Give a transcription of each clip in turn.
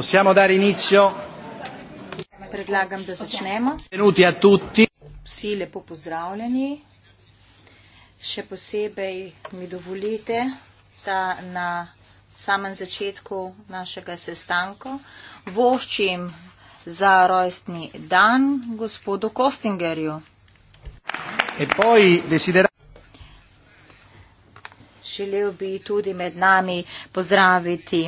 Possiamo dare inizio? Predlagam, da začnemo. Benvenuti a tutti. Vsi lepo pozdravljeni. Še posebej mi dovolite, da na samem začetku našega sestanka voščim za rojstni dan gospodu Kostingerju. E poi desidera... Želel bi tudi med nami pozdraviti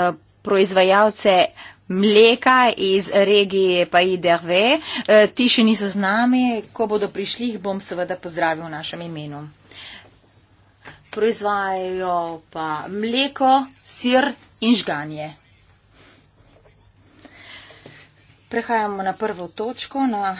uh, proizvajalce mleka iz regije Pajderve. E, ti še niso z nami, ko bodo prišli, jih bom seveda pozdravil v našem imenu. Proizvajajo pa mleko, sir in žganje. Prehajamo na prvo točko, na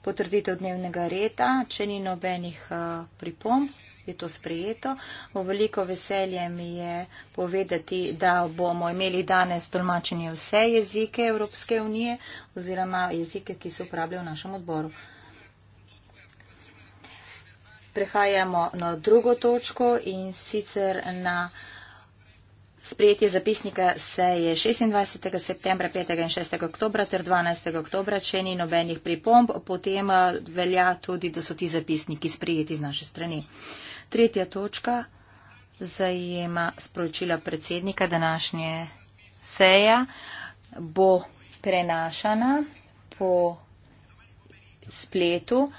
potrditev dnevnega reda, če ni nobenih e, pripomb je to sprejeto. V veliko veselje mi je povedati, da bomo imeli danes tolmačenje vse jezike Evropske unije oziroma jezike, ki se uporabljajo v našem odboru. Prehajamo na drugo točko in sicer na sprejetje zapisnika se je 26. septembra, 5. in 6. oktobra ter 12. oktobra, če ni nobenih pripomb, potem eh, velja tudi, da so ti zapisniki sprejeti z naše strani. Uh, Tretja točka zajema sporočila predsednika današnje seja, bo prenašana po spletu.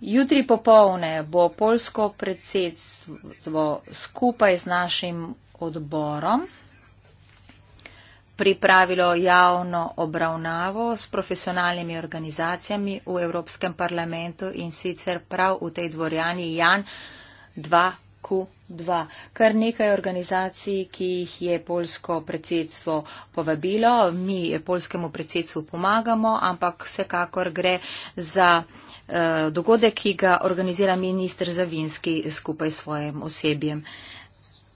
Jutri popovne bo polsko predsedstvo skupaj z našim odborom pripravilo javno obravnavo s profesionalnimi organizacijami v Evropskem parlamentu in sicer prav v tej dvorjani Jan 2Q2. Kar nekaj organizacij, ki jih je polsko predsedstvo povabilo, mi polskemu predsedstvu pomagamo, ampak vsekakor gre za eh, dogodek, ki ga organizira minister Zavinski skupaj s svojim osebjem.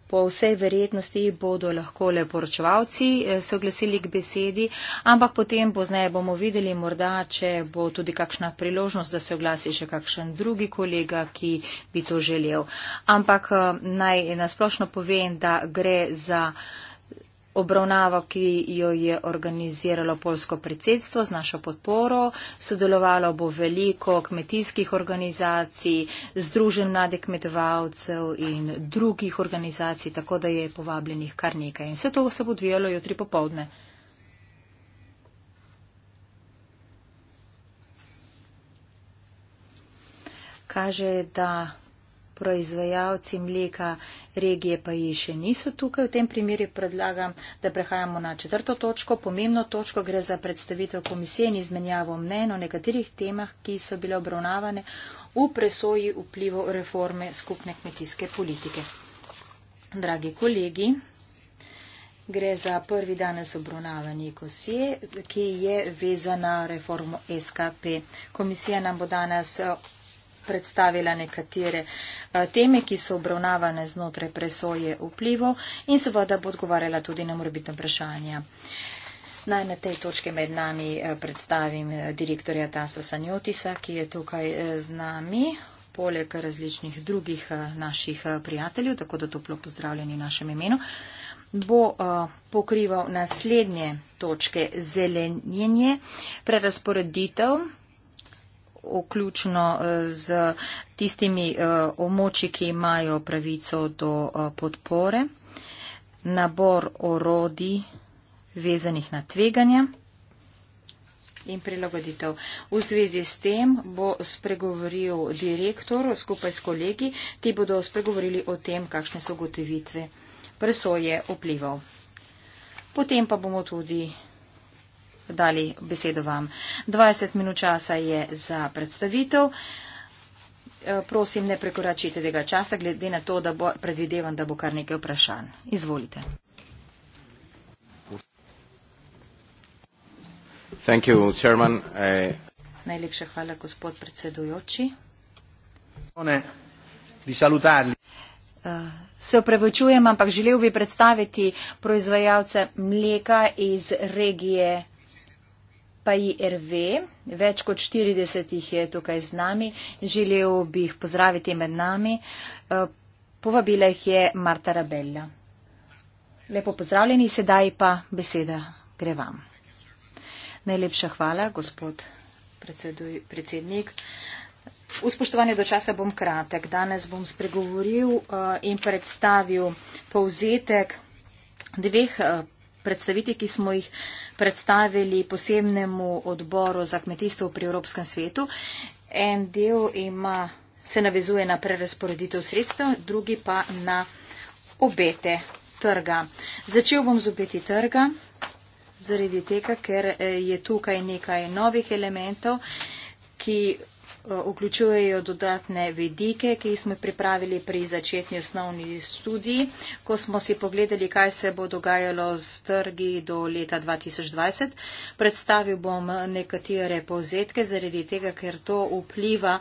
Po vsej verjetnosti bodo lahko le poročevalci eh, soglasili k besedi, ampak potem pozneje bomo videli morda, če bo tudi kakšna priložnost, da se oglasi še kakšen drugi kolega, ki bi to želel. Ampak eh, naj nasplošno povem, da gre za. Uh, obravnavo, ki jo je organiziralo polsko predsedstvo z našo podporo. Sodelovalo bo veliko kmetijskih organizacij, združen mlade kmetovalcev in drugih organizacij, tako da je povabljenih kar nekaj. In vse to se bo odvijalo jutri popovdne. Kaže, da proizvajalci mleka regije pa ji še niso tukaj. V tem primeru predlagam, da prehajamo na četrto točko. Pomembno točko gre za predstavitev komisije in izmenjavo mnen o nekaterih temah, ki so bile obravnavane v presoji vplivo reforme skupne kmetijske politike. Dragi kolegi, gre za prvi danes obravnavanje komisije, ki je vezana reformo SKP. Komisija nam bo danes predstavila nekatere eh, teme, ki so obravnavane znotraj presoje vplivov in seveda bo odgovarjala tudi na morbitne vprašanja. Naj na tej točki med nami eh, predstavim eh, direktorja Tasa Sanjotisa, ki je tukaj z nami, poleg različnih drugih naših prijateljev, tako da toplo pozdravljeni v našem imenu, bo pokrival naslednje točke zelenjenje, prerasporeditev vključno eh, z tistimi eh, omoči, ki imajo pravico do eh, podpore, nabor orodi vezanih na tveganja in prilagoditev. V zvezi s tem bo spregovoril direktor skupaj s kolegi, ti bodo spregovorili o tem, kakšne so gotovitve presoje vplival. Potem pa bomo tudi dali besedo vam. 20 minut časa je za predstavitev. E, prosim, ne prekoračite tega časa, glede na to, da bo predvidevan, da bo kar nekaj vprašanj. Izvolite. You, uh... Najlepša hvala, gospod predsedujoči. E, se opravičujem, ampak želel bi predstaviti proizvajalce mleka iz regije pa IRV, več kot 40 jih je tukaj z nami. Želel bi jih pozdraviti med nami. Eh, povabila jih je Marta Rabella. Lepo pozdravljeni, sedaj pa beseda gre vam. Najlepša hvala, gospod predseduj, predsednik. V spoštovanju do časa bom kratek. Danes bom spregovoril uh, in predstavil povzetek dveh uh, predstaviti, ki smo jih predstavili posebnemu odboru za kmetijstvo pri Evropskem svetu. En del ima, se navezuje na prerasporeditev sredstev, drugi pa na obete trga. Začel bom z obeti trga, zaradi tega, ker eh, je tukaj nekaj novih elementov, ki vključujejo dodatne vidike, ki smo jih pripravili pri začetni osnovni studiji, ko smo si pogledali, kaj se bo dogajalo z trgi do leta 2020. Predstavil bom nekatere povzetke zaradi tega, ker to vpliva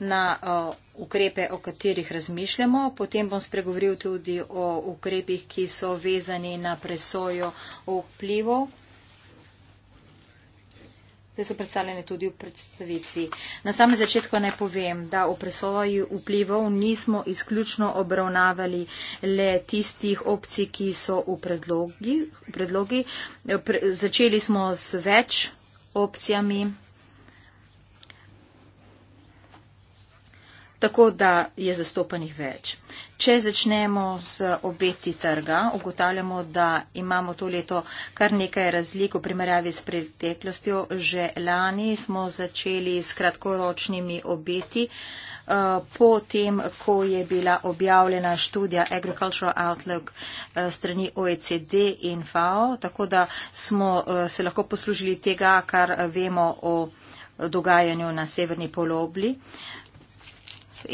na uh, ukrepe, o katerih razmišljamo. Potem bom spregovoril tudi o ukrepih, ki so vezani na presojo vplivov. Te so predstavljene tudi v predstavitvi. Na samem začetku naj povem, da o presoji vplivov nismo izključno obravnavali le tistih opcij, ki so v predlogi. V predlogi. Pre, začeli smo s več opcijami. Tako da je zastopanih več. Če začnemo z obeti trga, ugotavljamo, da imamo to leto kar nekaj razlik v primerjavi s preteklostjo. Že lani smo začeli s kratkoročnimi obeti. Eh, potem, ko je bila objavljena študija Agricultural Outlook eh, strani OECD in FAO, tako da smo eh, se lahko poslužili tega, kar vemo o dogajanju na severni polobli. Uh,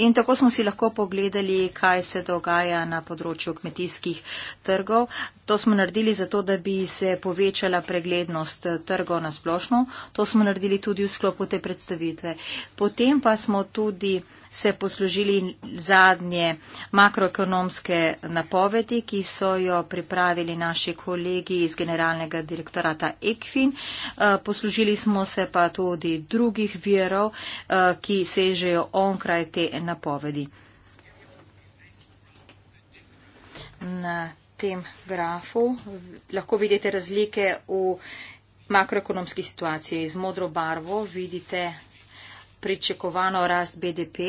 In tako smo si lahko pogledali, kaj se dogaja na področju kmetijskih trgov. To smo naredili zato, da bi se povečala preglednost eh, trgov na splošno. To smo naredili tudi v sklopu te predstavitve. Potem pa smo tudi se poslužili zadnje makroekonomske napovedi, ki so jo pripravili naši kolegi iz generalnega direktorata Ekvin. Eh, poslužili smo se pa tudi drugih virov, eh, ki sežejo onkraj te napovedi. Na tem grafu lahko vidite razlike v makroekonomski situaciji. Z modro barvo vidite pričakovano rast BDP,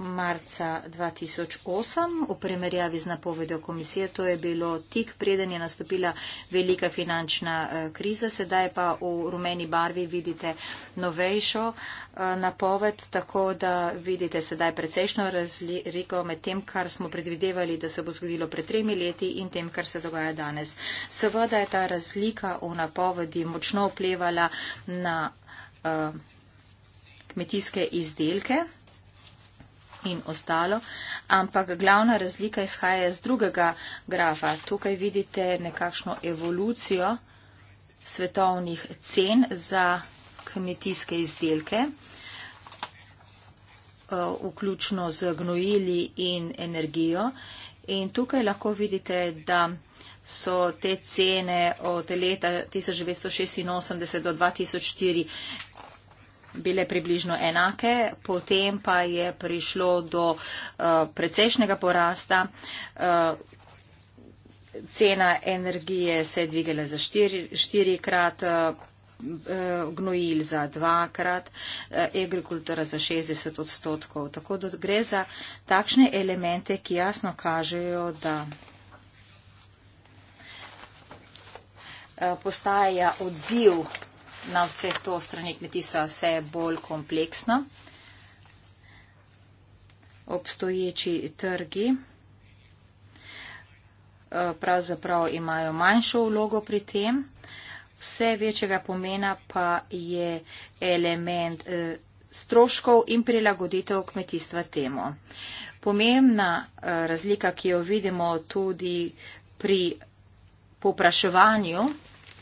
marca 2008. V primerjavi z napovedjo komisije to je bilo tik preden je nastopila velika finančna eh, kriza. Sedaj pa v rumeni barvi vidite novejšo eh, napoved, tako da vidite sedaj precejšno razliko med tem, kar smo predvidevali, da se bo zgodilo pred tremi leti in tem, kar se dogaja danes. Seveda je ta razlika v napovedi močno vplevala na eh, kmetijske izdelke in ostalo, ampak glavna razlika izhaja iz drugega grafa. Tukaj vidite nekakšno evolucijo svetovnih cen za kmetijske izdelke, eh, vključno z gnojili in energijo. In tukaj lahko vidite, da so te cene od leta 1986 do 2004 bile približno enake, potem pa je prišlo do uh, precejšnjega porasta. Uh, Cena energije se je dvigala za štiri, štirikrat, eh, gnojil za dvakrat, agrikultura za 60 odstotkov. Tako da gre za takšne elemente, ki jasno kažejo, da postaja odziv na vse to strani kmetijstva vse bolj kompleksno. Obstoječi trgi eh, pravzaprav imajo manjšo vlogo pri tem. Vse večjega pomena pa je element eh, stroškov in prilagoditev kmetijstva temu. Pomembna eh, razlika, ki jo vidimo tudi pri popraševanju,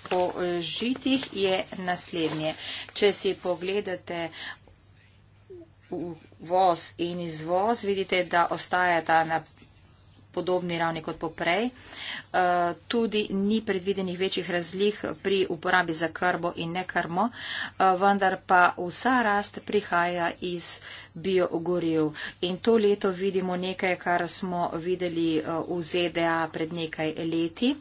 po žitih je naslednje. Če si pogledate uvoz in izvoz, vidite, da ostajata na podobni ravni kot poprej. Eh, tudi ni predvidenih večjih razlih pri uporabi za krmo in ne krmo, eh, vendar pa vsa rast prihaja iz biogoriv. In to leto vidimo nekaj, kar smo videli eh, v ZDA pred nekaj leti.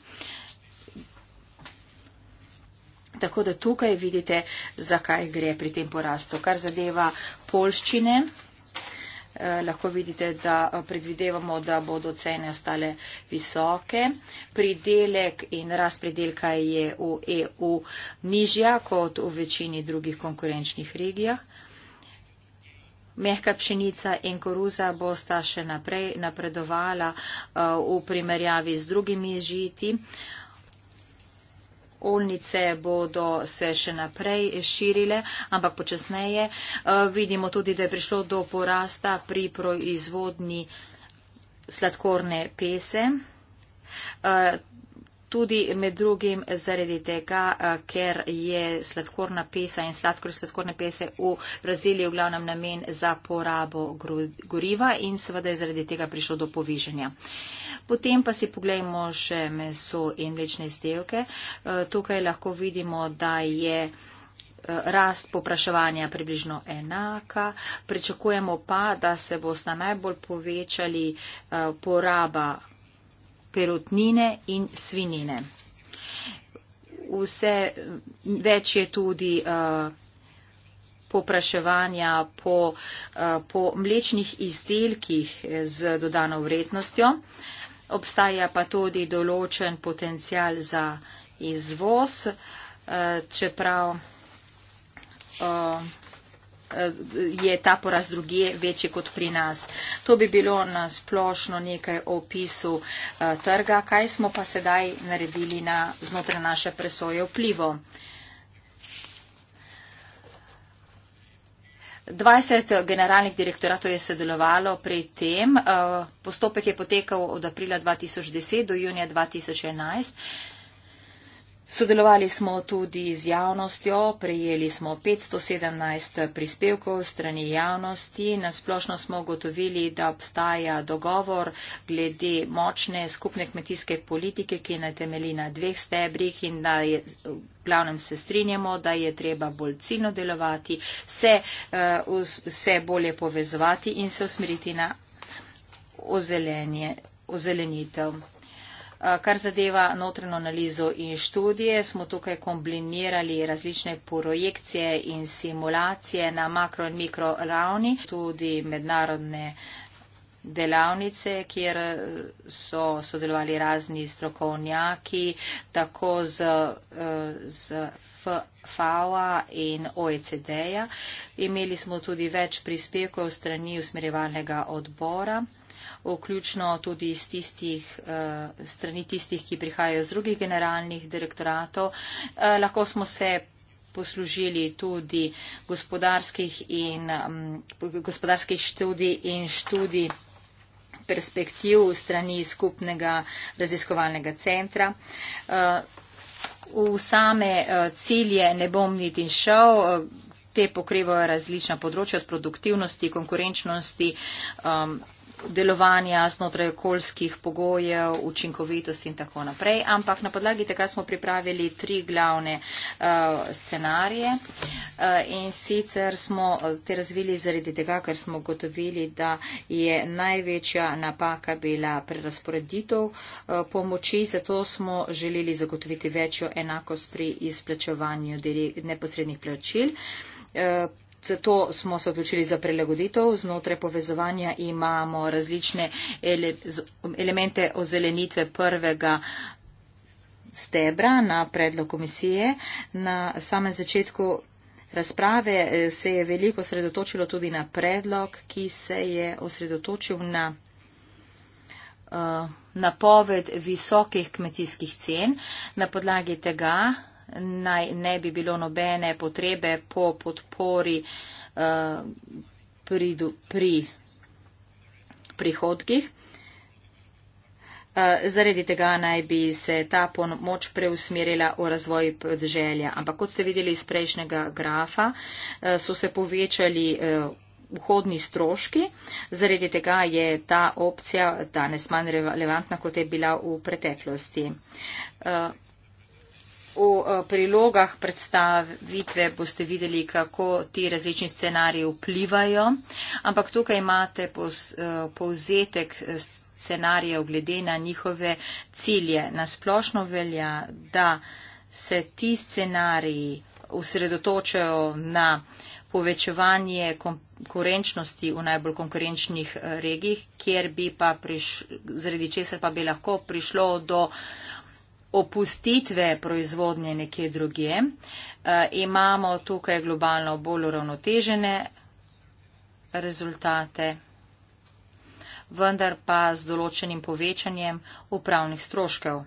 Tako da tukaj vidite, zakaj gre pri tem porastu. Kar zadeva polščine, eh, lahko vidite, da eh, predvidevamo, da bodo cene ostale visoke. Pridelek in rast pridelka je v EU nižja kot v večini drugih konkurenčnih regijah. Mehka pšenica in koruza bo sta še naprej napredovala uh, v primerjavi z drugimi žiti. Uh, Olnice bodo se še naprej širile, ampak počasneje eh, vidimo tudi, da je prišlo do porasta pri proizvodni sladkorne pese. Eh, Tudi med drugim zaradi tega, eh, ker je sladkorna pesa in sladkor sladkorne pese v Braziliji v glavnem namen za porabo goriva in seveda je zaradi tega prišlo do povišanja. Potem pa si pogledajmo še meso in mlečne izdelke. Eh, tukaj lahko vidimo, da je eh, rast popraševanja približno enaka. Pričakujemo pa, da se bosta najbolj povečali poraba perutnine in svinine. Vse več je tudi eh, popraševanja po, eh, po mlečnih izdelkih eh, z dodano vrednostjo. Obstaja pa tudi določen potencial za izvoz, čeprav. Eh, je ta poraz druge večji kot pri nas. To bi bilo na splošno nekaj o opisu eh, trga, kaj smo pa sedaj naredili na znotraj naše presoje vplivo. 20 generalnih direktoratov je sodelovalo pri tem. Eh, postopek je potekal od aprila 2010 do junija 2011. Sodelovali smo tudi z javnostjo, prejeli smo 517 prispevkov strani javnosti. Nasplošno smo ugotovili, da obstaja dogovor glede močne skupne kmetijske politike, ki naj temeli na dveh stebrih in da je. V glavnem se strinjamo, da je treba bolj ciljno delovati, se, eh, se bolje povezovati in se usmeriti na ozelenje, ozelenitev. Eh, kar zadeva notreno analizo in študije, smo tukaj kombinirali različne projekcije in simulacije na makro in mikro ravni, tudi mednarodne delavnice, kjer eh, so sodelovali razni strokovnjaki, tako z, eh, z FAO-a in OECD-ja. Imeli smo tudi več prispevkov strani usmerjevalnega odbora vključno tudi z tistih, eh, strani tistih, ki prihajajo z drugih generalnih direktoratov. Eh, lahko smo se poslužili tudi gospodarskih, in, mm, gospodarskih študij in študij perspektiv strani skupnega raziskovalnega centra. Eh, v same cilje ne bom niti šel, te pokrivajo različna področja od produktivnosti, konkurenčnosti, ehm, delovanja znotraj okoljskih pogojev, učinkovitosti in tako naprej, ampak na podlagi tega smo pripravili tri glavne uh, scenarije uh, in sicer smo eh, te razvili zaradi tega, ker smo gotovili, da je največja napaka bila prerasporeditev uh, pomoči, zato smo želeli zagotoviti večjo enakost pri izplačevanju neposrednih plačil. Uh, Zato smo se odločili za prilagoditev. Znotraj povezovanja imamo različne ele elemente ozelenitve prvega stebra na predlog komisije. Na samem začetku razprave eh, se je veliko osredotočilo tudi na predlog, ki se je osredotočil na eh, napoved visokih kmetijskih cen. Na podlagi tega naj ne bi bilo nobene potrebe po podpori uh, eh, pri, pri prihodkih. Eh, zaradi tega naj bi se ta pomoč preusmerila v razvoj podželja. Ampak kot ste videli iz prejšnjega grafa, eh, so se povečali vhodni stroški. Zaradi tega je ta opcija danes manj relevantna, kot je bila v preteklosti. V eh, prilogah predstavitve boste videli, kako ti različni scenariji vplivajo, ampak tukaj imate eh, povzetek eh, scenarijev glede na njihove cilje. Nasplošno velja, da se ti scenariji usredotočajo na povečevanje konkurenčnosti v najbolj konkurenčnih regijih, kjer bi pa prišlo, zaradi česar pa bi lahko prišlo do opustitve proizvodnje nekje drugje. E, imamo tukaj globalno bolj uravnotežene rezultate vendar pa z določenim povečanjem upravnih stroškov.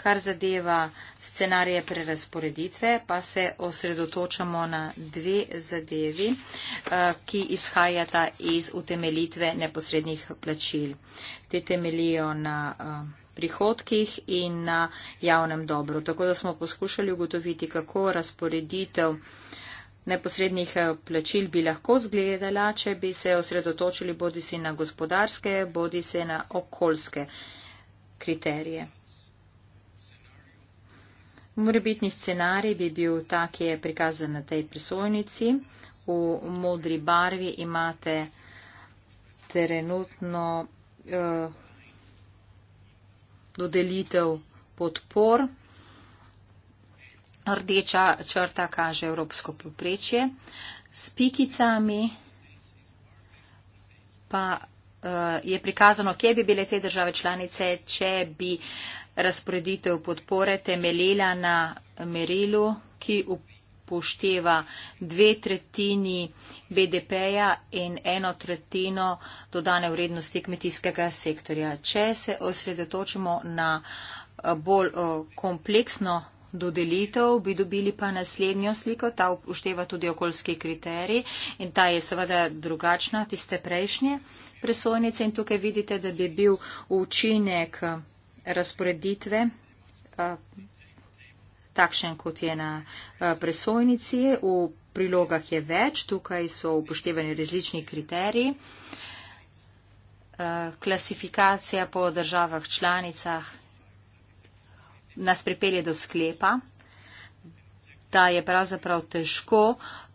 Kar zadeva scenarije prerasporeditve, pa se osredotočamo na dve zadevi, eh, ki izhajata iz utemelitve neposrednih plačil. Te temelijo na eh, prihodkih in na javnem dobru. Tako da smo poskušali ugotoviti, kako razporeditev neposrednih eh, plačil bi lahko zgledala, če bi se osredotočili bodi si na gospodarske, bodi se na okoljske kriterije. Morebitni scenarij bi bil ta, ki je prikazan na tej prisojnici. V modri barvi imate trenutno uh, dodelitev podpor. Rdeča črta kaže evropsko poprečje. S pikicami pa eh, je prikazano, kje bi bile te države članice, če bi razporeditev podpore temeljila na merilu, ki upravlja upošteva dve tretjini BDP-ja in eno tretjino dodane vrednosti kmetijskega sektorja. Če se osredotočimo na eh, bolj eh, kompleksno dodelitev, bi dobili pa naslednjo sliko, ta upošteva tudi okoljski kriterij in ta je seveda drugačna od tiste prejšnje presojnice in tukaj vidite, da bi bil učinek eh, razporeditve takšen, kot je na eh, presojnici. V prilogah je več, tukaj so upoštevani različni kriteriji. Eh, klasifikacija po državah članicah nas pripelje do sklepa, da je pravzaprav težko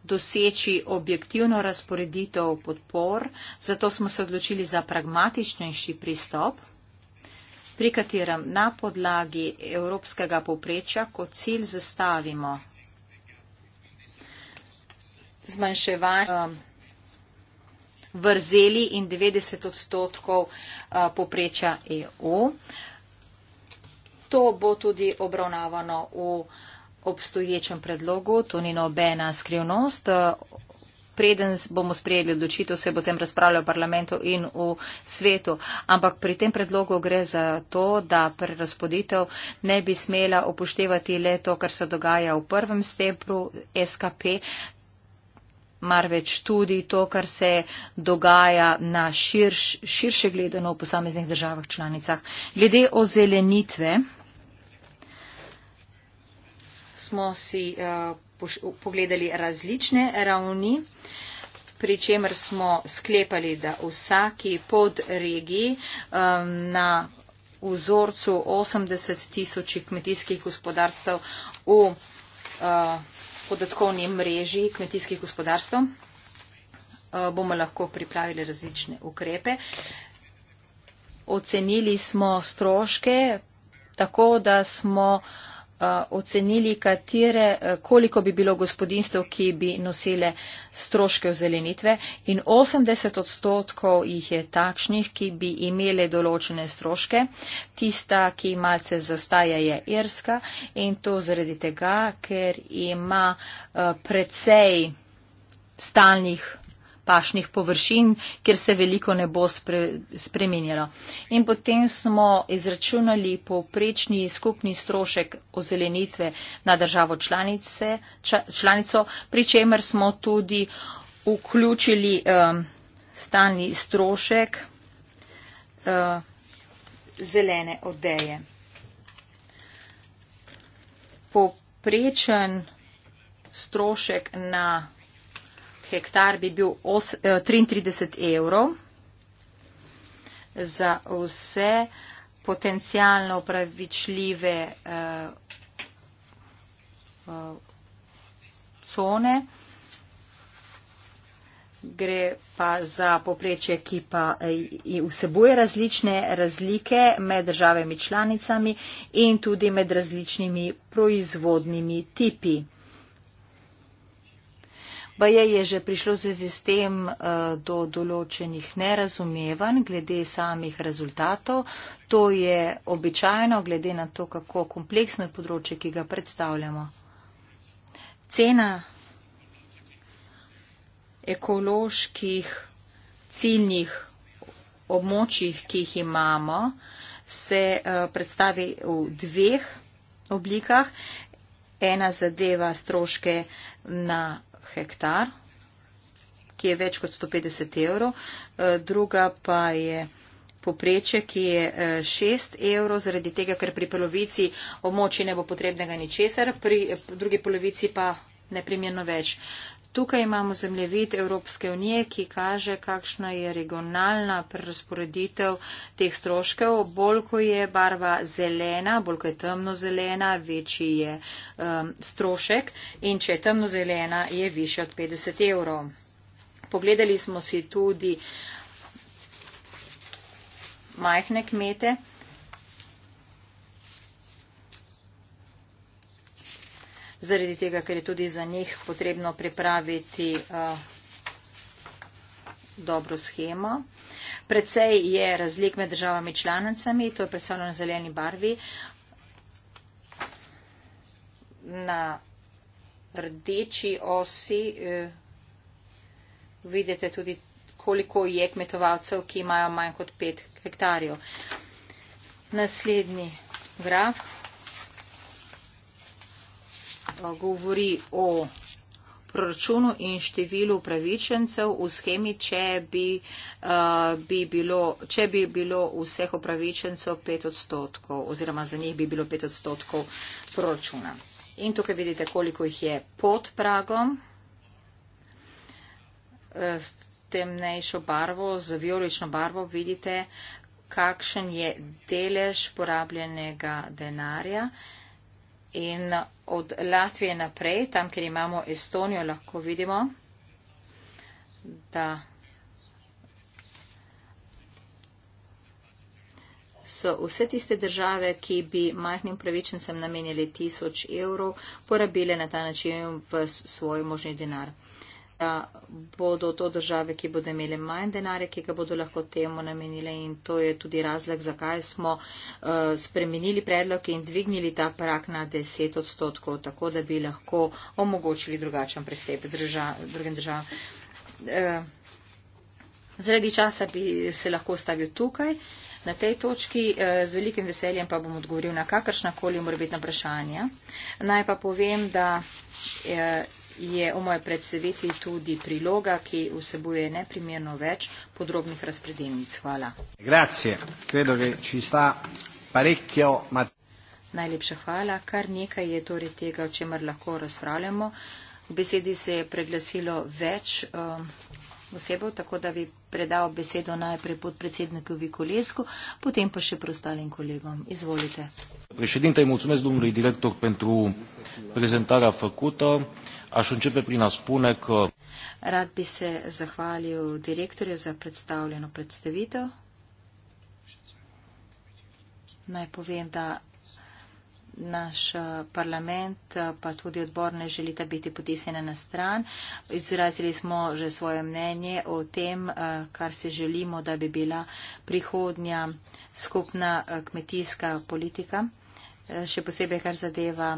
doseči objektivno razporeditev podpor, zato smo se odločili za pragmatičnejši pristop pri katerem na podlagi evropskega poprečja kot cilj zastavimo zmanjševanje um, vrzeli in 90 odstotkov uh, poprečja EU. To bo tudi obravnavano v obstoječem predlogu, to ni nobena skrivnost preden bomo sprejeli odločitev, se bo tem razpravljal v parlamentu in v svetu. Ampak pri tem predlogu gre za to, da prerazpoditev ne bi smela upoštevati le to, kar se dogaja v prvem stepru SKP. Marveč tudi to, kar se dogaja na širš, širše gledano v posameznih državah članicah. Glede ozelenitve smo si uh, pogledali različne ravni, pri čemer smo sklepali, da vsaki pod regiji um, na vzorcu 80 tisoč kmetijskih gospodarstv v uh, podatkovni mreži kmetijskih gospodarstv uh, bomo lahko pripravili različne ukrepe. Ocenili smo stroške tako, da smo uh, Eh, ocenili, katere, eh, koliko bi bilo gospodinstv, ki bi nosile stroške ozelenitve in 80 odstotkov jih je takšnih, ki bi imele določene stroške. Tista, ki malce zastaja, je Irska in to zaradi tega, ker ima eh, precej stalnih pašnih površin, kjer se veliko ne bo spre, spremenjalo. In potem smo izračunali povprečni skupni strošek ozelenitve na državo članice, ča, članico, pri čemer smo tudi vključili um, stani strošek uh, zelene odeje. Poprečen strošek na hektar bi bil 33 eh, evrov za vse potencijalno upravičljive eh, eh, cone. Gre pa za poprečje, ki pa vsebuje različne razlike med državami članicami in tudi med različnimi proizvodnimi tipi. Pa je, je že prišlo v zvezi s tem eh, do določenih nerazumevanj glede samih rezultatov. To je običajno glede na to, kako kompleksno je področje, ki ga predstavljamo. Cena ekoloških ciljnih območjih, ki jih imamo, se eh, predstavi v dveh oblikah. Ena zadeva stroške na hektar, ki je več kot 150 evrov, eh, druga pa je poprečje, ki je 6 eh, evrov, zaradi tega, ker pri polovici območja ne bo potrebnega ničesar, pri eh, drugi polovici pa neprimerno več. Tukaj imamo zemljevid Evropske unije, ki kaže, kakšna je regionalna prerasporeditev teh stroškov. Bolj, ko je barva zelena, bolj, ko je temno zelena, večji je um, strošek in če je temno zelena, je više od 50 evrov. Pogledali smo si tudi majhne kmete. zaradi tega, ker je tudi za njih potrebno pripraviti eh, dobro schemo. Predvsej je razlik med državami članicami, to je predstavljeno na zeleni barvi. Na rdeči osi eh, vidite tudi, koliko je kmetovalcev, ki imajo manj kot 5 hektarjev. Naslednji graf, govori o proračunu in številu upravičencev v schemi, če bi, uh, bi bilo, če bi bilo vseh upravičencev 5 odstotkov oziroma za njih bi bilo 5 odstotkov proračuna. In tukaj vidite, koliko jih je pod pragom eh, s temnejšo barvo, z violično barvo vidite, kakšen je delež porabljenega denarja. Uh, In od Latvije naprej, tam, kjer imamo Estonijo, lahko vidimo, da so vse tiste države, ki bi majhnim pravičencem namenili tisoč evrov, porabile na ta način v svoj možni denar da bodo to države, ki bodo imele manj denarja, ki ga bodo lahko temu namenile in to je tudi razlog, zakaj smo uh, spremenili predlog in dvignili ta prak na 10 odstotkov, tako da bi lahko omogočili drugačen prestep drža, drugim državam. Uh, eh, zredi časa bi se lahko stavil tukaj. Na tej točki eh, z velikim veseljem pa bom odgovoril na kakršna koli morbitna vprašanja. Naj pa povem, da je v moje predstavitvi tudi priloga, ki vsebuje neprimerno več podrobnih razpredeljnic. Hvala. Credo, parecchio... Najlepša hvala. Kar nekaj je torej tega, o čemer lahko razpravljamo. V besedi se je preglasilo več um, osebov, tako da bi predal besedo najprej podpredsedniku Vikolesku, potem pa še preostalim kolegom. Izvolite. Predsednik, najmulcumes, domnul direktor, pentru prezentara fakulta. Aš un čepe pri nas pune, ko. Rad bi se zahvalil direktorju za predstavljeno predstavitev. Naj povem, da naš eh, parlament eh, pa tudi odbor ne želita biti potisnjena na stran. Izrazili smo že svoje mnenje o tem, eh, kar si želimo, da bi bila prihodnja skupna kmetijska politika, še posebej kar zadeva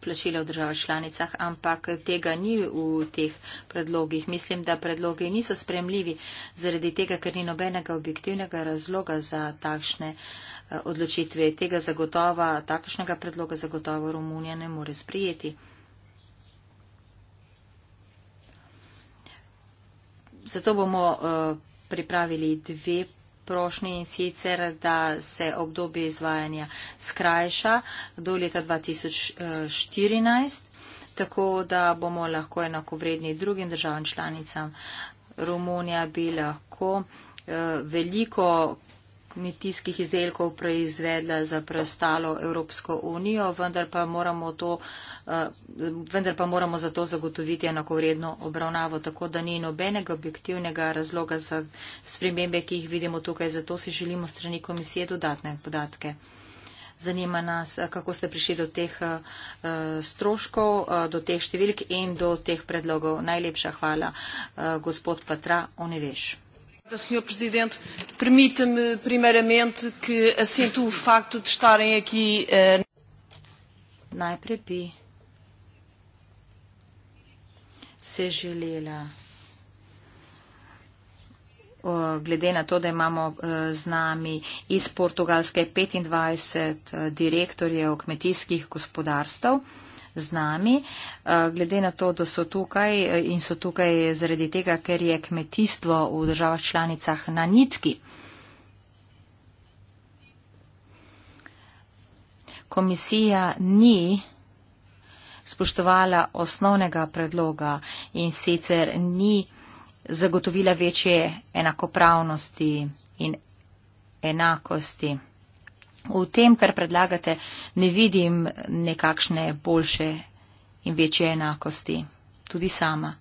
plačila v državah članicah, ampak tega ni v teh predlogih. Mislim, da predlogi niso spremljivi zaradi tega, ker ni nobenega objektivnega razloga za takšne eh, odločitve. Tega zagotova, takšnega predloga zagotovo Romunija ne more sprijeti. Zato bomo uh, pripravili dve prošnji in sicer, da se obdobje izvajanja skrajša do leta 2014, tako da bomo lahko enakovredni drugim državam članicam. Romunija bi lahko eh, veliko kmetijskih izdelkov proizvedla za preostalo Evropsko unijo, vendar pa moramo, to, eh, vendar pa moramo za to zagotoviti enakovredno obravnavo, tako da ni nobenega objektivnega razloga za spremembe, ki jih vidimo tukaj. Zato si želimo strani komisije dodatne podatke. Zanima nas, eh, kako ste prišli do teh eh, stroškov, do teh številk in do teh predlogov. Najlepša hvala, gospod Patra, o ne veš. Obrigada, Sr. Presidente. Permita-me, primeiramente, que assento o facto de estarem aqui. Eh, Najprej bi se želela, glede na to, da imamo eh, z nami iz Portugalske 25 eh, direktorjev kmetijskih gospodarstv, z nami. Eh, glede na to, da so tukaj eh, in so tukaj zaradi tega, ker je kmetijstvo v državah članicah na nitki. Komisija ni spoštovala osnovnega predloga in sicer ni zagotovila večje enakopravnosti in enakosti v tem, kar predlagate, ne vidim nekakšne boljše in večje enakosti. Tudi sama.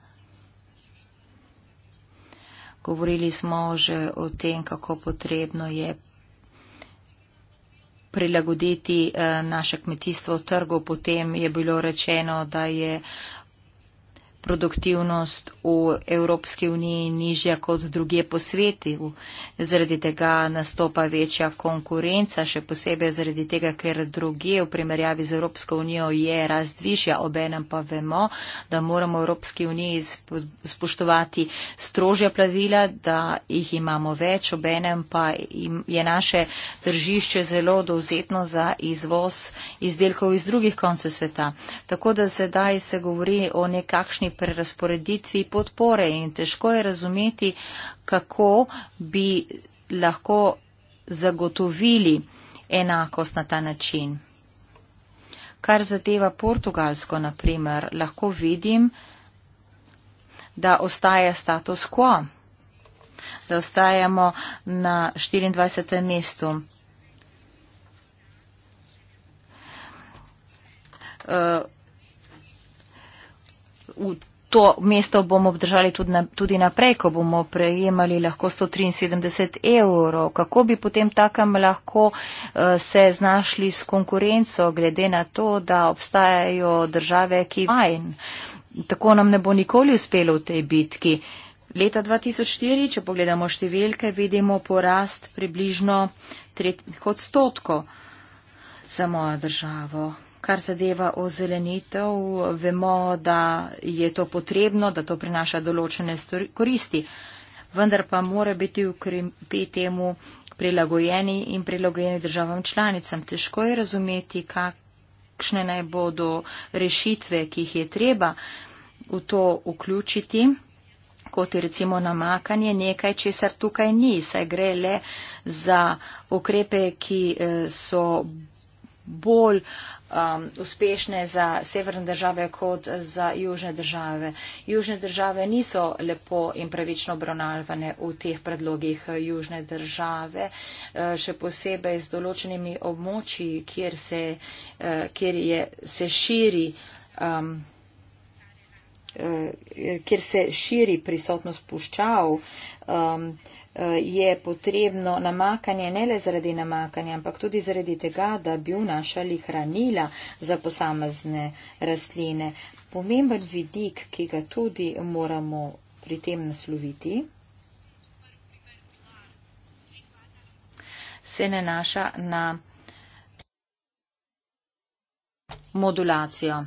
Govorili smo že o tem, kako potrebno je prilagoditi eh, naše kmetijstvo trgu. Potem je bilo rečeno, da je uh, produktivnost v Evropski uniji nižja kot druge po sveti. Zaradi tega nastopa večja konkurenca, še posebej zaradi tega, ker druge v primerjavi z Evropsko unijo je rast višja. Obenem pa vemo, da moramo v Evropski uniji spoštovati strožja pravila, da jih imamo več. Obenem pa je naše držišče zelo dovzetno za izvoz izdelkov iz drugih konce sveta. Tako da sedaj se govori o nekakšni prerasporeditvi podpore in težko je razumeti, kako bi lahko zagotovili enakost na ta način. Kar zadeva Portugalsko, naprimer, lahko vidim, da ostaja status quo, da ostajamo na 24. mestu. Uh, v to mesto bomo obdržali tudi, na, tudi naprej, ko bomo prejemali lahko 173 evrov. Kako bi potem takem lahko uh, se znašli s konkurenco, glede na to, da obstajajo države, ki vajen. Tako nam ne bo nikoli uspelo v tej bitki. Leta 2004, če pogledamo številke, vidimo porast približno 30 odstotkov za mojo državo kar zadeva ozelenitev, vemo, da je to potrebno, da to prinaša določene koristi. Vendar pa mora biti ukrepi temu prilagojeni in prilagojeni državam članicam. Težko je razumeti, kakšne naj bodo rešitve, ki jih je treba v to vključiti, kot je recimo namakanje nekaj, česar tukaj ni, saj gre le za ukrepe, ki eh, so bolj uh, um, uspešne za severne države kot za južne države. Južne države niso lepo in pravično obravnavane v teh predlogih eh, južne države, eh, še posebej z določenimi območji, kjer se, eh, kjer je, se širi. Um, kjer se širi prisotnost puščav, um, Eh, je potrebno namakanje ne le zaradi namakanja, ampak tudi zaradi tega, da bi vnašali hranila za posamezne rastline. Pomemben vidik, ki ga tudi moramo pri tem nasloviti, se nanaša na modulacijo.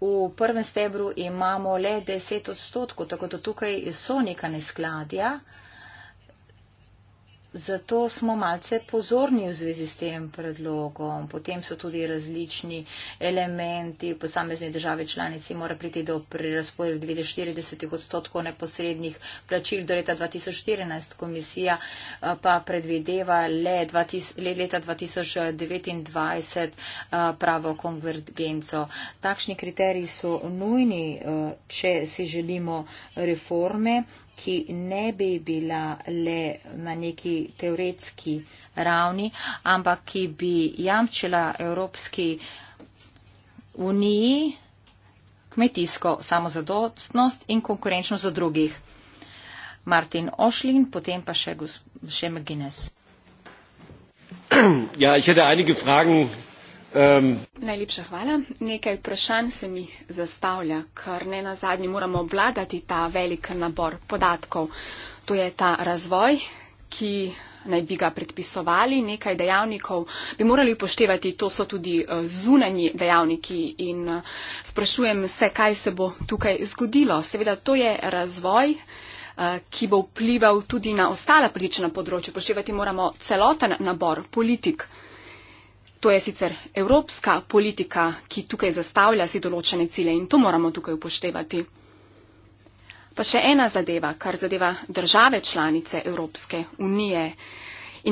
V prvem stebru imamo le 10 odstotkov, tako da tukaj so neka neskladja. Zato smo malce pozorni v zvezi s tem predlogom. Potem so tudi različni elementi, posamezne države članice mora priti do prerasporeditve 40 odstotkov neposrednih plačil do leta 2014. Komisija eh, pa predvideva le 20, leta 2029 eh, pravo konvergenco. Takšni kriteriji so nujni, eh, če si želimo reforme ki ne bi bila le na neki teoretski ravni, ampak ki bi jamčila Evropski uniji kmetijsko samozadostnost in konkurenčnost do drugih. Martin Ošlin, potem pa še, še McGuinness. Ja, ich hätte einige Fragen Um, Najlepša hvala. Nekaj vprašanj se mi zastavlja, ker ne na zadnji moramo obvladati ta velik nabor podatkov. To je ta razvoj, ki naj bi ga predpisovali, nekaj dejavnikov bi morali upoštevati, to so tudi eh, zunanji dejavniki in eh, sprašujem se, kaj se bo tukaj zgodilo. Seveda to je razvoj eh, ki bo vplival tudi na ostala politična področja. Poštevati moramo celoten nabor politik. To je sicer evropska politika, ki tukaj zastavlja si določene cilje in to moramo tukaj upoštevati. Pa še ena zadeva, kar zadeva države članice Evropske unije.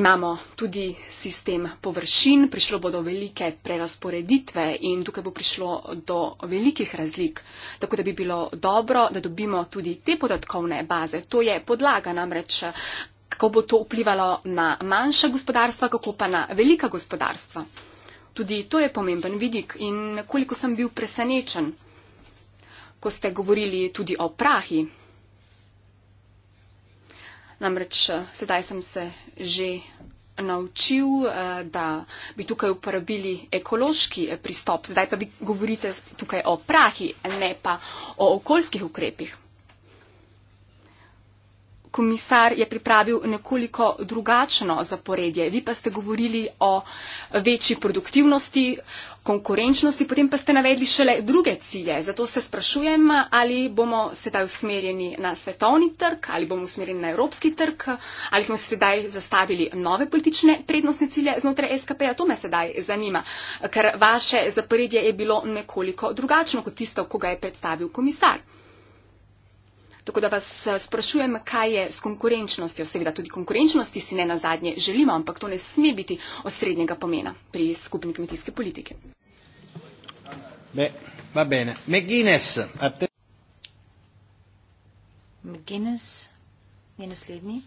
Imamo tudi sistem površin, prišlo bodo velike prerasporeditve in tukaj bo prišlo do velikih razlik. Tako da bi bilo dobro, da dobimo tudi te podatkovne baze. To je podlaga namreč kako bo to vplivalo na manjša gospodarstva, kako pa na velika gospodarstva. Tudi to je pomemben vidik in koliko sem bil presenečen, ko ste govorili tudi o prahi. Namreč eh, sedaj sem se že naučil, eh, da bi tukaj uporabili ekološki eh, pristop. Zdaj pa vi govorite tukaj o prahi, ne pa o okoljskih ukrepih komisar je pripravil nekoliko drugačno zaporedje. Vi pa ste govorili o večji produktivnosti, konkurenčnosti, potem pa ste navedli šele druge cilje. Zato se sprašujem, ali bomo sedaj usmerjeni na svetovni trg, ali bomo usmerjeni na evropski trg, ali smo se sedaj zastavili nove politične prednostne cilje znotraj SKP-ja. To me sedaj zanima, ker vaše zaporedje je bilo nekoliko drugačno kot tisto, ko ga je predstavil komisar. Tako da vas eh, sprašujem, kaj je s konkurenčnostjo. Seveda tudi konkurenčnosti si ne na zadnje želimo, ampak to ne sme biti osrednjega pomena pri skupni kmetijske politike. Beh, va bene. McGuinness, a te. McGuinness je naslednji.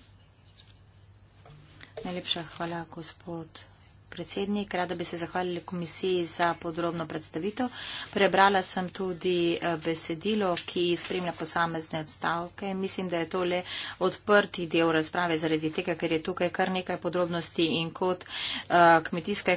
Najlepša hvala, gospod predsednik. Rada bi se zahvalila komisiji za podrobno predstavitev. Prebrala sem tudi eh, besedilo, ki spremlja posamezne odstavke. Mislim, da je to le odprti del razprave zaradi tega, ker je tukaj kar nekaj podrobnosti in kot uh, kmetijska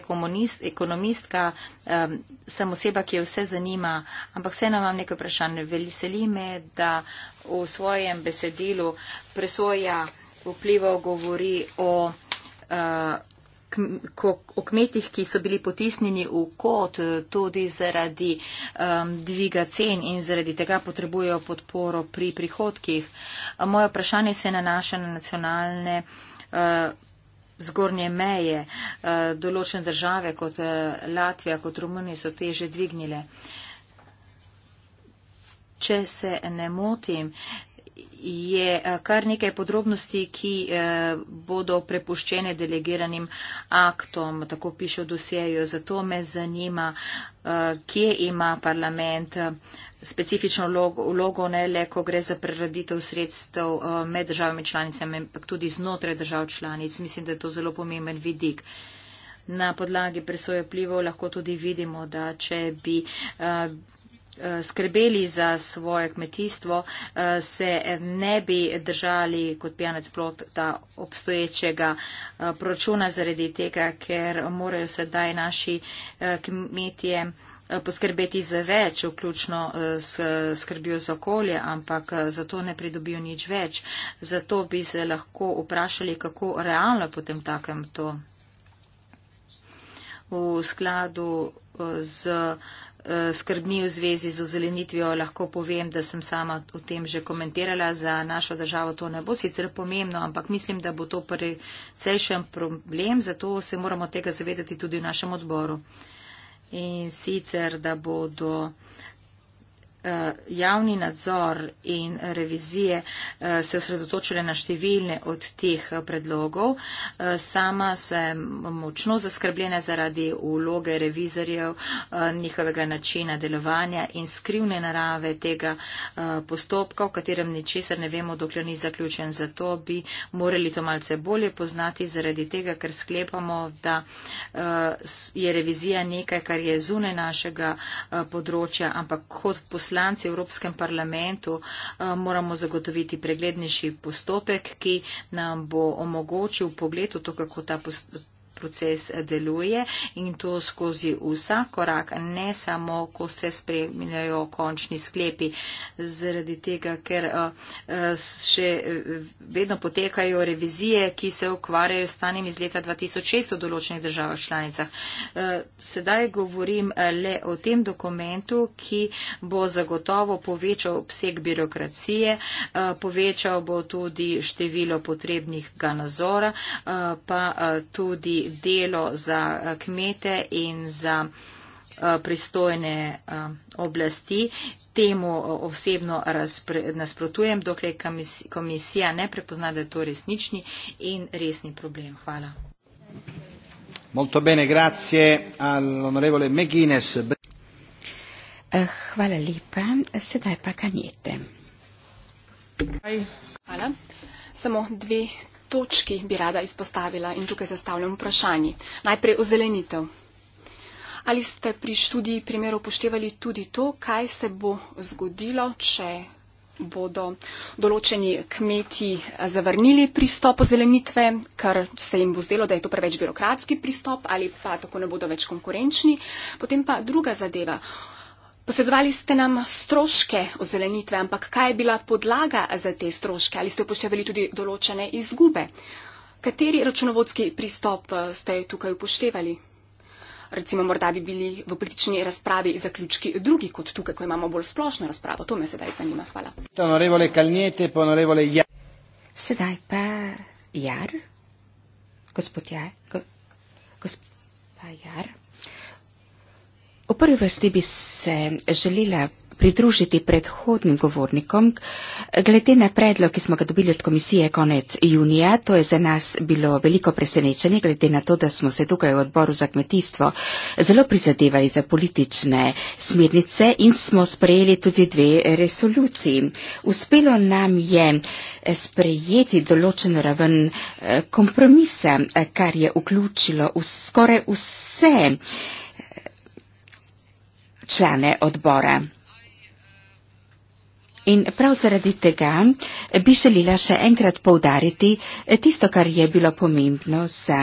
ekonomistka um, sem oseba, ki jo vse zanima, ampak vseeno imam nekaj vprašanj. Veseli me, da v svojem besedilu presoja vplivov govori o uh, ko, o kmetih, ki so bili potisnjeni v kot eh, tudi zaradi um, dviga cen in zaradi tega potrebujejo podporo pri prihodkih. Moje vprašanje se nanaša na nacionalne. Uh, Zgornje meje eh, določene države kot Latvija, kot Romunija so te že dvignile. Če se ne motim, je eh, kar nekaj podrobnosti, ki eh, bodo prepuščene delegiranim aktom, tako piše v dosjeju. Zato me zanima, eh, kje ima parlament specifično vlogo, ne le, ko gre za preraditev sredstev med državami članicami, ampak tudi znotraj držav članic. Mislim, da je to zelo pomemben vidik. Na podlagi presoje vplivov lahko tudi vidimo, da če bi uh, Eh, skrbeli za svoje kmetijstvo, eh, se ne bi držali kot pijanec plot ta obstoječega eh, proračuna zaradi tega, ker morajo sedaj naši kmetije poskrbeti za več, vključno s skrbijo za okolje, ampak zato ne pridobijo nič več. Zato bi se lahko vprašali, kako realno je potem takem to v skladu z Eh, skrbmi v zvezi z ozelenitvijo, lahko povem, da sem sama o tem že komentirala, za našo državo to ne bo sicer pomembno, ampak mislim, da bo to precejšen problem, zato se moramo tega zavedati tudi v našem odboru. In sicer, da bodo uh, Eh, javni nadzor in revizije eh, se osredotočile na številne od teh eh, predlogov. Sama sem močno zaskrbljena zaradi uloge revizorjev, njihovega načina delovanja in skrivne narave tega postopka, v katerem ničesar ne vemo, dokler ni zaključen. Zato bi morali to malce bolje poznati, zaradi tega, ker sklepamo, da je revizija nekaj, kar je zune našega področja, ampak kot poslednje poslanci v Evropskem parlamentu eh, moramo zagotoviti preglednejši postopek, ki nam bo omogočil pogled v to, kako ta postopek proces deluje in to skozi vsak korak, ne samo, ko se spremljajo končni sklepi. Zaradi tega, ker eh, še eh, vedno potekajo revizije, ki se ukvarjajo s stanjem iz leta 2006 v določenih državah članicah. Eh, sedaj govorim le o tem dokumentu, ki bo zagotovo povečal obseg birokracije, povečal bo tudi število potrebnih ga nazora, pa tudi delo za eh, kmete in za eh, pristojne eh, oblasti. Temu osebno nasprotujem, dokler komisija ne prepozna, da je to resnični in resni problem. Hvala. Molto bene, grazie all'onorevole Meghines. Hvala lepa, sedaj pa kanjete. Hvala. Samo dve točki bi rada izpostavila in tukaj zastavljam vprašanje. Najprej o zelenitev. Ali ste pri študiji primerov upoštevali tudi to, kaj se bo zgodilo, če bodo določeni kmeti zavrnili pristop o zelenitve, ker se jim bo zdelo, da je to preveč birokratski pristop ali pa tako ne bodo več konkurenčni. Potem pa druga zadeva. Posedovali ste nam stroške ozelenitve, ampak kaj je bila podlaga za te stroške? Ali ste upoštevali tudi določene izgube? Kateri računovodski pristop eh, ste tukaj upoštevali? Recimo, morda bi bili v politični razpravi zaključki drugi, kot tukaj, ko imamo bolj splošno razpravo. To me sedaj zanima. Hvala. Ja- sedaj pa jar, gospod ja- jar, gospod jar. V prvi vrsti bi se želela pridružiti predhodnim govornikom. Glede na predlog, ki smo ga dobili od komisije konec junija, to je za nas bilo veliko presenečenje, glede na to, da smo se tukaj v odboru za kmetijstvo zelo prizadevali za politične smernice in smo sprejeli tudi dve resoluciji. Uspelo nam je sprejeti določen raven eh, kompromisa, kar je vključilo skoraj vse člane odbora. In prav zaradi tega bi želila še enkrat povdariti tisto, kar je bilo pomembno za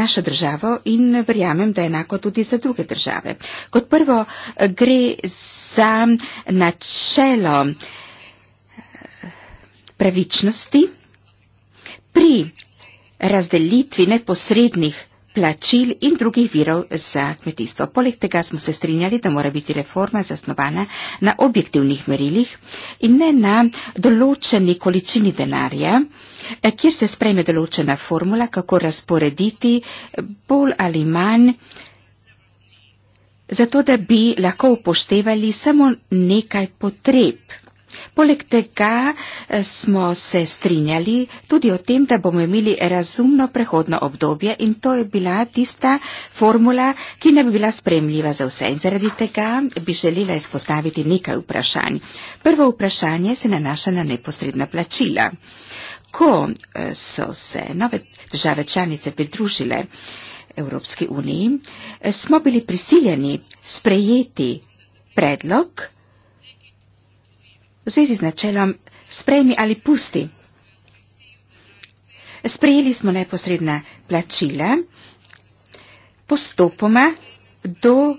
našo državo in verjamem, da enako tudi za druge države. Kot prvo gre za načelo pravičnosti pri razdelitvi neposrednih plačil in drugih virov za kmetijstvo. Poleg tega smo se strinjali, da mora biti reforma zasnovana na objektivnih merilih in ne na določeni količini denarja, eh, kjer se sprejme določena formula, kako razporediti eh, bolj ali manj, zato da bi lahko upoštevali samo nekaj potreb. Poleg tega eh, smo se strinjali tudi o tem, da bomo imeli razumno prehodno obdobje in to je bila tista formula, ki ne bi bila spremljiva za vse. In zaradi tega bi želela izpostaviti nekaj vprašanj. Prvo vprašanje se nanaša na neposredna plačila. Ko eh, so se nove države članice pridružile Evropski uniji, eh, smo bili prisiljeni sprejeti predlog v zvezi z načelom sprejmi ali pusti. Sprejeli smo neposredne plačile postopoma do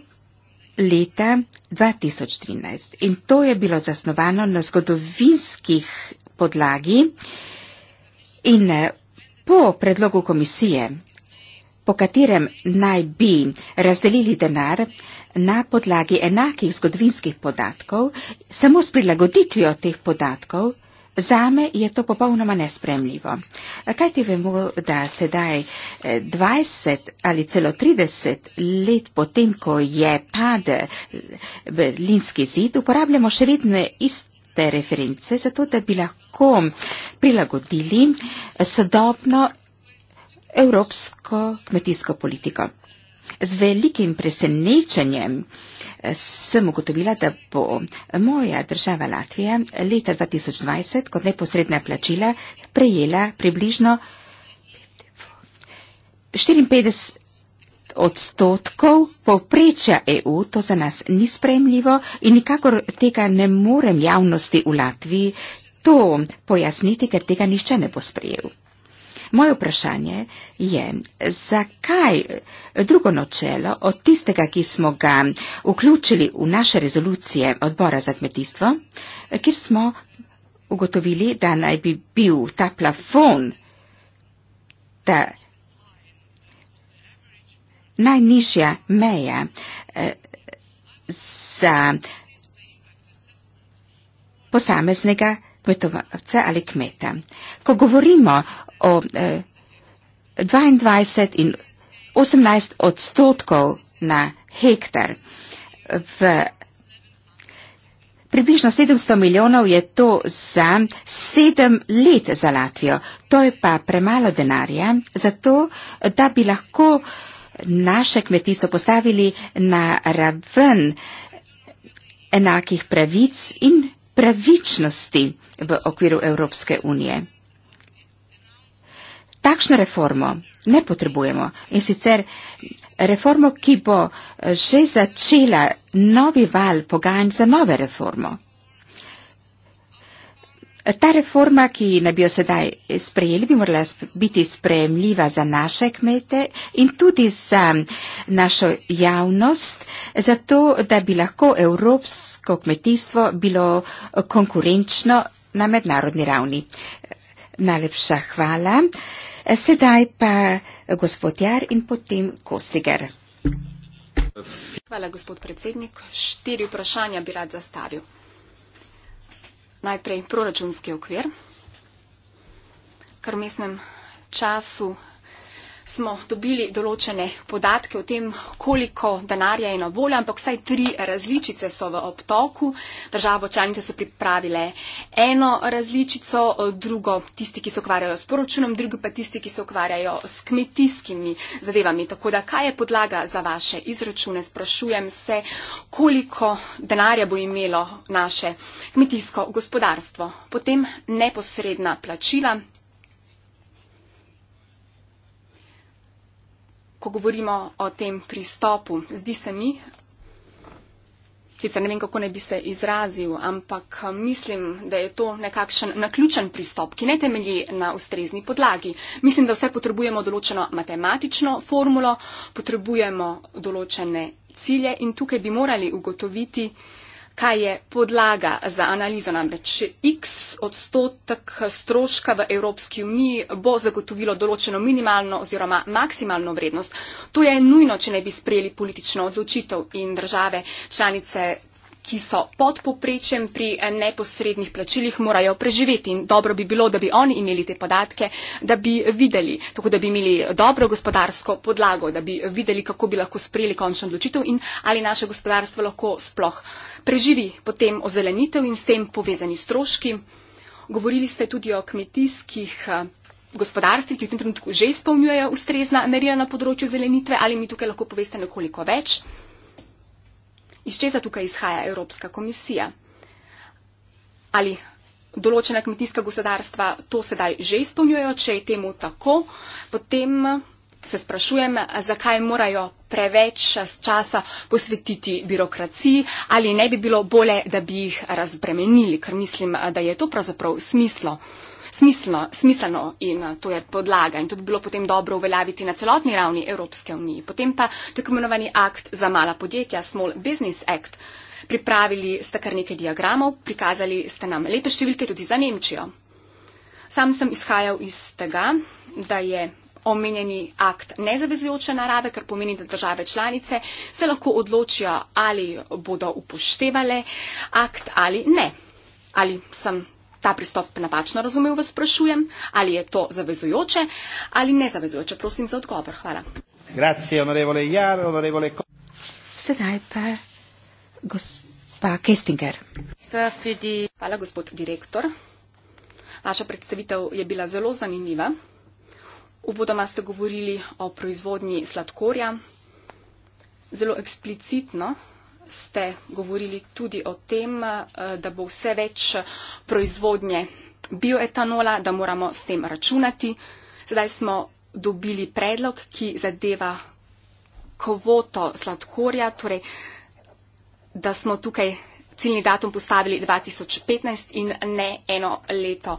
leta 2013 in to je bilo zasnovano na zgodovinskih podlagi in eh, po predlogu komisije, po katerem naj bi razdelili denar, na podlagi enakih zgodovinskih podatkov, samo s prilagoditvijo teh podatkov, zame je to popolnoma nespremljivo. Kaj ti vemo, da sedaj 20 eh, ali celo 30 let potem, ko je pade eh, Berlinski zid, uporabljamo še vedno isto reference, zato da bi lahko prilagodili sodobno evropsko kmetijsko politiko. Z velikim presenečenjem eh, sem ugotovila, da bo moja država Latvija leta 2020 kot neposredna plačila prejela približno 54 odstotkov povprečja EU. To za nas ni spremljivo in nikakor tega ne morem javnosti v Latviji to pojasniti, ker tega nišče ne bo sprejel. Moje vprašanje je, zakaj drugo načelo od tistega, ki smo ga vključili v naše rezolucije odbora za kmetijstvo, kjer smo ugotovili, da naj bi bil ta plafon, ta najnižja meja eh, za posameznega kmetovca ali kmeta. Ko govorimo o eh, 22 in 18 odstotkov na hektar. V približno 700 milijonov je to za sedem let za Latvijo. To je pa premalo denarja za to, da bi lahko naše kmetijstvo postavili na raven enakih pravic in pravičnosti v okviru Evropske unije takšno reformo ne potrebujemo in sicer reformo, ki bo že eh, začela novi val pogajanj za nove reformo. Ta reforma, ki naj bi jo sedaj sprejeli, bi morala biti sprejemljiva za naše kmete in tudi za našo javnost, zato da bi lahko evropsko kmetijstvo bilo eh, konkurenčno na mednarodni ravni. Najlepša hvala. Sedaj pa gospodjar in potem Kostiger. Hvala, gospod predsednik. Štiri vprašanja bi rad zastavil. Najprej proračunski okvir. Kar mislim času smo dobili določene podatke o tem, koliko denarja je na voljo, ampak vsaj tri različice so v obtoku. Državo članice so pripravile eno različico, drugo tisti, ki se ukvarjajo s poročunom, drugo pa tisti, ki se ukvarjajo s kmetijskimi zadevami. Tako da, kaj je podlaga za vaše izračune? Sprašujem se, koliko denarja bo imelo naše kmetijsko gospodarstvo. Potem neposredna plačila, ko govorimo o tem pristopu. Zdi se mi, sicer ne vem, kako ne bi se izrazil, ampak eh, mislim, da je to nekakšen naključen pristop, ki ne temelji na ustrezni podlagi. Mislim, da vse potrebujemo določeno matematično formulo, potrebujemo določene cilje in tukaj bi morali ugotoviti, kaj je podlaga za analizo. Namreč x odstotek stroška v Evropski uniji bo zagotovilo določeno minimalno oziroma maksimalno vrednost. To je nujno, če ne bi sprejeli politično odločitev in države članice ki so pod poprečjem pri eh, neposrednih plačilih, morajo preživeti. In dobro bi bilo, da bi oni imeli te podatke, da bi videli, tako da bi imeli dobro gospodarsko podlago, da bi videli, kako bi lahko sprejeli končno odločitev in ali naše gospodarstvo lahko sploh preživi potem ozelenitev in s tem povezani stroški. Govorili ste tudi o kmetijskih eh, gospodarstvi, ki v tem trenutku že izpolnjujejo ustrezna merila na področju zelenitve, ali mi tukaj lahko poveste nekoliko več? iz česa tukaj izhaja Evropska komisija? Ali določena kmetijska gospodarstva to sedaj že izpolnjujejo, če je temu tako, potem se sprašujem, zakaj morajo preveč časa posvetiti birokraciji ali ne bi bilo bolje, da bi jih razbremenili, ker mislim, da je to pravzaprav smislo smiselno, smiselno in eh, to je podlaga in to bi bilo potem dobro uveljaviti na celotni ravni Evropske unije. Potem pa tako imenovani akt za mala podjetja, Small Business Act. Pripravili ste kar nekaj diagramov, prikazali ste nam lepe številke tudi za Nemčijo. Sam sem izhajal iz tega, da je omenjeni akt nezavezujoče narave, kar pomeni, da države članice se lahko odločijo, ali bodo upoštevale akt ali ne. Ali sem ta pristop napačno razumev, vas sprašujem, ali je to zavezujoče ali nezavezujoče. Prosim za odgovor. Hvala. Grazie, onorevole Jar, onorevole Ko. Sedaj pa gospa Kestinger. Hvala, gospod direktor. Vaša predstavitev je bila zelo zanimiva. Uvodoma ste govorili o proizvodnji sladkorja. Zelo eksplicitno ste govorili tudi o tem, eh, da bo vse več proizvodnje bioetanola, da moramo s tem računati. Sedaj smo dobili predlog, ki zadeva kvoto sladkorja, torej da smo tukaj ciljni datum postavili 2015 in ne eno leto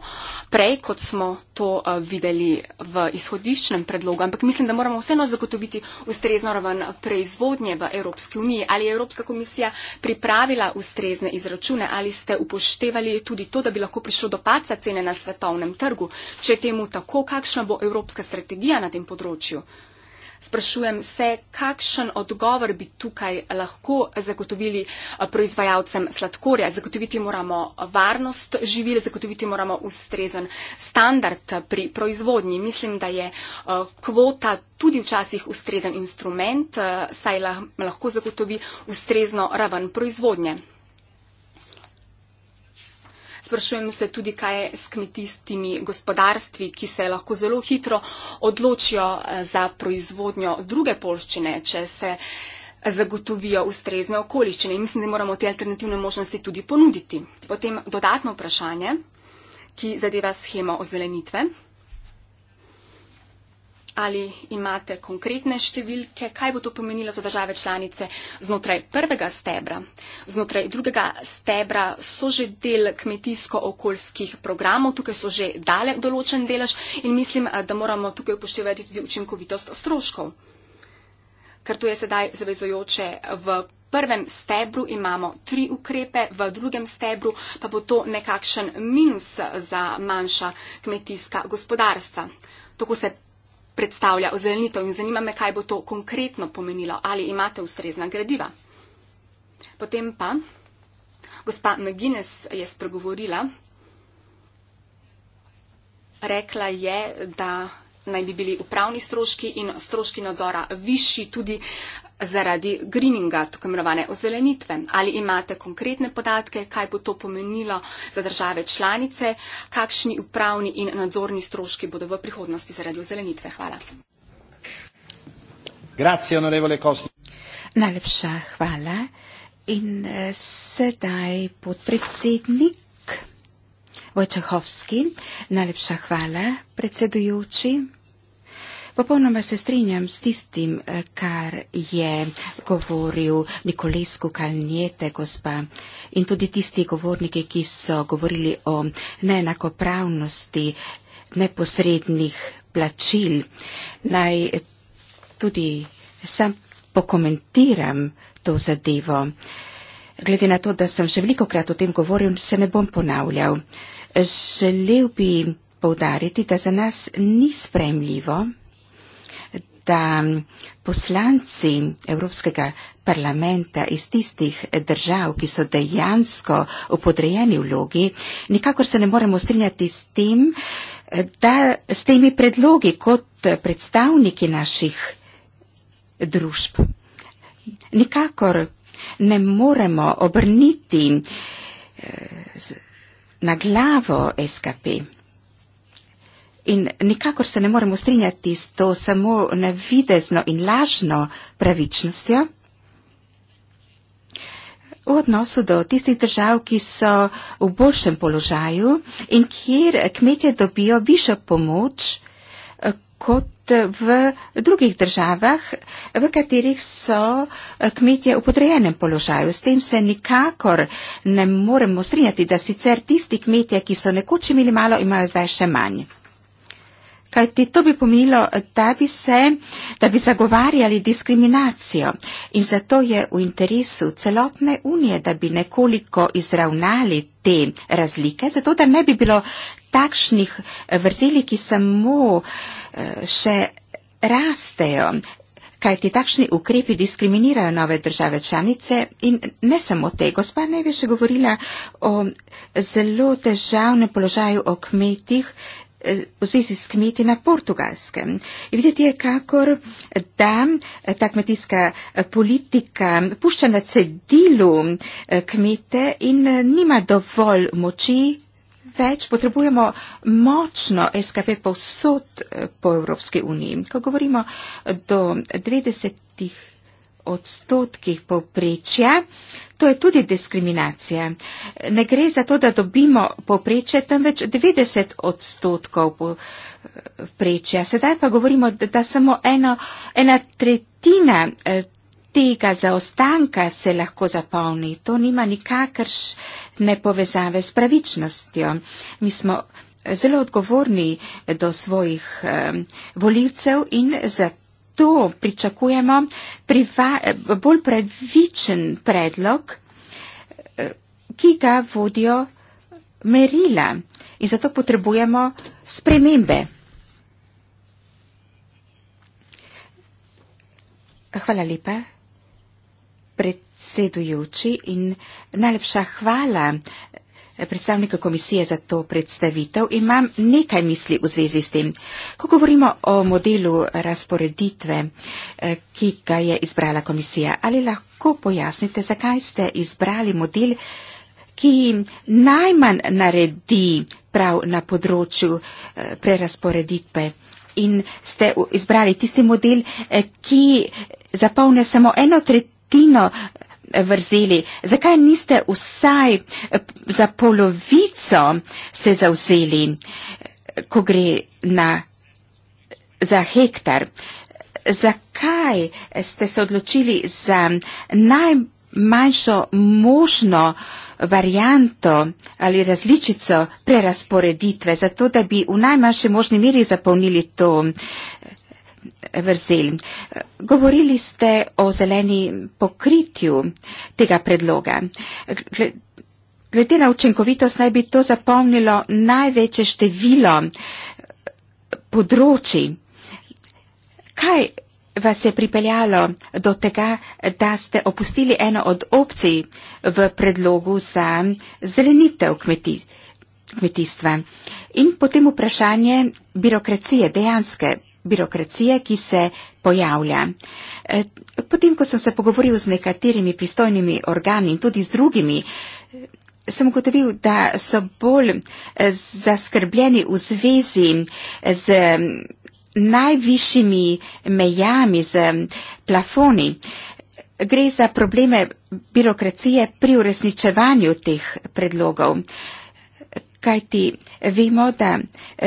prej, kot smo to eh, videli v izhodiščnem predlogu. Ampak mislim, da moramo vseeno zagotoviti ustrezno raven proizvodnje v Evropski uniji. Ali je Evropska komisija pripravila ustrezne izračune, ali ste upoštevali tudi to, da bi lahko prišlo do paca cene na svetovnem trgu? Če je temu tako, kakšna bo evropska strategija na tem področju? Sprašujem se, kakšen odgovor bi tukaj lahko zagotovili eh, proizvajalcem sladkorja. Zagotoviti moramo varnost živil, zagotoviti moramo ustrezen standard pri proizvodnji. Mislim, da je eh, kvota tudi včasih ustrezen instrument, eh, saj lahko zagotovi ustrezno raven proizvodnje. Sprašujem se tudi, kaj je s kmetijskimi gospodarstvi, ki se lahko zelo hitro odločijo eh, za proizvodnjo druge polščine, če se zagotovijo ustrezne okoliščine. In mislim, da moramo te alternativne možnosti tudi ponuditi. Potem dodatno vprašanje, ki zadeva schemo ozelenitve ali imate konkretne številke, kaj bo to pomenilo za države članice znotraj prvega stebra. Znotraj drugega stebra so že del kmetijsko-okoljskih programov, tukaj so že dale določen delež in mislim, eh, da moramo tukaj upoštevati tudi učinkovitost stroškov. Ker to je sedaj zavezojoče v. V prvem stebru imamo tri ukrepe, v drugem stebru pa bo to nekakšen minus za manjša kmetijska gospodarstva. Tako se predstavlja ozelenitev in zanima me, kaj bo to konkretno pomenilo, ali imate ustrezna gradiva. Potem pa gospa McGuinness je spregovorila, rekla je, da naj bi bili upravni stroški in stroški nadzora višji tudi zaradi greeninga, tako imenovane ozelenitve. Ali imate konkretne podatke, kaj bo to pomenilo za države članice, kakšni upravni in nadzorni stroški bodo v prihodnosti zaradi ozelenitve? Hvala. Grazie, onorevole Kosti. Najlepša hvala. In eh, sedaj podpredsednik Vojčehovski. Najlepša hvala, predsedujoči. Popolnoma se strinjam s tistim, eh, kar je govoril Nikolesku Kalnjete, gospa, in tudi tisti govorniki, ki so govorili o neenakopravnosti neposrednih plačil. Naj tudi sam pokomentiram to zadevo. Glede na to, da sem še veliko krat o tem govoril, se ne bom ponavljal. Želel bi povdariti, da za nas ni spremljivo, da poslanci Evropskega parlamenta iz tistih držav, ki so dejansko v podrejeni vlogi, nikakor se ne moremo strinjati s tem, da s temi predlogi kot predstavniki naših družb. Nikakor ne moremo obrniti eh, na glavo SKP. In nikakor se ne moremo strinjati s to samo navidezno in lažno pravičnostjo v odnosu do tistih držav, ki so v boljšem položaju in kjer kmetje dobijo višjo pomoč eh, kot v drugih državah, v katerih so eh, kmetje v podrejenem položaju. S tem se nikakor ne moremo strinjati, da sicer tisti kmetje, ki so nekoč imeli malo, imajo zdaj še manj. Kaj ti to bi pomilo, da bi, se, da bi zagovarjali diskriminacijo in zato je v interesu celotne unije, da bi nekoliko izravnali te razlike, zato da ne bi bilo takšnih vrzeli, ki samo eh, še rastejo. Kaj ti takšni ukrepi diskriminirajo nove države članice in ne samo te. Gospa največ je govorila o zelo težavnem položaju o kmetih, Eh, v zvezi s kmeti na portugalskem. Videti je, kakor da eh, ta kmetijska eh, politika pušča na cedilu kmete in nima dovolj moči več, potrebujemo močno SKP povsod po Evropski uniji. Ko govorimo do 20 odstotkih povprečja, to je tudi diskriminacija. Ne gre za to, da dobimo povprečje, temveč 90 odstotkov povprečja. Sedaj pa govorimo, da samo eno, ena tretjina eh, tega zaostanka se lahko zapolni. To nima nikakršne povezave s pravičnostjo. Mi smo zelo odgovorni do svojih um, eh, voljivcev in zato zato pričakujemo priva, bolj pravičen predlog, eh, ki ga vodijo merila in zato potrebujemo spremembe. Hvala lepa, predsedujoči in najlepša hvala predstavnika komisije za to predstavitev. Imam nekaj misli v zvezi s tem. Ko govorimo o modelu razporeditve, eh, ki ga je izbrala komisija, ali lahko pojasnite, zakaj ste izbrali model, ki najmanj naredi prav na področju eh, prerasporeditve in ste izbrali tisti model, eh, ki zapolne samo eno tretjino vrzeli, zakaj niste vsaj eh, za polovico se zauzeli, eh, ko gre na, za hektar? Zakaj ste se odločili za najmanjšo možno varianto ali različico prerasporeditve, zato da bi v najmanjši možni meri zapolnili to eh, vrzel. Govorili ste o zeleni pokritju tega predloga. Glede na učinkovitost naj bi to zapomnilo največje število eh, področji. Kaj vas je pripeljalo do tega, da ste opustili eno od opcij v predlogu za zelenitev kmeti, kmetijstva? In potem vprašanje birokracije, dejanske birokracije, ki se pojavlja. Eh, potem, ko sem se pogovoril z nekaterimi pristojnimi organi in tudi z drugimi, eh, sem ugotovil, da so bolj eh, zaskrbljeni v zvezi z najvišjimi mejami, z plafoni. Gre za probleme birokracije pri uresničevanju teh predlogov. Kajti vemo, da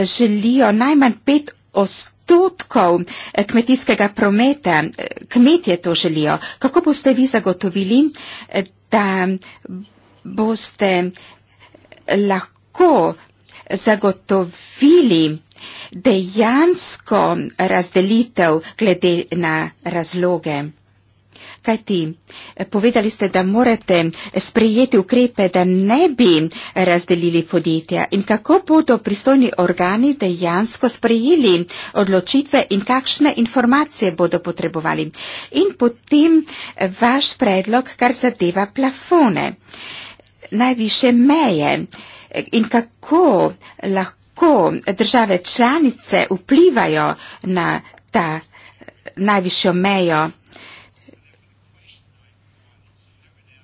želijo najmanj pet odstotkov odstotkov eh, kmetijskega prometa. Eh, kmetje to želijo. Kako boste vi zagotovili, eh, da boste lahko zagotovili dejansko razdelitev glede na razloge? kajti povedali ste, da morate sprejeti ukrepe, da ne bi razdelili podjetja. In kako bodo pristojni organi dejansko sprejeli odločitve in kakšne informacije bodo potrebovali? In potem vaš predlog, kar zadeva plafone, najviše meje in kako lahko države članice vplivajo na ta najvišjo mejo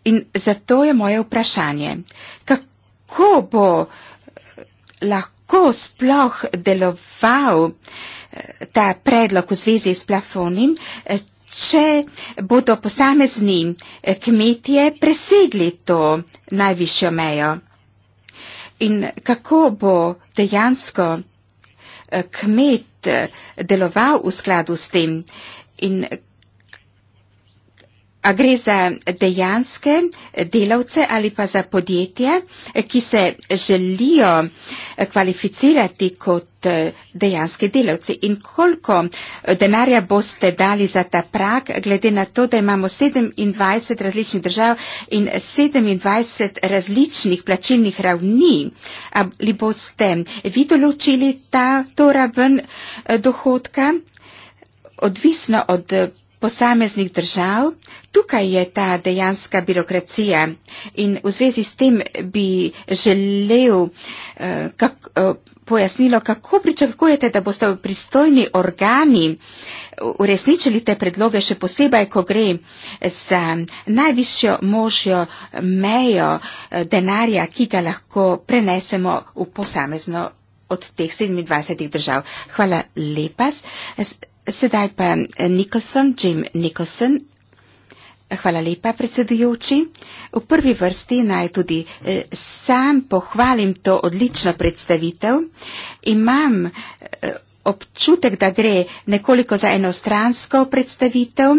In zato je moje vprašanje, kako bo eh, lahko sploh deloval eh, ta predlog v zvezi s plafonim, eh, če bodo posamezni kmetje presegli to najvišjo mejo. In kako bo dejansko kmet deloval v skladu s tem in A gre za dejanske delavce ali pa za podjetje, ki se želijo kvalificirati kot eh, dejanske delavce. In koliko denarja boste dali za ta prak, glede na to, da imamo 27 različnih držav in 27 različnih plačilnih ravni, ali boste vi določili ta to raven eh, dohodka, odvisno od posameznih držav. Tukaj je ta dejanska birokracija in v zvezi s tem bi želel eh, kak, eh, pojasnilo, kako pričakujete, da boste pristojni organi uresničili te predloge, še posebej, ko gre za najvišjo možjo mejo eh, denarja, ki ga lahko prenesemo v posamezno od teh 27 držav. Hvala lepa. Sedaj pa eh, Nicholson, Jim Nicholson. Hvala lepa, predsedujoči. V prvi vrsti naj tudi eh, sam pohvalim to odlično predstavitev. Imam občutek, da gre nekoliko za enostransko predstavitev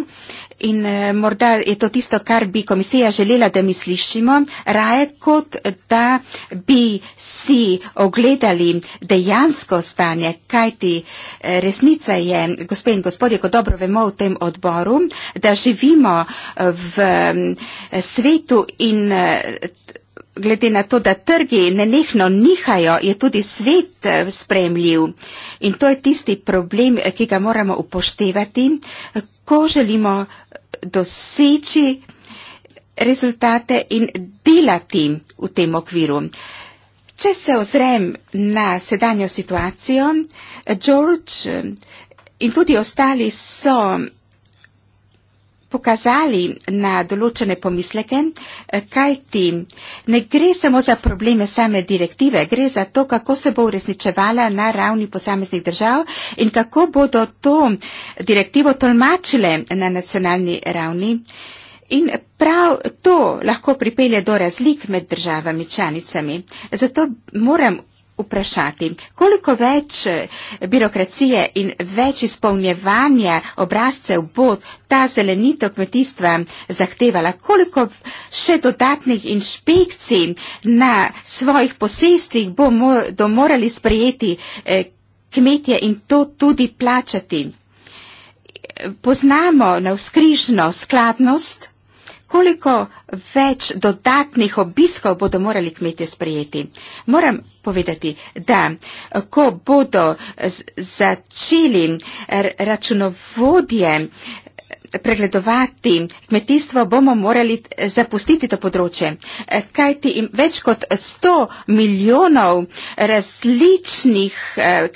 in eh, morda je to tisto, kar bi komisija želela, da mi slišimo, raje kot da bi si ogledali dejansko stanje, kajti eh, resnica je, gospe in gospodje, ko dobro vemo v tem odboru, da živimo eh, v mm, svetu in glede na to, da trgi nenehno nihajo, je tudi svet eh, spremljiv. In to je tisti problem, eh, ki ga moramo upoštevati, eh, ko želimo doseči rezultate in delati v tem okviru. Če se ozrem na sedanjo situacijo, George in tudi ostali so pokazali na določene pomisleke, eh, kaj ti ne gre samo za probleme same direktive, gre za to, kako se bo uresničevala na ravni posameznih držav in kako bodo to direktivo tolmačile na nacionalni ravni. In prav to lahko pripelje do razlik med državami članicami. Zato moram vprašati, koliko več eh, birokracije in več izpolnjevanja obrazcev bo ta zelenitev kmetijstva zahtevala, koliko še dodatnih inšpekcij na svojih posestvih bodo morali sprejeti eh, kmetje in to tudi plačati. Poznamo na vzkrižno skladnost koliko več dodatnih obiskov bodo morali kmetje sprejeti. Moram povedati, da ko bodo začeli računovodje eh, pregledovati kmetijstvo, bomo morali eh, zapustiti to področje. Eh, Kaj ti več kot 100 milijonov različnih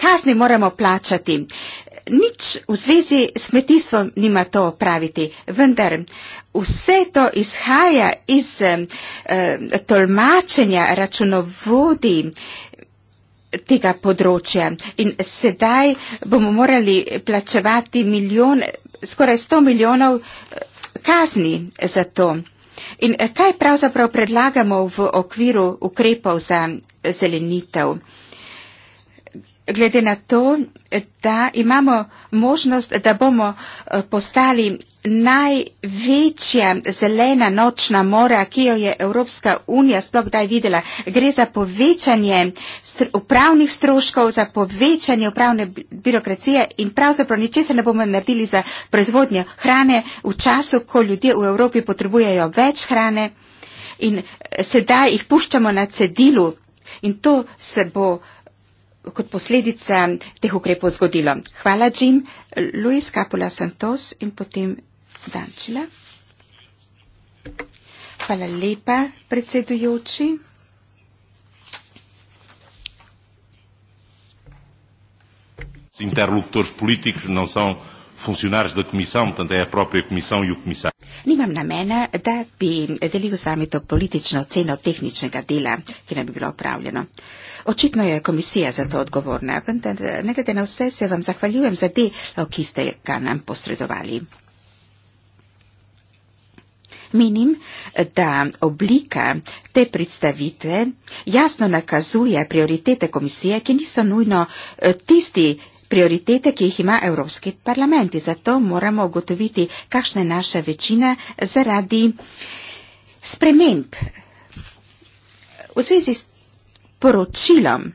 kazni moramo plačati? nič v zvezi s kmetijstvom nima to praviti, vendar vse to izhaja iz eh, tolmačenja računovodi tega področja in sedaj bomo morali plačevati milijon, skoraj 100 milijonov eh, kazni za to. In eh, kaj pravzaprav predlagamo v okviru ukrepov za zelenitev? Glede na to, da imamo možnost, da bomo eh, postali največja zelena nočna mora, ki jo je Evropska unija sploh kdaj videla, gre za povečanje upravnih stroškov, za povečanje upravne birokracije in pravzaprav ničesar ne bomo naredili za proizvodnjo hrane v času, ko ljudje v Evropi potrebujejo več hrane in eh, sedaj jih puščamo na cedilu. In to se bo kot posledice teh ukrepov zgodilo. Hvala, Jim. Luis Capula Santos in potem Dančila. Hvala lepa, predsedujoči. Interruptors politik, no, samo funcionários da Comissão, portanto é a própria Comissão e o Comissário. Nimam namena da bi delil z vami to politično ceno tehničnega dela, ki nam bi bilo opravljeno. Očitno je komisija za to odgovorna, vendar ne glede na vse se vam zahvaljujem za delo, ki ste ga nam posredovali. Menim, da oblika te predstavitve jasno nakazuje prioritete komisije, ki niso nujno eh, tisti, prioritete, ki jih ima Evropski parlament. Zato moramo ugotoviti, kakšna je naša večina zaradi sprememb v zvezi s poročilom.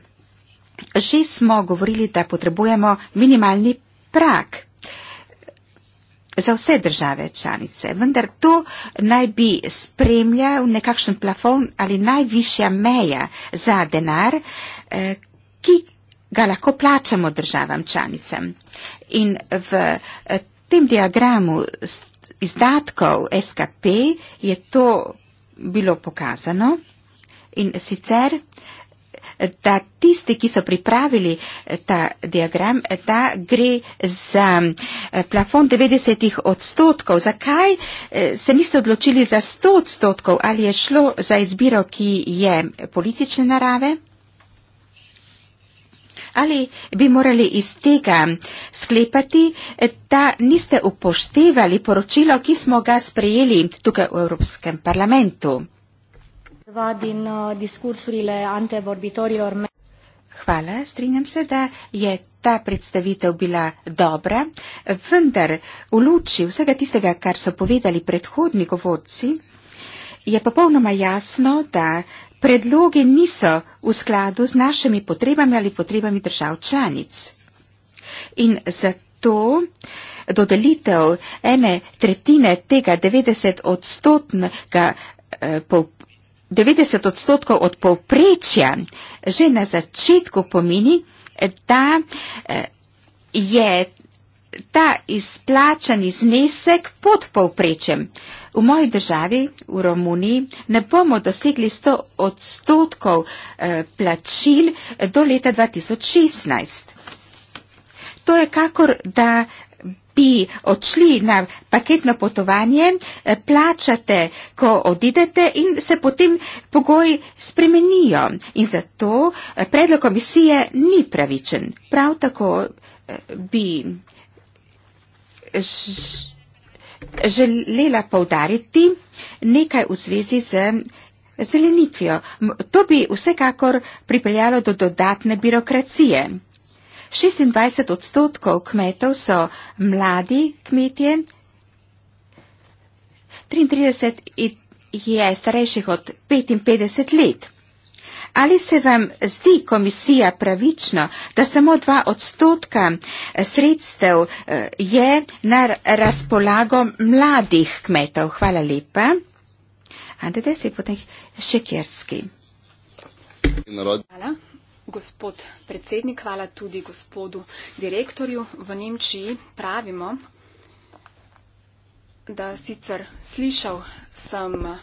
Že smo govorili, da potrebujemo minimalni prak za vse države članice, vendar to naj bi spremljal nekakšen plafon ali najvišja meja za denar, eh, ki ga lahko plačamo državam članicam. In v eh, tem diagramu izdatkov SKP je to bilo pokazano in sicer, da tisti, ki so pripravili eh, ta diagram, da gre za eh, plafon 90 odstotkov. Zakaj se niste odločili za 100 odstotkov? Ali je šlo za izbiro, ki je politične narave? ali bi morali iz tega sklepati, da niste upoštevali poročilo, ki smo ga sprejeli tukaj v Evropskem parlamentu. Uh, Hvala, strinjam se, da je ta predstavitev bila dobra, vendar v luči vsega tistega, kar so povedali predhodni govorci, je popolnoma jasno, da predloge niso v skladu z našimi potrebami ali potrebami držav članic. In zato dodelitev ene tretjine tega 90 eh, odstotkov od povprečja že na začetku pomeni, da eh, je ta izplačani znesek pod povprečjem. V moji državi, v Romuniji, ne bomo dosegli 100 odstotkov eh, plačil do leta 2016. To je kakor, da bi odšli na paketno potovanje, eh, plačate, ko odidete in se potem pogoji spremenijo. In zato eh, predlog komisije ni pravičen. Prav tako bi želela povdariti nekaj v zvezi z zelenitvijo. To bi vsekakor pripeljalo do dodatne birokracije. 26 odstotkov kmetov so mladi kmetje, 33 je starejših od 55 let. Ali se vam zdi komisija pravično, da samo dva odstotka eh, sredstev eh, je na razpolago mladih kmetov? Hvala lepa. Andete si potem še kjerski. Hvala. Gospod predsednik, hvala tudi gospodu direktorju. V Nemčiji pravimo, da sicer slišal sem. Uh,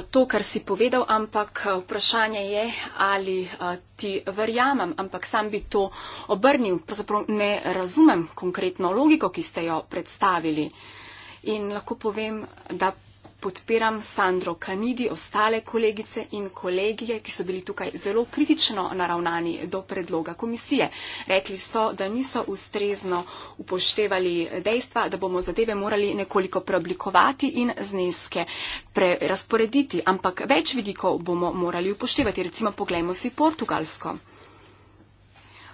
to, kar si povedal, ampak eh, vprašanje je, ali eh, ti verjamem, ampak sam bi to obrnil. Pravzaprav ne razumem konkretno logiko, ki ste jo predstavili. In lahko povem, da podpiram Sandro Kanidi, ostale kolegice in kolegije, ki so bili tukaj zelo kritično naravnani do predloga komisije. Rekli so, da niso ustrezno upoštevali dejstva, da bomo zadeve morali nekoliko preoblikovati in zneske prerasporediti, ampak več vidikov bomo morali upoštevati. Recimo, poglejmo si Portugalsko.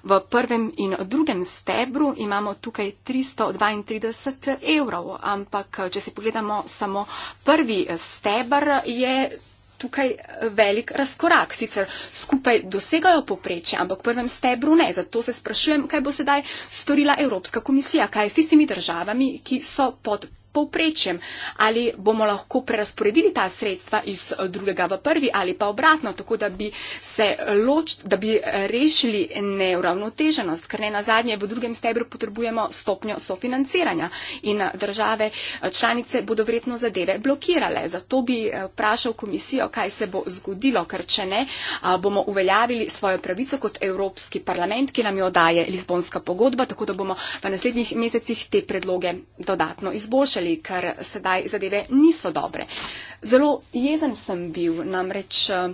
V prvem in drugem stebru imamo tukaj 332 evrov, ampak če si pogledamo samo prvi stebr, je tukaj eh, velik razkorak. Sicer skupaj dosegajo poprečje, ampak v prvem stebru ne. Zato se sprašujem, kaj bo sedaj storila Evropska komisija, kaj s tistimi državami, ki so pod povprečjem, ali bomo lahko prerasporedili ta sredstva iz eh, drugega v prvi ali pa obratno, tako da bi, loč, da bi rešili neuravnoteženost, ker ne na zadnje v drugem stebru potrebujemo stopnjo sofinanciranja in eh, države eh, članice bodo verjetno zadeve blokirale. Zato bi vprašal komisijo, kaj se bo zgodilo, ker če ne, bomo uveljavili svojo pravico kot Evropski parlament, ki nam jo daje Lizbonska pogodba, tako da bomo v naslednjih mesecih te predloge dodatno izboljšali slišali, ker sedaj zadeve niso dobre. Zelo jezen sem bil, namreč eh,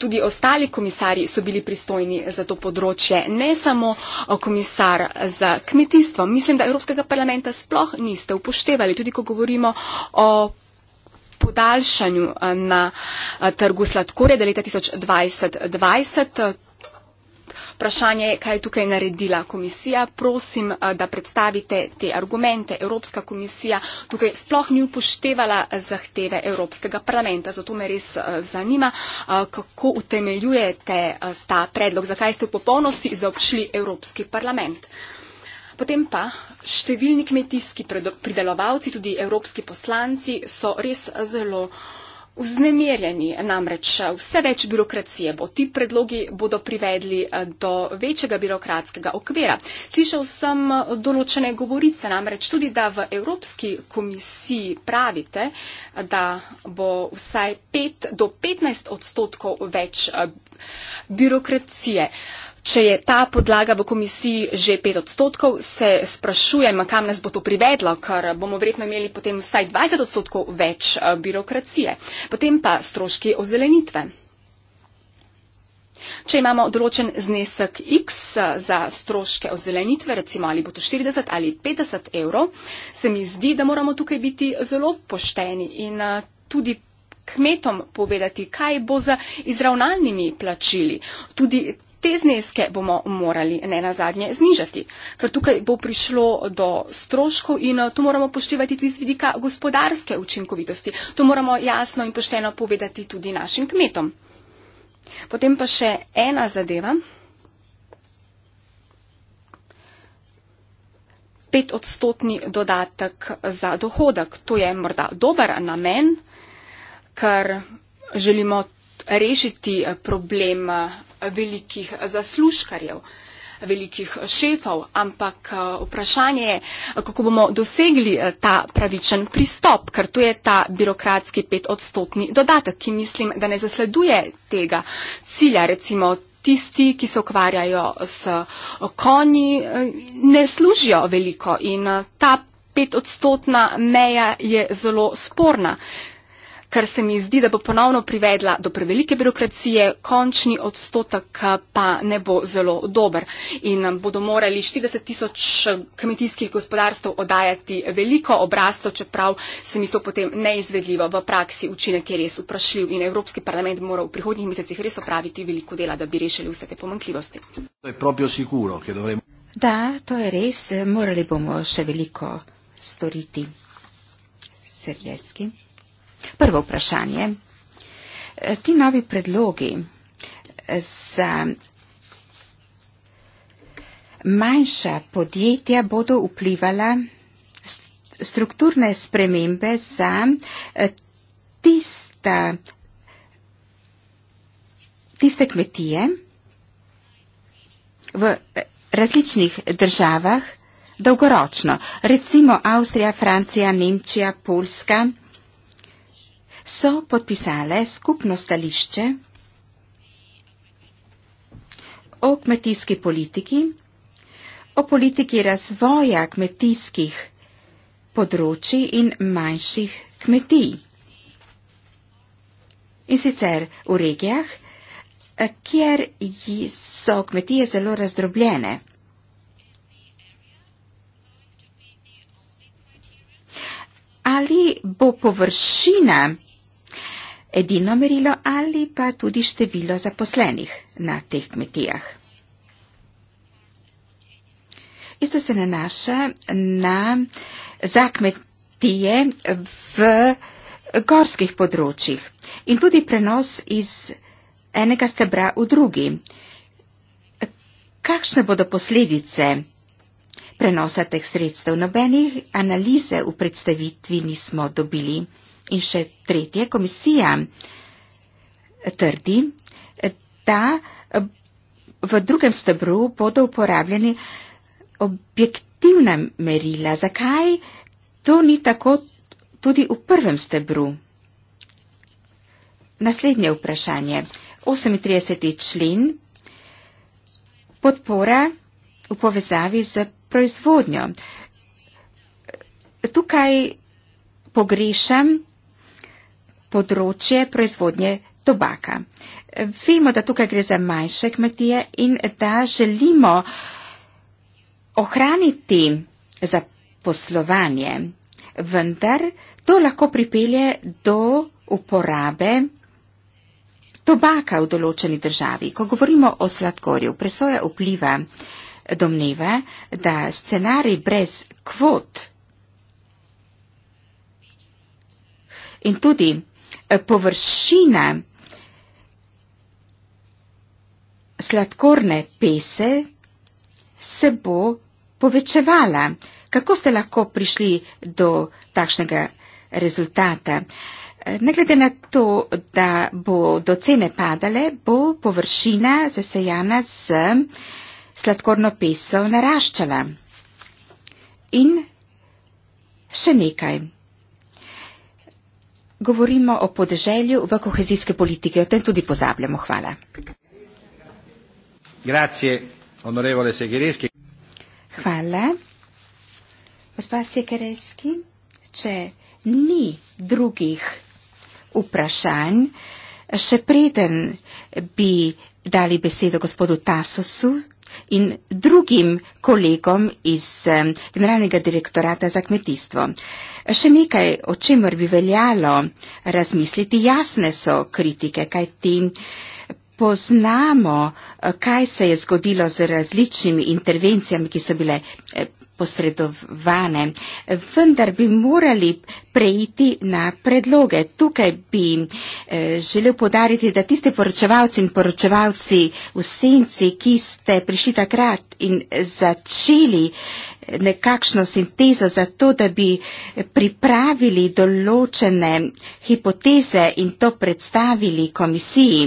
tudi ostali komisari so bili pristojni za to področje, ne samo eh, komisar za kmetijstvo. Mislim, da Evropskega parlamenta sploh niste upoštevali, tudi ko govorimo o podaljšanju eh, na trgu sladkorja, da leta 2020-2020. Vprašanje je, kaj je tukaj naredila komisija. Prosim, eh, da predstavite te argumente. Evropska komisija tukaj sploh ni upoštevala zahteve Evropskega parlamenta. Zato me res eh, zanima, eh, kako utemeljujete ta predlog, zakaj ste v popolnosti zaobšli Evropski parlament. Potem pa številni kmetijski pridelovalci, tudi evropski poslanci, so res zelo. Vznemirjeni namreč vse več birokracije bo. Ti predlogi bodo privedli eh, do večjega birokratskega okvira. Slišal sem eh, določene govorice namreč tudi, da v Evropski komisiji pravite, eh, da bo vsaj 5 do 15 odstotkov več birokracije. Uh, Če je ta podlaga v komisiji že 5 odstotkov, se sprašujem, kam nas bo to privedlo, ker bomo verjetno imeli potem vsaj 20 odstotkov več eh, birokracije. Potem pa stroški ozelenitve. Če imamo določen znesek X eh, za stroške ozelenitve, recimo ali bo to 40 ali 50 evrov, se mi zdi, da moramo tukaj biti zelo pošteni in eh, tudi kmetom povedati, kaj bo za izravnalnimi plačili. Tudi te zneske bomo morali ne na zadnje znižati, ker tukaj bo prišlo do stroškov in eh, to moramo poštevati tudi z vidika gospodarske učinkovitosti. To moramo jasno in pošteno povedati tudi našim kmetom. Potem pa še ena zadeva. Pet odstotni dodatek za dohodek. To je morda dober namen, ker želimo rešiti eh, problem velikih zaslužkarjev, velikih šefov, ampak eh, vprašanje je, kako bomo dosegli eh, ta pravičen pristop, ker tu je ta birokratski petodstotni dodatek, ki mislim, da ne zasleduje tega cilja, recimo. Tisti, ki se ukvarjajo s eh, konji, ne služijo veliko in ta petodstotna meja je zelo sporna kar se mi zdi, da bo ponovno privedla do prevelike birokracije, končni odstotek pa ne bo zelo dober in um, bodo morali 40 tisoč uh, kmetijskih gospodarstv oddajati veliko obrazcev, čeprav se mi to potem neizvedljivo v praksi učinek je res vprašljiv in Evropski parlament mora v prihodnjih mesecih res opraviti veliko dela, da bi rešili vse te pomankljivosti. Da, to je res. Morali bomo še veliko storiti. Serjeski. Prvo vprašanje. E, ti novi predlogi za manjša podjetja bodo vplivala strukturne spremembe za e, tista, tiste kmetije v e, različnih državah dolgoročno. Recimo Avstrija, Francija, Nemčija, Poljska so podpisale skupno stališče o kmetijski politiki, o politiki razvoja kmetijskih področji in manjših kmetij. In sicer v regijah, kjer so kmetije zelo razdrobljene. Ali bo površina edino merilo ali pa tudi število zaposlenih na teh kmetijah. Isto se nanaša na zakmetije v gorskih področjih in tudi prenos iz enega stebra v drugi. Kakšne bodo posledice prenosa teh sredstev? Nobenih analize v predstavitvi nismo dobili. In še tretje, komisija trdi, da v drugem stebru bodo uporabljeni objektivna merila. Zakaj to ni tako tudi v prvem stebru? Naslednje vprašanje. 38. člen. Podpora v povezavi z proizvodnjo. Tukaj pogrešam področje proizvodnje tobaka. Vemo, da tukaj gre za manjše kmetije in da želimo ohraniti zaposlovanje, vendar to lahko pripelje do uporabe tobaka v določeni državi. Ko govorimo o sladkorju, presoja vpliva domneva, da scenarij brez kvot in tudi Eh, površine sladkorne pese se bo povečevala. Kako ste lahko prišli do takšnega rezultata? Eh, ne glede na to, da bo do cene padale, bo površina zasejana z sladkorno peso naraščala. In še nekaj govorimo o podeželju v kohezijske politike. O tem tudi pozabljamo. Hvala. Grazie, onorevole Segereski. Hvala. Gospa Segereski, če ni drugih vprašanj, še preden bi dali besedo gospodu Tasosu, in drugim kolegom iz Generalnega direktorata za kmetijstvo. Še nekaj, o čemer bi veljalo razmisliti, jasne so kritike, kaj ti poznamo, eh, kaj se je zgodilo z različnimi intervencijami, ki so bile eh, posredovane, vendar bi morali preiti na predloge. Tukaj bi eh, želel podariti, da tiste poročevalci in poročevalci v senci, ki ste prišli takrat in začeli nekakšno sintezo za to, da bi pripravili določene hipoteze in to predstavili komisiji.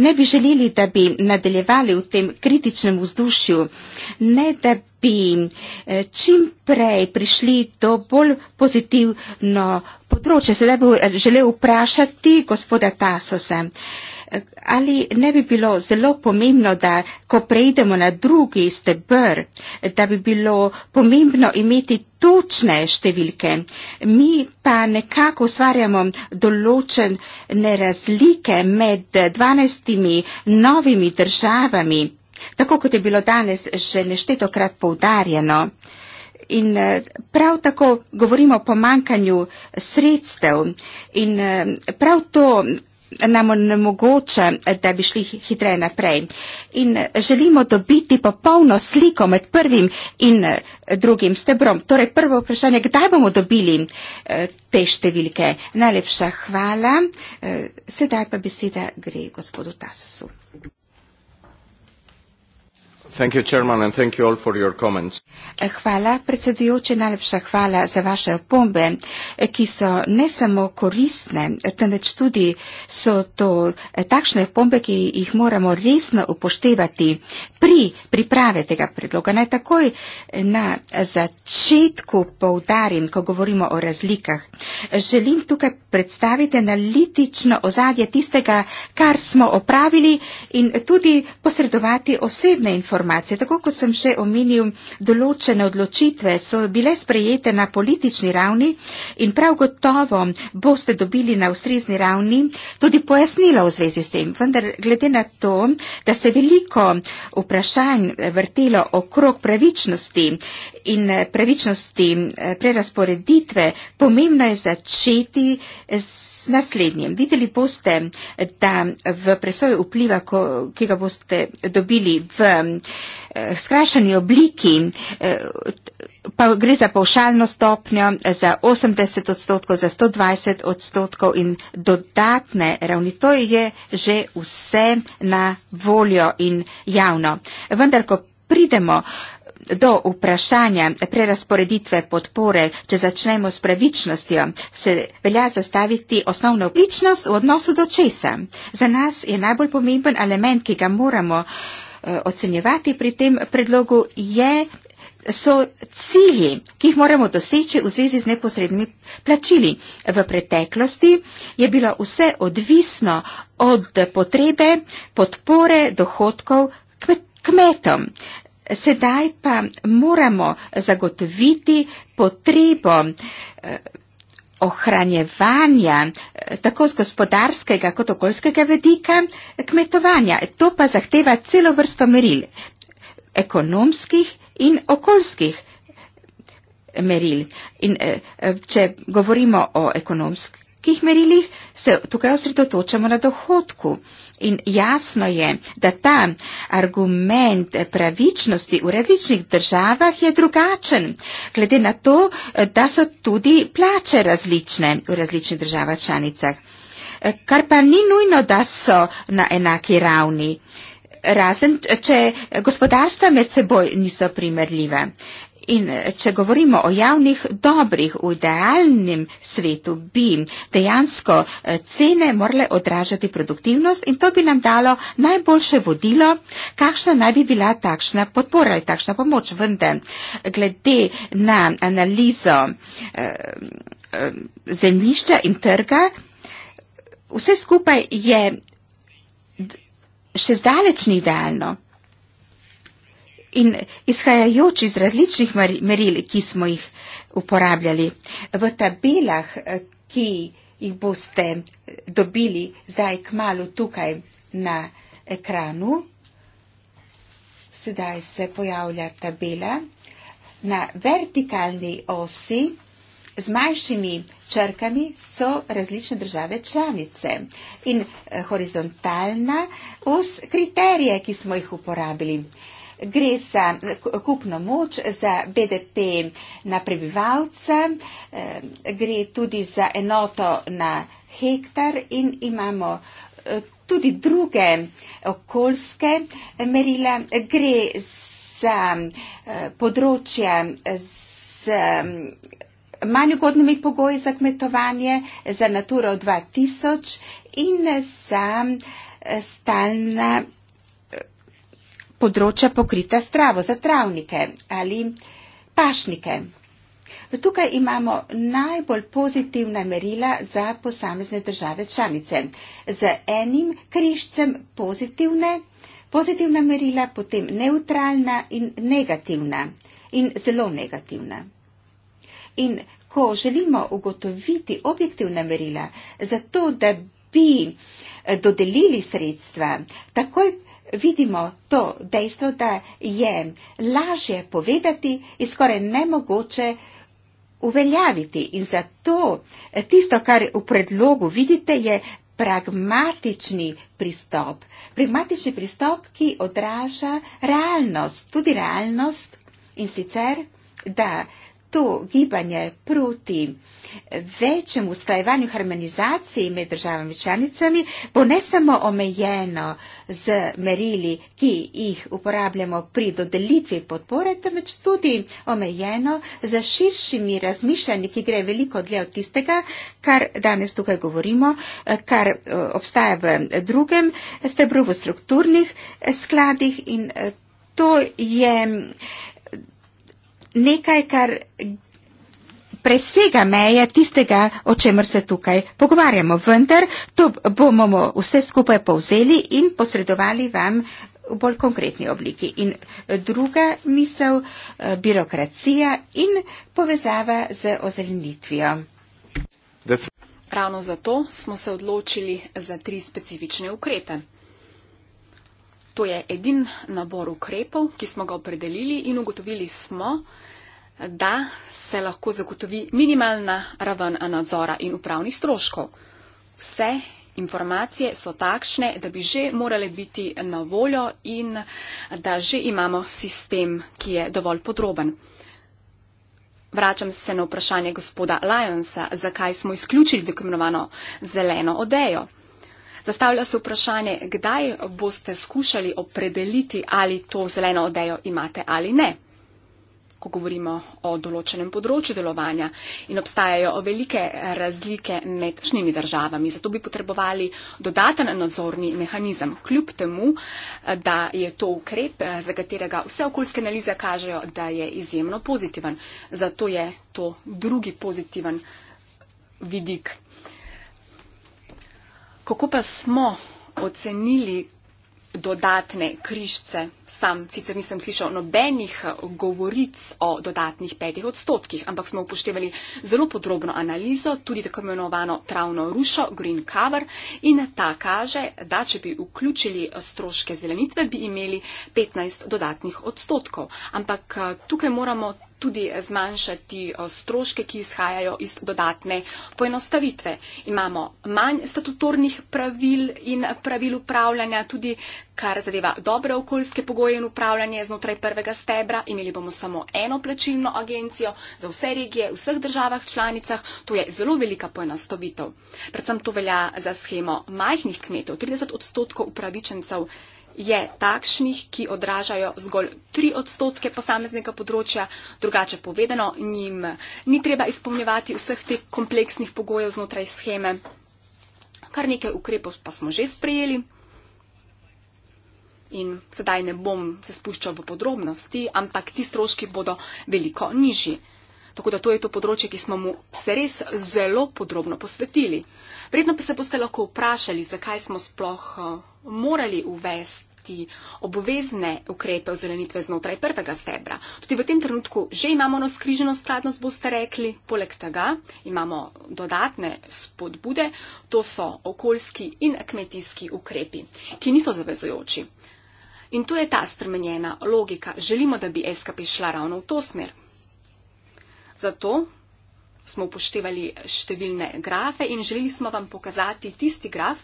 Ne bi želeli, da bi nadaljevali v tem kritičnem vzdušju, ne da bi eh, čim prej prišli do bolj pozitivno področje. Sedaj bi želel vprašati gospoda Tasosa ali ne bi bilo zelo pomembno, da ko preidemo na drugi stebr, da bi bilo pomembno imeti točne številke. Mi pa nekako ustvarjamo določene razlike med 12 novimi državami, tako kot je bilo danes že neštetokrat poudarjeno. In eh, prav tako govorimo o pomankanju sredstev in eh, prav to nam onemogoče, da bi šli hitreje naprej. In želimo dobiti popolno sliko med prvim in eh, drugim stebrom. Torej prvo vprašanje, kdaj bomo dobili eh, te številke? Najlepša hvala. Eh, sedaj pa beseda gre gospodu Tasosu. Thank you, Chairman, and thank you all for your comments. Hvala, predsedujoče, najlepša hvala za vaše opombe, eh, ki so ne samo koristne, eh, temveč tudi so to eh, takšne opombe, ki jih moramo resno upoštevati pri priprave tega predloga. Naj takoj na začetku poudarim, ko govorimo o razlikah. Želim tukaj predstaviti analitično ozadje tistega, kar smo opravili in tudi posredovati osebne informacije. Tako kot sem že omenil, določ določene odločitve so bile sprejete na politični ravni in prav gotovo boste dobili na ustrezni ravni tudi pojasnila v zvezi s tem. Vendar glede na to, da se veliko vprašanj vrtilo okrog pravičnosti in eh, pravičnosti eh, prerasporeditve, pomembno je začeti eh, s naslednjim. Videli boste, da v presoju vpliva, ki ga boste dobili v skrašeni obliki, pa gre za povšalno stopnjo, za 80 odstotkov, za 120 odstotkov in dodatne ravni. To je že vse na voljo in javno. Vendar, ko pridemo do vprašanja prerasporeditve podpore, če začnemo s pravičnostjo, se velja zastaviti osnovno pravičnost v odnosu do česa. Za nas je najbolj pomemben element, ki ga moramo eh, ocenjevati pri tem predlogu, je, so cilji, ki jih moramo doseči v zvezi z neposrednimi plačili. V preteklosti je bilo vse odvisno od potrebe podpore dohodkov kmetov. Sedaj pa moramo zagotoviti potrebo eh, ohranjevanja eh, tako z gospodarskega kot okoljskega vedika kmetovanja. To pa zahteva celo vrsto meril, ekonomskih in okoljskih eh, meril. In, če govorimo o ekonomskih nekih merilih se tukaj osredotočamo na dohodku. In jasno je, da ta argument pravičnosti v različnih državah je drugačen, glede na to, da so tudi plače različne v različnih državah članicah. Kar pa ni nujno, da so na enaki ravni. Razen, če gospodarstva med seboj niso primerljive. In eh, če govorimo o javnih dobrih v idealnem svetu, bi dejansko eh, cene morale odražati produktivnost in to bi nam dalo najboljše vodilo, kakšna naj bi bila takšna podpora ali takšna pomoč. Vendar glede na analizo eh, zemljišča in trga, vse skupaj je še zdaleč ni idealno in izhajajoč iz različnih meril, ki smo jih uporabljali v tabelah, eh, ki jih boste eh, dobili zdaj k malu tukaj na ekranu. Sedaj se pojavlja tabela. Na vertikalni osi z manjšimi črkami so različne države članice in eh, horizontalna os kriterije, ki smo jih uporabili gre za kupno moč, za BDP na prebivalce, eh, gre tudi za enoto na hektar in imamo eh, tudi druge okoljske merile. Gre za eh, področje z manj ugodnimi pogoji za kmetovanje, za Naturo 2000 in za stalna področja pokrita s travo, za travnike ali pašnike. Tukaj imamo najbolj pozitivna merila za posamezne države članice. Z enim križcem pozitivne, pozitivna merila, potem neutralna in negativna in zelo negativna. In ko želimo ugotoviti objektivna merila za to, da bi eh, dodelili sredstva, takoj vidimo to dejstvo, da je lažje povedati in skoraj nemogoče uveljaviti. In zato tisto, kar v predlogu vidite, je pragmatični pristop. Pragmatični pristop, ki odraža realnost, tudi realnost in sicer, da to gibanje proti večjemu usklajevanju harmonizaciji med državami članicami bo ne samo omejeno z merili, ki jih uporabljamo pri dodelitvi podpore, temveč tudi omejeno z širšimi razmišljanji, ki gre veliko dlje od tistega, kar danes tukaj govorimo, kar eh, obstaja v drugem stebru, v strukturnih skladih in eh, to je nekaj, kar presega meje tistega, o čemer se tukaj pogovarjamo. Vendar to bomo vse skupaj povzeli in posredovali vam v bolj konkretni obliki. In druga misel, eh, birokracija in povezava z ozelenitvijo. Ravno zato smo se odločili za tri specifične ukrepe. To je edin nabor ukrepov, ki smo ga opredelili in ugotovili smo, da se lahko zagotovi minimalna raven nadzora in upravnih stroškov. Vse informacije so takšne, da bi že morale biti na voljo in da že imamo sistem, ki je dovolj podroben. Vračam se na vprašanje gospoda Lionsa, zakaj smo izključili dokumentovano zeleno odejo. Zastavlja se vprašanje, kdaj boste skušali opredeliti, ali to zeleno odejo imate ali ne ko govorimo o določenem področju delovanja in obstajajo velike razlike med šnimi državami. Zato bi potrebovali dodaten nadzorni mehanizem, kljub temu, da je to ukrep, za katerega vse okoljske analize kažejo, da je izjemno pozitiven. Zato je to drugi pozitiven vidik. Kako pa smo ocenili, dodatne križce. Sam sicer nisem slišal nobenih eh, govoric o dodatnih petih odstotkih, ampak smo upoštevali zelo podrobno analizo, tudi tako imenovano travno rušo, green cover, in ta kaže, da če bi vključili eh, stroške zelenitve, bi imeli 15 dodatnih odstotkov. Ampak eh, tukaj moramo tudi zmanjšati eh, stroške, ki izhajajo iz dodatne poenostavitve. Imamo manj statutornih pravil in pravil upravljanja, tudi kar zadeva dobre okoljske pogoje in upravljanje znotraj prvega stebra. Imeli bomo samo eno plačilno agencijo za vse regije, v vseh državah članicah. To je zelo velika poenostavitev. Predvsem to velja za schemo majhnih kmetov. 30 odstotkov upravičencev je takšnih, ki odražajo zgolj tri odstotke posameznega področja. Drugače povedano, njim ni treba izpolnjevati vseh teh kompleksnih pogojev znotraj scheme. Kar nekaj ukrepov pa smo že sprejeli. In sedaj ne bom se spuščal v podrobnosti, ampak ti stroški bodo veliko nižji. Tako da to je to področje, ki smo mu se res zelo podrobno posvetili. Vredno pa se boste lahko vprašali, zakaj smo sploh eh, morali uvesti obvezne ukrepe o zelenitve znotraj prvega stebra. Tudi v tem trenutku že imamo ono skriženo skladnost, boste rekli, poleg tega imamo dodatne spodbude, to so okoljski in kmetijski ukrepi, ki niso zavezojoči. In tu je ta spremenjena logika. Želimo, da bi SKP šla ravno v to smer. Zato smo upoštevali številne grafe in želeli smo vam pokazati tisti graf,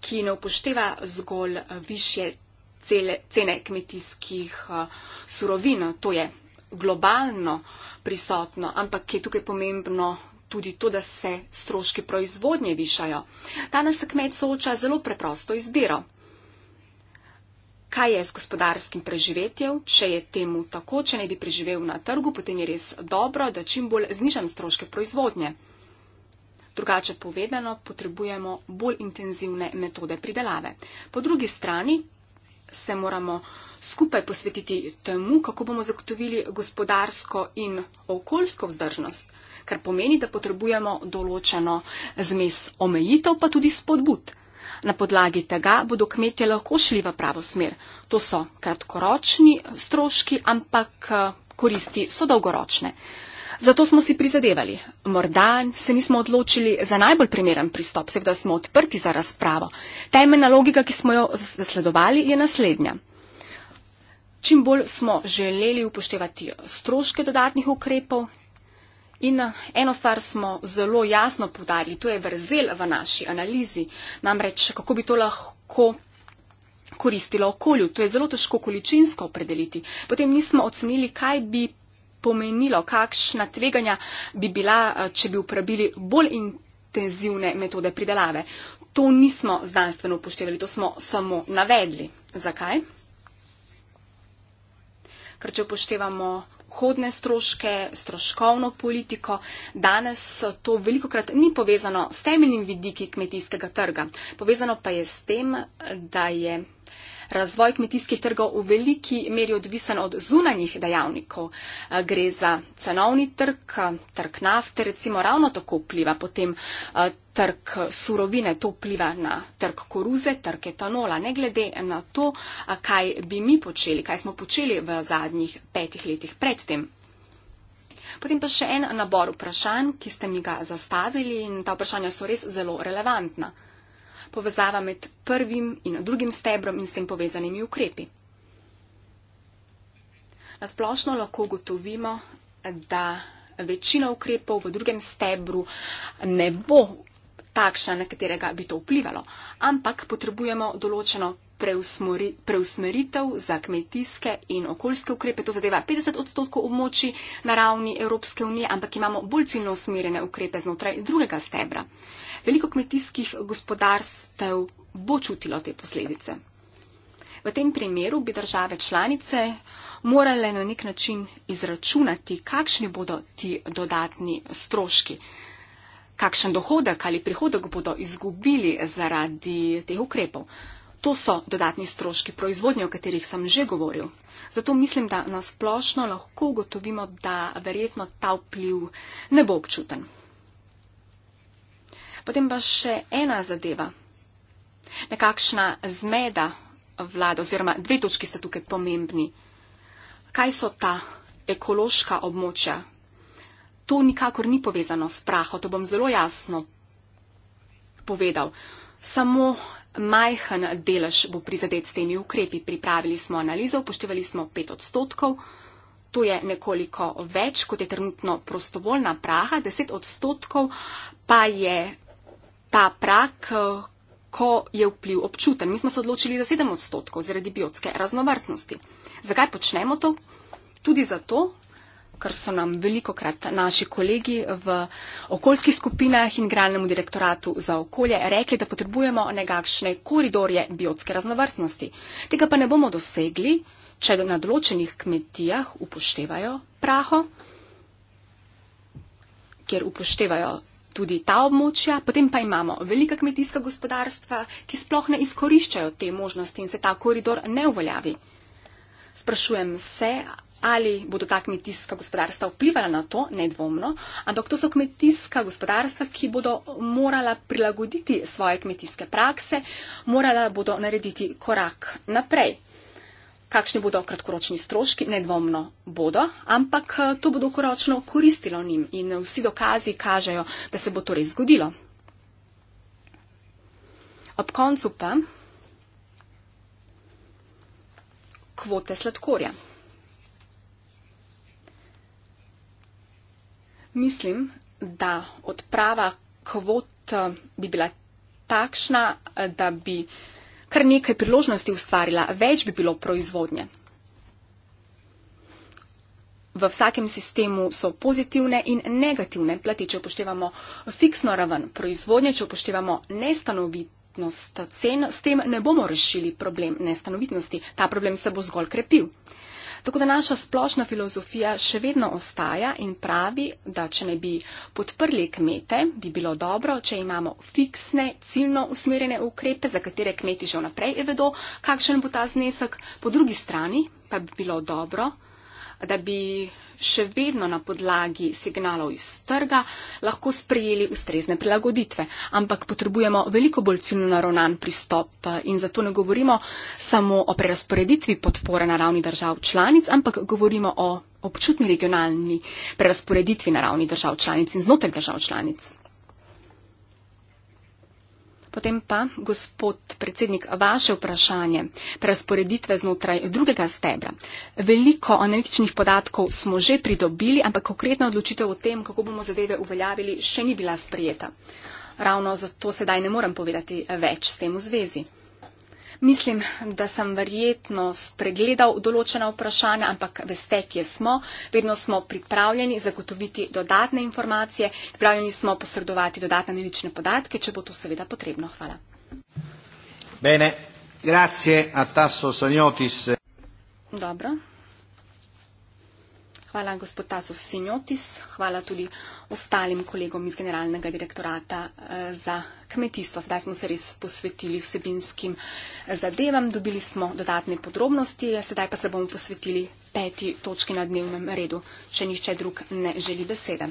ki ne upošteva zgolj eh, više cele, cene kmetijskih eh, surovin, to je globalno prisotno, ampak je tukaj pomembno tudi to, da se stroški proizvodnje višajo. Danes se kmet sooča zelo preprosto izbiro kaj je z gospodarskim preživetjem, če je temu tako, če ne bi preživel na trgu, potem je res dobro, da čim bolj znižam stroške proizvodnje. Drugače povedano, potrebujemo bolj intenzivne metode pridelave. Po drugi strani se moramo skupaj posvetiti temu, kako bomo zagotovili gospodarsko in okoljsko vzdržnost, kar pomeni, da potrebujemo določeno zmes omejitev, pa tudi spodbud. Na podlagi tega bodo kmetje lahko šli v pravo smer. To so kratkoročni stroški, ampak eh, koristi so dolgoročne. Zato smo si prizadevali. Morda se nismo odločili za najbolj primeren pristop, seveda smo odprti za razpravo. Temeljna logika, ki smo jo zasledovali, je naslednja. Čim bolj smo želeli upoštevati stroške dodatnih ukrepov, In eh, eno stvar smo zelo jasno podarili, to je vrzel v naši analizi, namreč kako bi to lahko koristilo okolju. To je zelo težko količinsko opredeliti. Potem nismo ocenili, kaj bi pomenilo, kakšna tveganja bi bila, eh, če bi uporabili bolj intenzivne metode pridelave. To nismo znanstveno upoštevali, to smo samo navedli. Zakaj? Ker če upoštevamo vhodne stroške, stroškovno politiko. Danes to veliko krat ni povezano s temeljnim vidiki kmetijskega trga. Povezano pa je s tem, da je razvoj kmetijskih trgov v veliki meri odvisen od zunanjih dejavnikov. Eh, gre za cenovni trg, trg nafte recimo ravno tako vpliva, potem eh, trg surovine, to vpliva na trg koruze, trg etanola, ne glede na to, kaj bi mi počeli, kaj smo počeli v zadnjih petih letih predtem. Potem pa še en nabor vprašanj, ki ste mi ga zastavili in ta vprašanja so res zelo relevantna povezava med prvim in drugim stebrom in s tem povezanimi ukrepi. Na splošno lahko gotovimo, da večina ukrepov v drugem stebru ne bo takšna, na katerega bi to vplivalo, ampak potrebujemo določeno preusmeritev za kmetijske in okoljske ukrepe. To zadeva 50 odstotkov območij na ravni Evropske unije, ampak imamo bolj ciljno usmerjene ukrepe znotraj drugega stebra. Veliko kmetijskih gospodarstev bo čutilo te posledice. V tem primeru bi države članice morale na nek način izračunati, kakšni bodo ti dodatni stroški, kakšen dohodek ali prihodek bodo izgubili zaradi teh ukrepov. To so dodatni stroški proizvodnje, o katerih sem že govoril. Zato mislim, da nasplošno lahko ugotovimo, da verjetno ta vpliv ne bo občuten. Potem pa še ena zadeva. Nekakšna zmeda vlada oziroma dve točki sta tukaj pomembni. Kaj so ta ekološka območja? To nikakor ni povezano s praho, to bom zelo jasno povedal. Samo majhen delež bo prizadet s temi ukrepi. Pripravili smo analizo, upoštevali smo 5 odstotkov. To je nekoliko več, kot je trenutno prostovoljna praha. 10 odstotkov pa je ta prak, ko je vpliv občuten. Mi smo se odločili za 7 odstotkov zaradi biotske raznovrstnosti. Zakaj počnemo to? Tudi zato, kar so nam veliko krat naši kolegi v okoljskih skupinah in granemu direktoratu za okolje rekli, da potrebujemo nekakšne koridorje biotske raznovrstnosti. Tega pa ne bomo dosegli, če na določenih kmetijah upoštevajo praho, kjer upoštevajo tudi ta območja, potem pa imamo velika kmetijska gospodarstva, ki sploh ne izkoriščajo te možnosti in se ta koridor ne uveljavi. Sprašujem se, ali bodo ta kmetijska gospodarstva vplivala na to, nedvomno, ampak to so kmetijska gospodarstva, ki bodo morala prilagoditi svoje kmetijske prakse, morala bodo narediti korak naprej. Kakšni bodo kratkoročni stroški, nedvomno bodo, ampak eh, to bodo koročno koristilo njim in vsi dokazi kažejo, da se bo to res zgodilo. Ob koncu pa kvote sladkorja. Mislim, da odprava kvot eh, bi bila takšna, eh, da bi kar nekaj priložnosti ustvarila, več bi bilo proizvodnje. V vsakem sistemu so pozitivne in negativne plati, če upoštevamo fiksno raven proizvodnje, če upoštevamo nestanovitnost cen, s tem ne bomo rešili problem nestanovitnosti. Ta problem se bo zgolj krepil. Tako da naša splošna filozofija še vedno ostaja in pravi, da če ne bi podprli kmete, bi bilo dobro, če imamo fiksne, ciljno usmerjene ukrepe, za katere kmeti že vnaprej vedo, kakšen bo ta znesek, po drugi strani pa bi bilo dobro, da bi še vedno na podlagi signalov iz trga lahko sprejeli ustrezne prilagoditve. Ampak potrebujemo veliko bolj ciljno naravnan pristop in zato ne govorimo samo o prerasporeditvi podpore na ravni držav članic, ampak govorimo o občutni regionalni prerasporeditvi na ravni držav članic in znotraj držav članic. Potem pa, gospod predsednik, vaše vprašanje prasporeditve znotraj drugega stebra. Veliko analitičnih podatkov smo že pridobili, ampak konkretna odločitev o tem, kako bomo zadeve uveljavili, še ni bila sprejeta. Ravno zato sedaj ne morem povedati več s tem v zvezi. Mislim, da sem verjetno spregledal določena vprašanja, ampak veste, kje smo. Vedno smo pripravljeni zagotoviti dodatne informacije, pripravljeni smo posredovati dodatne nelične podatke, če bo to seveda potrebno. Hvala. Bene, grazie a Tasso Saniotis. Dobro. Hvala, gospod Tasso Saniotis. Hvala tudi ostalim kolegom iz Generalnega direktorata eh, za kmetijstvo. Sedaj smo se res posvetili vsebinskim eh, zadevam, dobili smo dodatne podrobnosti, sedaj pa se bomo posvetili peti točki na dnevnem redu, če nihče drug ne želi besede.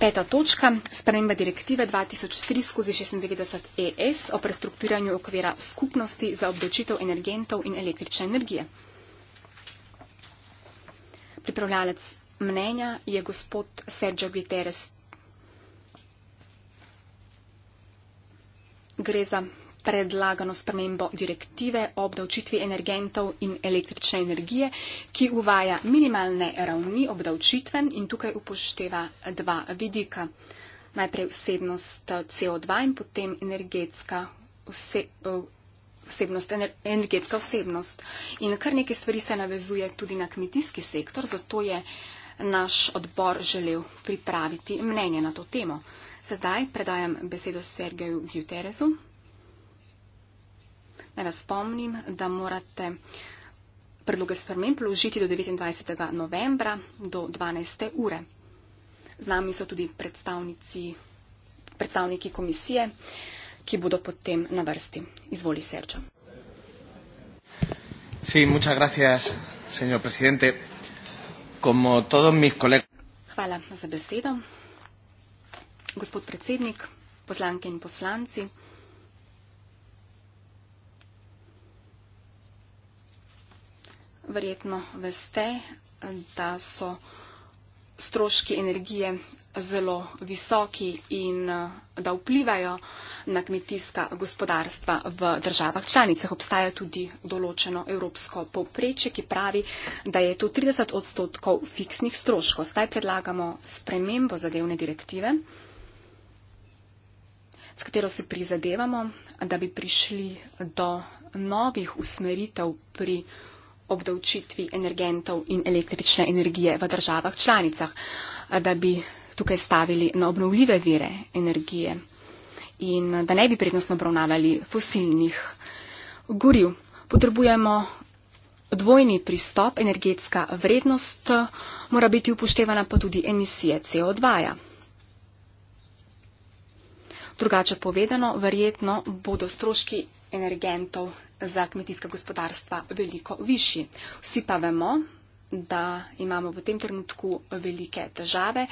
Peta točka, sprememba direktive 2003-96 ES o prestrukturiranju okvira skupnosti za obdočitev energentov in električne energije. Pripravljalec mnenja je gospod Sergio Guterres. Gre za predlagano spremembo direktive o obdavčitvi energentov in električne energije, ki uvaja minimalne ravni obdavčitve in tukaj upošteva dva vidika. Najprej vsebnost eh, CO2 in potem energetska eh, vsebnost. Energetska vsebnost. In kar nekaj stvari se navezuje tudi na kmetijski sektor, zato je uh, naš odbor želel pripraviti mnenje na to temo. Sedaj predajam besedo Sergeju Guterresu. Naj vas spomnim, da morate predloge sprememb vložiti do 29. novembra do 12. ure. Z nami so tudi predstavnici, predstavniki komisije, ki bodo potem na vrsti. Izvoli Sergio. Sí, muchas gracias, señor presidente como todos mis colegas. Hvala za besedo. Gospod predsednik, poslanke in poslanci. Verjetno veste, da so stroški energije zelo visoki in da vplivajo na kmetijska gospodarstva v državah članicah. Obstaja tudi določeno evropsko povprečje, ki pravi, da je to 30 odstotkov fiksnih stroškov. Zdaj predlagamo spremembo zadevne direktive, s katero se prizadevamo, da bi prišli do novih usmeritev pri obdavčitvi energentov in električne energije v državah članicah, da bi tukaj stavili na obnovljive vire energije in da ne bi prednostno obravnavali fosilnih goriv. Potrebujemo dvojni pristop, energetska vrednost mora biti upoštevana pa tudi emisije CO2. -ja. Drugače povedano, verjetno bodo stroški energentov za kmetijska gospodarstva veliko višji. Vsi pa vemo, da imamo v tem trenutku velike težave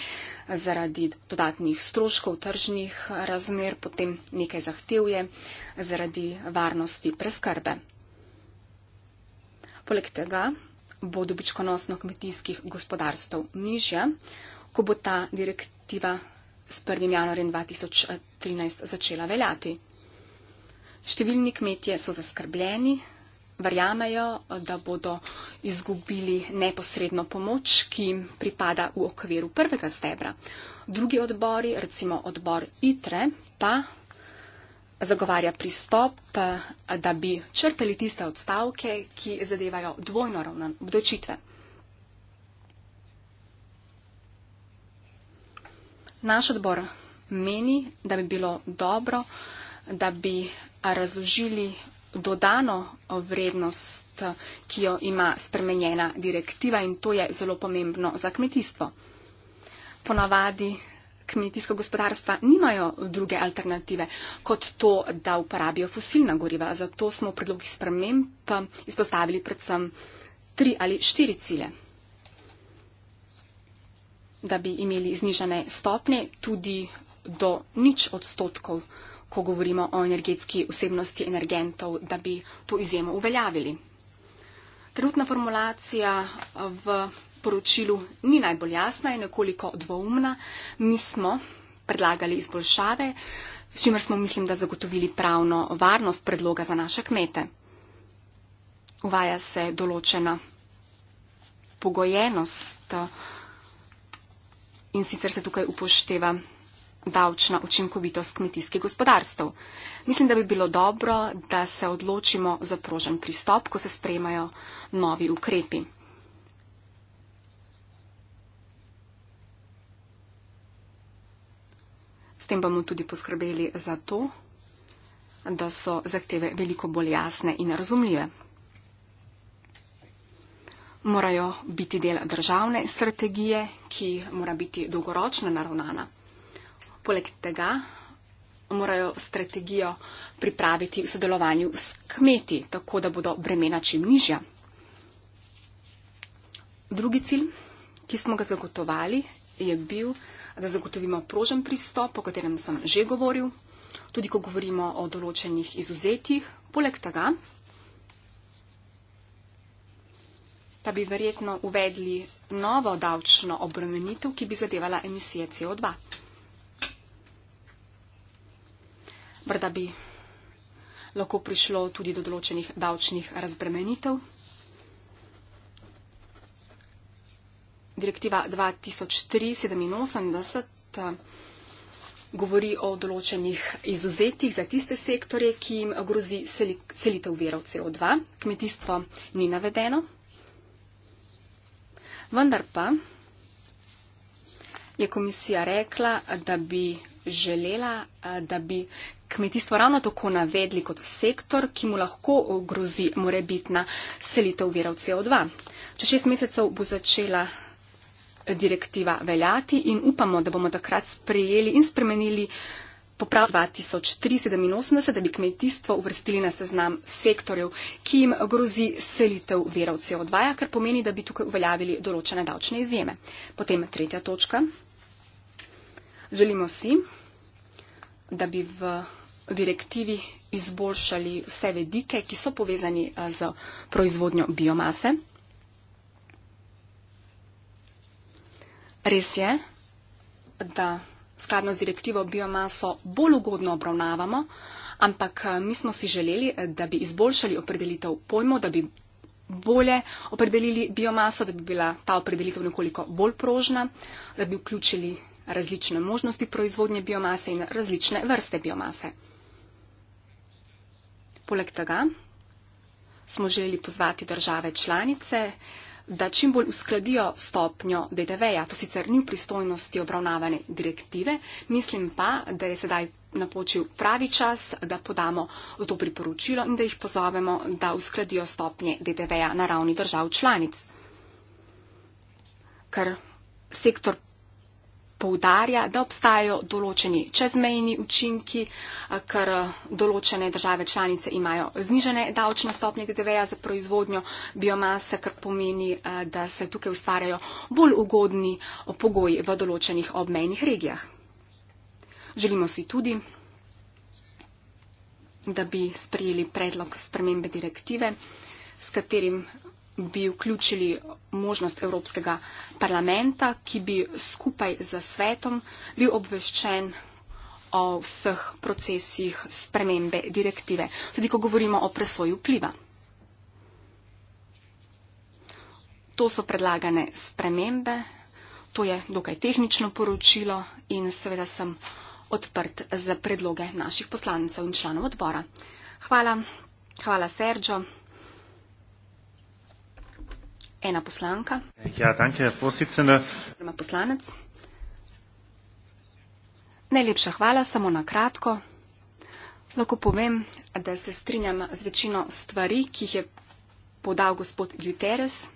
zaradi dodatnih stroškov, tržnih razmer, potem nekaj zahtevje zaradi varnosti preskrbe. Poleg tega bo dobičkonosno kmetijskih gospodarstv nižja, ko bo ta direktiva s 1. januarjem 2013 začela veljati. Številni kmetje so zaskrbljeni verjamejo, da bodo izgubili neposredno pomoč, ki jim pripada v okviru prvega stebra. Drugi odbori, recimo odbor ITRE, pa zagovarja pristop, da bi črtali tiste odstavke, ki zadevajo dvojno ravnan obdočitve. Naš odbor meni, da bi bilo dobro, da bi razložili dodano vrednost, ki jo ima spremenjena direktiva in to je zelo pomembno za kmetijstvo. Ponavadi kmetijsko gospodarstva nimajo druge alternative kot to, da uporabijo fosilna goriva. Zato smo v predlogi sprememb izpostavili predvsem tri ali štiri cilje da bi imeli znižane stopnje tudi do nič odstotkov uh, ko govorimo o energetski vsebnosti energentov, da bi to izjemo uveljavili. Trenutna formulacija v poročilu ni najbolj jasna in nekoliko dvoumna. Mi smo predlagali izboljšave, s čimer smo mislim, da zagotovili pravno varnost predloga za naše kmete. Uvaja se določena pogojenost in sicer se tukaj upošteva davčna učinkovitost kmetijskih gospodarstv. Mislim, da bi bilo dobro, da se odločimo za prožen pristop, ko se sprejmajo novi ukrepi. S tem bomo tudi poskrbeli za to, da so zahteve veliko bolj jasne in razumljive. Morajo biti del državne strategije, ki mora biti dolgoročno naravnana poleg tega morajo strategijo pripraviti v sodelovanju s kmeti, tako da bodo bremena čim nižja. Drugi cilj, ki smo ga zagotovali, je bil, da zagotovimo prožen pristop, o katerem sem že govoril, tudi ko govorimo o določenih izuzetjih. Poleg tega pa bi verjetno uvedli novo davčno obremenitev, ki bi zadevala emisije CO2. da bi lahko prišlo tudi do določenih davčnih razbremenitev. Direktiva 2003-87 eh, govori o določenih izuzetih za tiste sektore, ki jim grozi selitev verov CO2. Kmetijstvo ni navedeno. Vendar pa je komisija rekla, da bi želela, eh, da bi kmetijstvo ravno tako navedli kot sektor, ki mu lahko grozi morebitna selitev virov CO2. Če šest mesecev bo začela direktiva veljati in upamo, da bomo takrat sprejeli in spremenili poprav 2387, da bi kmetijstvo uvrstili na seznam sektorjev, ki jim grozi selitev virov CO2, kar pomeni, da bi tukaj uveljavili določene davčne izjeme. Potem tretja točka. Želimo si, da bi v direktivi izboljšali vse vedike, ki so povezani eh, z proizvodnjo biomase. Res je, da skladno z direktivo biomaso bolj ugodno obravnavamo, ampak eh, mi smo si želeli, eh, da bi izboljšali opredelitev pojmov, da bi bolje opredelili biomaso, da bi bila ta opredelitev nekoliko bolj prožna, da bi vključili različne možnosti proizvodnje biomase in različne vrste biomase. Poleg tega smo želeli pozvati države članice, da čim bolj uskladijo stopnjo DDV-ja. To sicer ni v pristojnosti obravnavane direktive, mislim pa, da je sedaj napočil pravi čas, da podamo to priporočilo in da jih pozovemo, da uskladijo stopnje DDV-ja na ravni držav članic. Ker sektor poudarja, da obstajajo določeni čezmejni učinki, ker določene države članice imajo znižene davčne stopnje DDV-ja za proizvodnjo biomase, kar pomeni, da se tukaj ustvarjajo bolj ugodni pogoji v določenih obmejnih regijah. Želimo si tudi, da bi sprijeli predlog spremembe direktive, s katerim bi vključili možnost Evropskega parlamenta, ki bi skupaj z svetom bil obveščen o vseh procesih spremembe direktive, tudi ko govorimo o presoji vpliva. To so predlagane spremembe, to je dokaj tehnično poročilo in seveda sem odprt za predloge naših poslancev in članov odbora. Hvala, hvala Sergio. Ena poslanka. Ja, danke, Herr Vorsitzende. Ima poslanec. Najlepša hvala, samo na kratko. Lahko povem, da se strinjam z večino stvari, ki jih je podal gospod Guterres.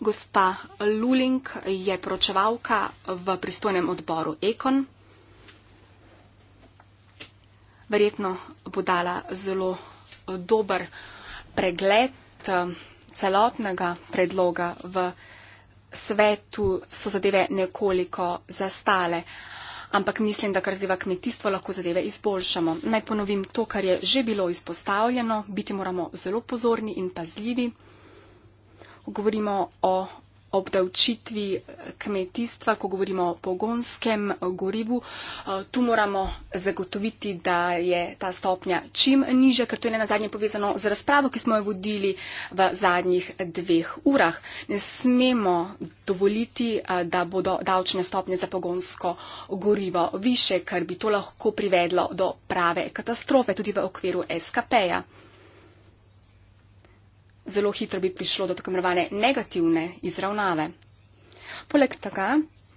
Gospa Luling je poročevalka v pristojnem odboru Ekon. Verjetno bo dala zelo dober pregled celotnega predloga v svetu so zadeve nekoliko zastale. Ampak mislim, da kar zadeva kmetijstvo lahko zadeve izboljšamo. Naj ponovim to, kar je že bilo izpostavljeno. Biti moramo zelo pozorni in pazljivi. Govorimo o obdavčitvi kmetijstva, ko govorimo o pogonskem gorivu. Eh, tu moramo zagotoviti, da je ta stopnja čim niže, ker to je ne nazadnje povezano z razpravo, ki smo jo vodili v zadnjih dveh urah. Ne smemo dovoliti, eh, da bodo davčne stopnje za pogonsko gorivo više, ker bi to lahko privedlo do prave katastrofe tudi v okviru SKP-ja zelo hitro bi prišlo do tako imenovane negativne izravnave. Poleg tega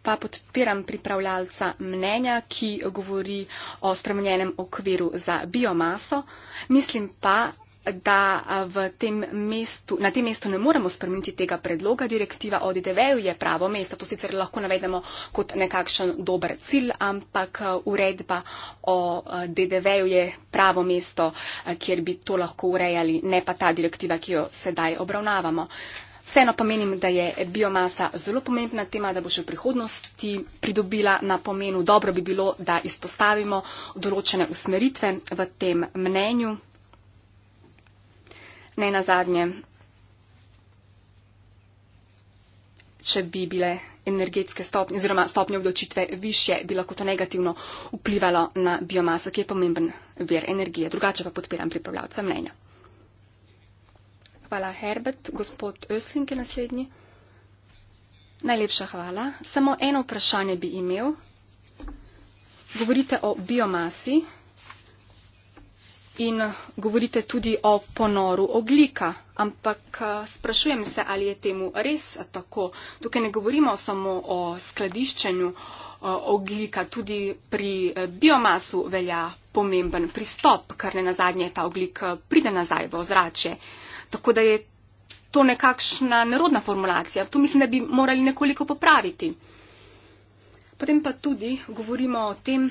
pa podpiram pripravljalca mnenja, ki govori o spremenjenem okviru za biomaso, mislim pa, da mestu, na tem mestu ne moremo spremeniti tega predloga. Direktiva o DDV-ju je pravo mesto, to sicer lahko navedemo kot nekakšen dober cilj, ampak uredba o DDV-ju je pravo mesto, kjer bi to lahko urejali, ne pa ta direktiva, ki jo sedaj obravnavamo. Vseeno pa menim, da je biomasa zelo pomembna tema, da bo še v prihodnosti pridobila na pomenu. Dobro bi bilo, da izpostavimo določene usmeritve v tem mnenju ne na zadnje, če bi bile energetske stopnje oziroma stopnje obdočitve više, bi lahko to negativno vplivalo na biomaso, ki je pomemben vir energije. Drugače pa podpiram pripravljavca mnenja. Hvala Herbert. Gospod Öslink je naslednji. Najlepša hvala. Samo eno vprašanje bi imel. Govorite o biomasi in govorite tudi o ponoru oglika. Ampak eh, sprašujem se, ali je temu res tako. Tukaj ne govorimo samo o skladiščenju eh, oglika, tudi pri eh, biomasu velja pomemben pristop, ker ne nazadnje ta oglik pride nazaj v ozračje. Tako da je to nekakšna nerodna formulacija. To mislim, da bi morali nekoliko popraviti. Potem pa tudi govorimo o tem,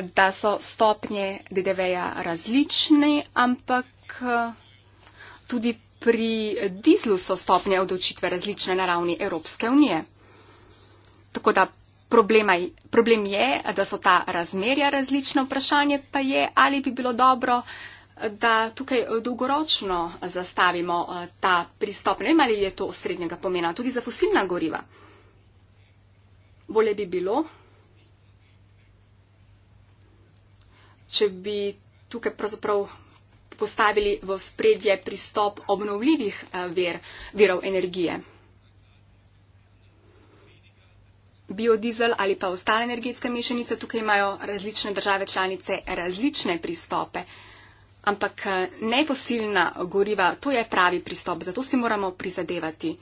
da so stopnje DDV-ja različne, ampak eh, tudi pri dizlu so stopnje odločitve različne na ravni Evropske unije. Tako da problem je, da so ta razmerja različna, vprašanje pa je, ali bi bilo dobro, da tukaj dolgoročno zastavimo eh, ta pristop, ne vem, ali je to srednjega pomena, tudi za fosilna goriva. Bole bi bilo. če bi tukaj pravzaprav postavili v spredje pristop obnovljivih eh, ver, virov energije. Biodizel ali pa ostale energetske mešanice, tukaj imajo različne države članice različne pristope. Ampak eh, nefosilna goriva, to je pravi pristop, zato si moramo prizadevati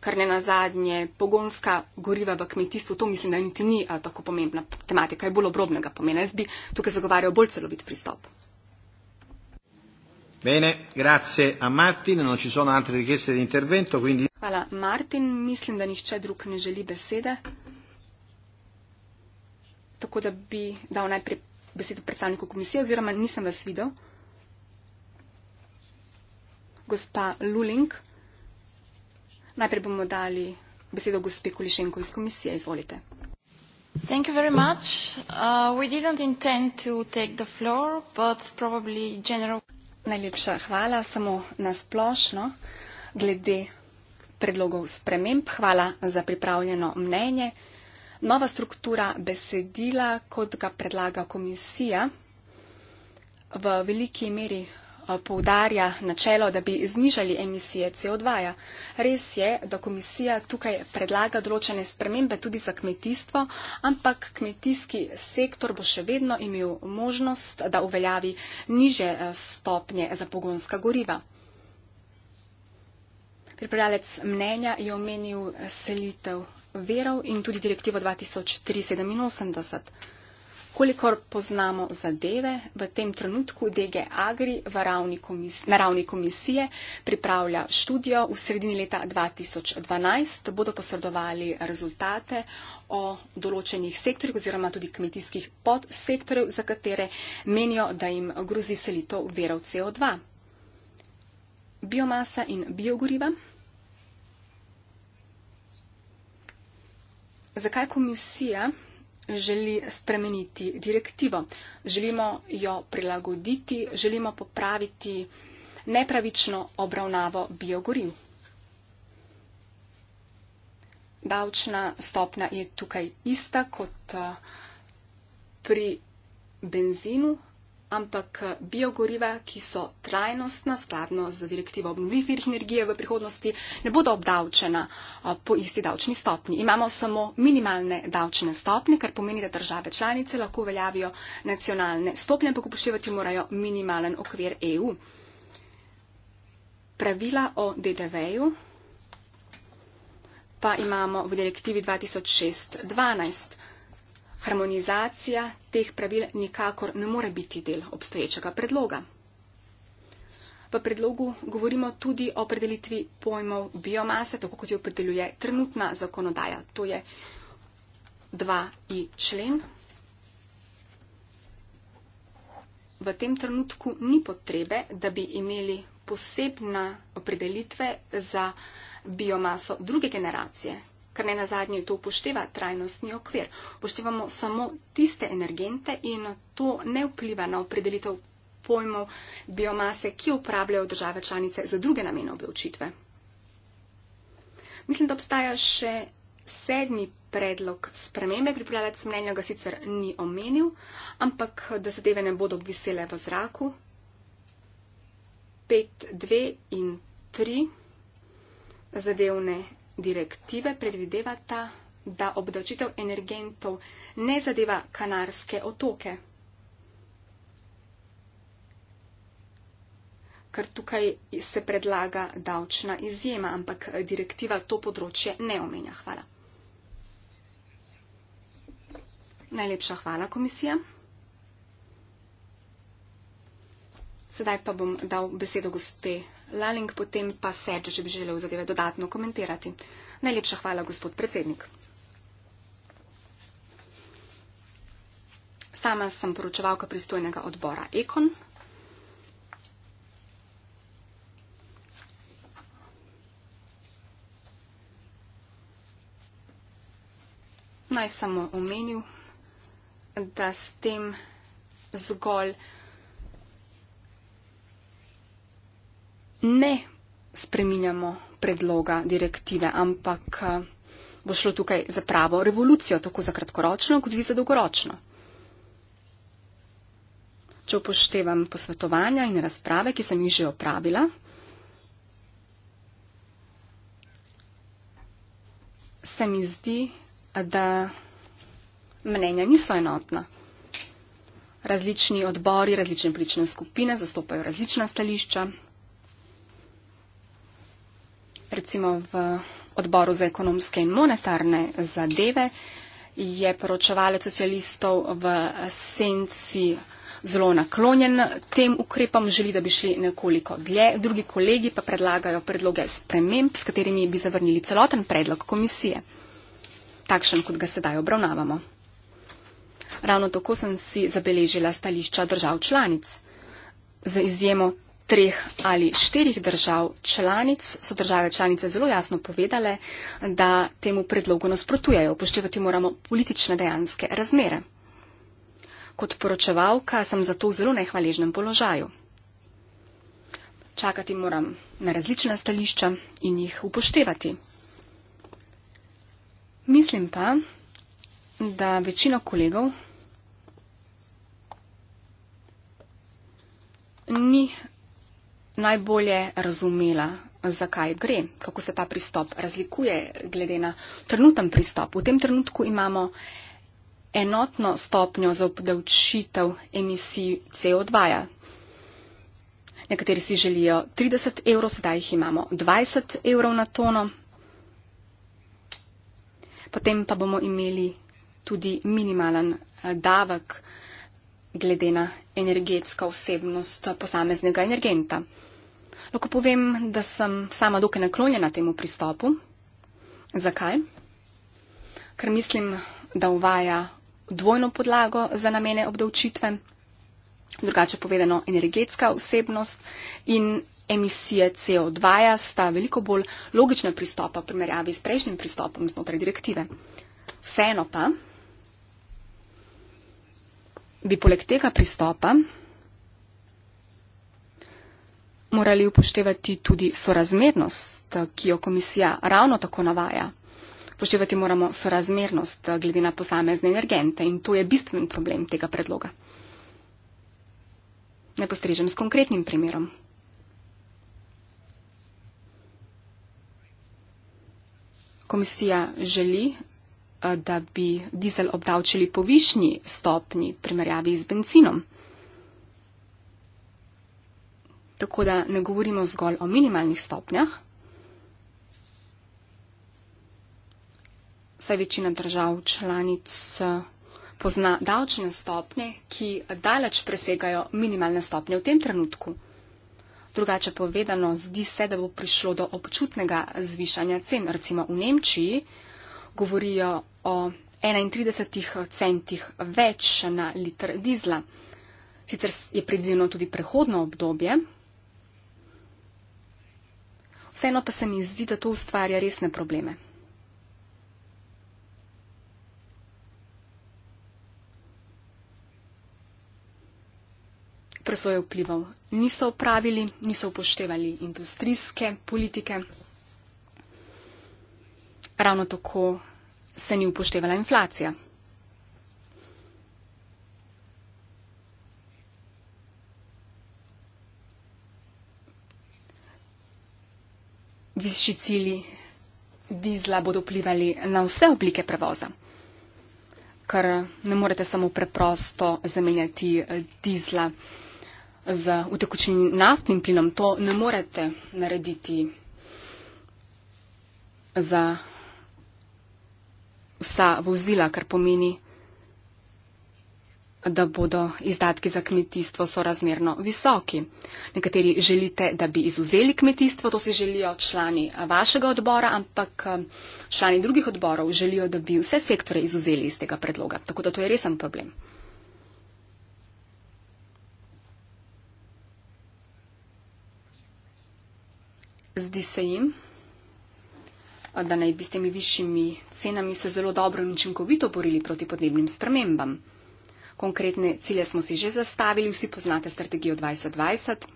kar ne na zadnje, pogonska goriva v kmetijstvu, to mislim, da niti ni tako pomembna tematika, je bolj obrobnega pomena. Jaz bi tukaj zagovarjal bolj celovit pristop. Bene, grazie a Martin, non ci sono altre richieste di intervento, quindi... Hvala Martin, mislim, da nišče drug ne želi besede. Tako da bi dal najprej besedo predstavniku komisije, oziroma nisem vas videl. Gospa Luling. Najprej bomo dali besedo gospe Kulišenko iz komisije. Izvolite. Thank you very much. Uh, we didn't intend to take the floor, but probably general. Najlepša hvala samo na splošno glede predlogov sprememb. Hvala za pripravljeno mnenje. Nova struktura besedila, kot ga predlaga komisija, v veliki meri poudarja načelo, da bi znižali emisije CO2. -ja. Res je, da komisija tukaj predlaga določene spremembe tudi za kmetijstvo, ampak kmetijski sektor bo še vedno imel možnost, da uveljavi niže eh, stopnje za pogonska goriva. Pripravljalec mnenja je omenil selitev verov in tudi direktivo 2387 kolikor poznamo zadeve, v tem trenutku DG Agri komisije, na ravni komisije pripravlja študijo. V sredini leta 2012 bodo posredovali rezultate o določenih sektorjih oziroma tudi kmetijskih podsektorjev, za katere menijo, da jim grozi selitev verov CO2. Biomasa in biogoriva. Zakaj komisija želi spremeniti direktivo. Želimo jo prilagoditi, želimo popraviti nepravično obravnavo biogoriv. Davčna stopna je tukaj ista kot eh, pri benzinu, ampak eh, biogoriva, ki so trajnostna, skladno z direktivo obnovljivih virih energije v prihodnosti, ne bodo obdavčena eh, po isti davčni stopni. Imamo samo minimalne davčne stopne, kar pomeni, da države članice lahko veljavijo nacionalne stopne, ampak upoštevati morajo minimalen okvir EU. Pravila o DDV-ju pa imamo v direktivi 2612 harmonizacija teh pravil nikakor ne more biti del obstoječega predloga. V predlogu govorimo tudi o predelitvi pojmov biomase, tako kot jo predeljuje trenutna zakonodaja. To je 2i člen. V tem trenutku ni potrebe, da bi imeli posebna opredelitve za biomaso druge generacije, ker ne na zadnji to upošteva trajnostni okvir. Upoštevamo samo tiste energente in to ne vpliva na opredelitev pojmov biomase, ki jo uporabljajo države članice za druge namene obdavčitve. Mislim, da obstaja še sedmi predlog spremembe, pripravljalec mnenja ga sicer ni omenil, ampak da zadeve ne bodo obvisele v zraku. 5, 2 in 3 zadevne direktive predvidevata, da obdočitev energentov ne zadeva Kanarske otoke. Ker tukaj se predlaga davčna izjema, ampak direktiva to področje ne omenja. Hvala. Najlepša hvala, komisija. Sedaj pa bom dal besedo gospe Laling, potem pa Seč, če bi želel zadeve dodatno komentirati. Najlepša hvala, gospod predsednik. Sama sem poročevalka pristojnega odbora Ekon. Naj samo omenil, da s tem zgolj ne spreminjamo predloga direktive, ampak eh, bo šlo tukaj za pravo revolucijo, tako za kratkoročno, kot tudi za dolgoročno. Če upoštevam posvetovanja in razprave, ki sem jih že opravila, se mi zdi, da mnenja niso enotna. Različni odbori, različne politične skupine zastopajo različna stališča. Recimo v odboru za ekonomske in monetarne zadeve je poročevalec socialistov v senci zelo naklonjen tem ukrepom, želi, da bi šli nekoliko dlje. Drugi kolegi pa predlagajo predloge sprememb, s katerimi bi zavrnili celoten predlog komisije, takšen, kot ga sedaj obravnavamo. Ravno tako sem si zabeležila stališča držav članic, za izjemo treh ali štirih držav članic so države članice zelo jasno povedale, da temu predlogu nasprotujejo. Upoštevati moramo politične dejanske razmere. Kot poročevalka sem zato v zelo nehvaležnem položaju. Čakati moram na različna stališča in jih upoštevati. Mislim pa, da večina kolegov ni najbolje razumela, zakaj gre, kako se ta pristop razlikuje glede na trenutni pristop. V tem trenutku imamo enotno stopnjo za obdavčitev emisij CO2. -ja. Nekateri si želijo 30 evrov, zdaj jih imamo 20 evrov na tono. Potem pa bomo imeli tudi minimalen eh, davek glede na energetsko vsebnost posameznega energenta. Lahko povem, da sem sama dokaj naklonjena temu pristopu. Zakaj? Ker mislim, da uvaja dvojno podlago za namene obdavčitve, drugače povedano energetska vsebnost in emisije CO2 -ja sta veliko bolj logična pristopa v primerjavi s prejšnjim pristopom znotraj direktive. Vseeno pa bi poleg tega pristopa morali upoštevati tudi sorazmernost, ki jo komisija ravno tako navaja. Upoštevati moramo sorazmernost eh, glede na posamezne energente in to je bistven problem tega predloga. Ne postrežem s konkretnim primerom. Komisija želi, eh, da bi dizel obdavčili po višnji stopni primerjavi z benzinom tako da ne govorimo zgolj o minimalnih stopnjah. Saj večina držav članic eh, pozna davčne stopnje, ki daleč presegajo minimalne stopnje v tem trenutku. Drugače povedano, zdi se, da bo prišlo do občutnega zvišanja cen. Recimo v Nemčiji govorijo o 31 centih več na liter dizla. Sicer je predvideno tudi prehodno obdobje, vseeno pa se mi zdi, da to ustvarja resne probleme. Presoje vplival niso upravili, niso upoštevali industrijske politike, ravno tako se ni upoštevala inflacija. Višji cili dizla bodo vplivali na vse oblike prevoza, ker ne morete samo preprosto zamenjati eh, dizla z utekočenim naftnim plinom. To ne morete narediti za vsa vozila, kar pomeni da bodo izdatki za kmetijstvo sorazmerno visoki. Nekateri želite, da bi izuzeli kmetijstvo, to si želijo člani vašega odbora, ampak eh, člani drugih odborov želijo, da bi vse sektore izuzeli iz tega predloga. Tako da to je resen problem. Zdi se jim, da naj bi s temi višjimi cenami se zelo dobro in učinkovito borili proti podnebnim spremembam. Konkretne cilje smo si že zastavili, vsi poznate strategijo 2020.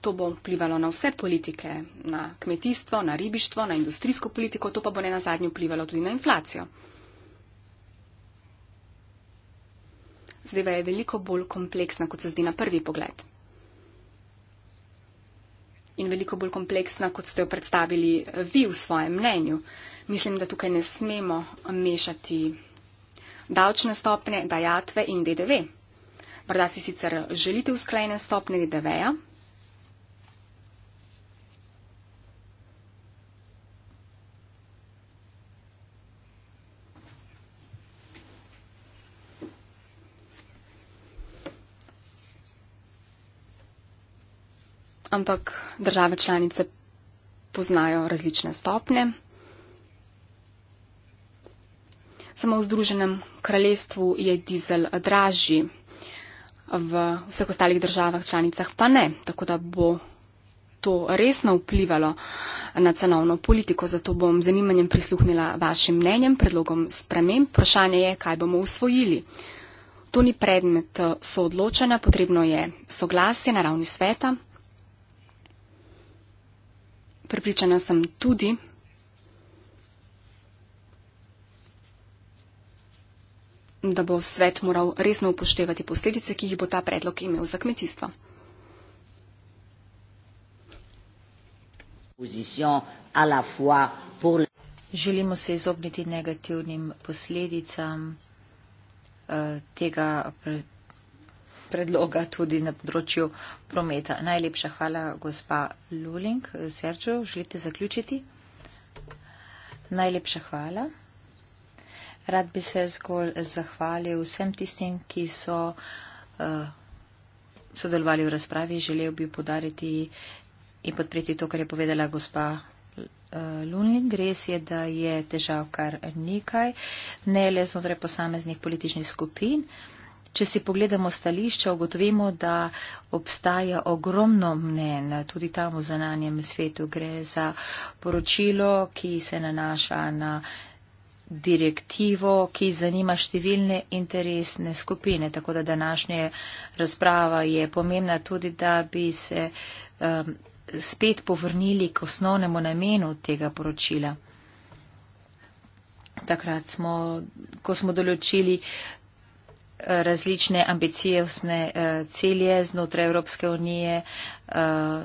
To bo vplivalo na vse politike, na kmetijstvo, na ribištvo, na industrijsko politiko, to pa bo ne na zadnje vplivalo tudi na inflacijo. Zdaj je veliko bolj kompleksna, kot se zdi na prvi pogled. In veliko bolj kompleksna, kot ste jo predstavili vi v svojem mnenju. Uh, mislim, da tukaj ne smemo mešati davčne stopne, dajatve in DDV. Morda si sicer želite usklajene stopne DDV-ja. Ampak države članice poznajo različne stopne. samo v Združenem kraljestvu je dizel dražji, v vseh ostalih državah članicah pa ne. Tako da bo to resno vplivalo na cenovno politiko, zato bom z zanimanjem prisluhnila vašim mnenjem, predlogom sprememb. Vprašanje je, kaj bomo usvojili. To ni predmet eh, soodločanja, potrebno je soglasje na ravni sveta. Pripričana sem tudi, da bo svet moral resno upoštevati posledice, ki jih bo ta predlog imel za kmetijstvo. Želimo se izogniti negativnim posledicam eh, tega predloga tudi na področju prometa. Najlepša hvala, gospa Luling. Sergio, želite zaključiti? Najlepša hvala. Rad bi se zgolj zahvalil vsem tistim, ki so uh, sodelovali v razpravi. Želel bi podariti in podpreti to, kar je povedala gospa uh, eh, Lunling. Res je, da je težav kar nekaj, ne le znotraj posameznih političnih skupin. Če si pogledamo stališča, ugotovimo, da obstaja ogromno mnen, tudi tam v zananjem svetu gre za poročilo, ki se nanaša na direktivo, ki zanima številne interesne skupine. Tako da današnja razprava je pomembna tudi, da bi se um, spet povrnili k osnovnemu namenu tega poročila. Takrat smo, ko smo določili eh, različne ambiciozne uh, eh, celje znotraj Evropske unije, uh,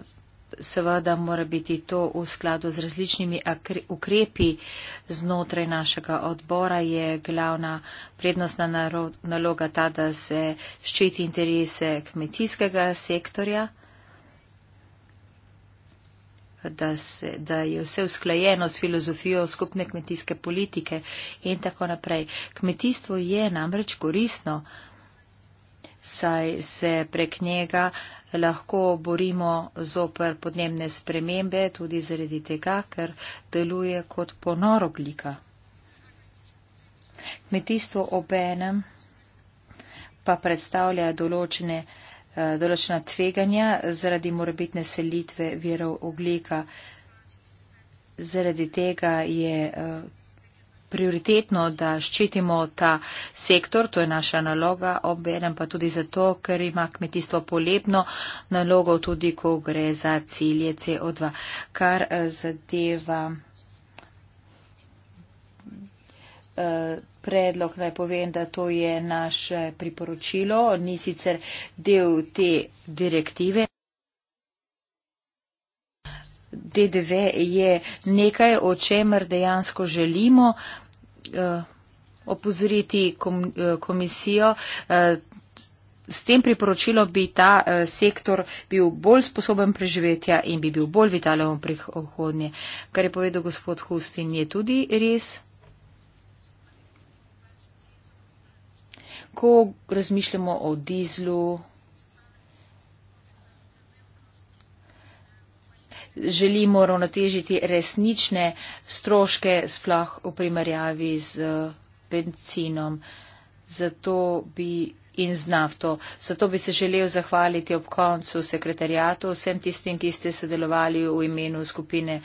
seveda mora biti to v skladu z različnimi ukrepi znotraj našega odbora, je glavna prednostna naloga ta, da se ščiti interese kmetijskega sektorja, da, se, da je vse usklajeno s filozofijo skupne kmetijske politike in tako naprej. Kmetijstvo je namreč koristno, saj se prek njega lahko borimo zoper podnebne spremembe tudi zaradi tega, ker deluje kot ponor oglika. Kmetijstvo obenem pa predstavlja določene, eh, določena tveganja zaradi morebitne selitve virov oglika. Zaradi tega je eh, prioritetno, da ščitimo ta sektor, to je naša naloga, obenem pa tudi zato, ker ima kmetijstvo polepno nalogo tudi, ko gre za cilje CO2. Kar eh, zadeva eh, predlog, naj povem, da to je naše priporočilo, ni sicer del te direktive. DDV je nekaj, o čemer dejansko želimo uh, opozoriti kom, uh, komisijo. Uh, S tem priporočilo bi ta eh, sektor bil bolj sposoben preživetja in bi bil bolj vitalen v prihodnje. Kar je povedal gospod Hustin, je tudi res. Ko razmišljamo o dizlu, želimo ravnotežiti resnične stroške, sploh v primerjavi z eh, benzinom. Zato bi in z nafto. Zato bi se želel zahvaliti ob koncu sekretarjatu, vsem tistim, ki ste sodelovali v imenu skupine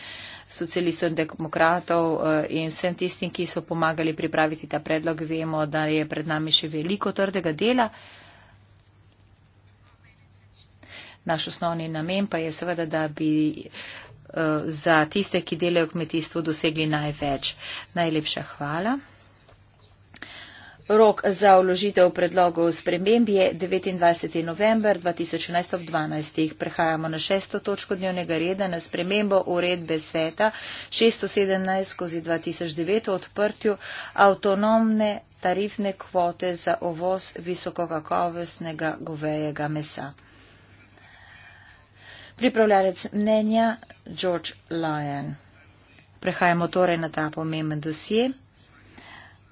socialistov in demokratov eh, in vsem tistim, ki so pomagali pripraviti ta predlog. Vemo, da je pred nami še veliko trdega dela. Naš osnovni namen pa je seveda, da bi eh, za tiste, ki delajo v kmetijstvu, dosegli največ. Najlepša hvala. Rok za vložitev predlogov sprememb je 29. november 2011 ob 12. Prehajamo na šesto točko dnevnega reda na spremembo uredbe sveta 617 skozi 2009 o odprtju avtonomne tarifne kvote za ovoz visokokakovostnega govejega mesa. Pripravljalec mnenja George Lyon. Prehajamo torej na ta pomemben dosje,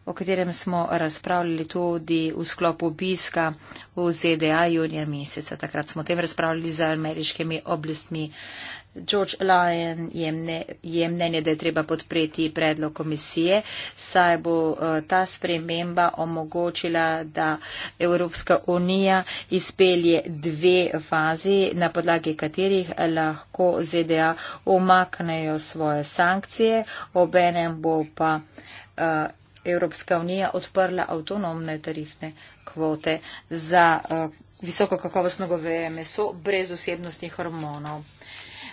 o katerem smo razpravljali tudi v sklopu obiska v ZDA junija meseca. Takrat smo o tem razpravljali z ameriškimi oblastmi. Uh, George Lyon je, mne, je mnenje, da je treba podpreti predlog komisije, saj bo eh, ta sprememba omogočila, da Evropska unija izpelje dve fazi, na podlagi katerih lahko ZDA omaknejo svoje sankcije, obenem bo pa eh, Evropska unija odprla avtonomne tarifne kvote za eh, visokokakovostno goveje meso brez osebnostnih hormonov.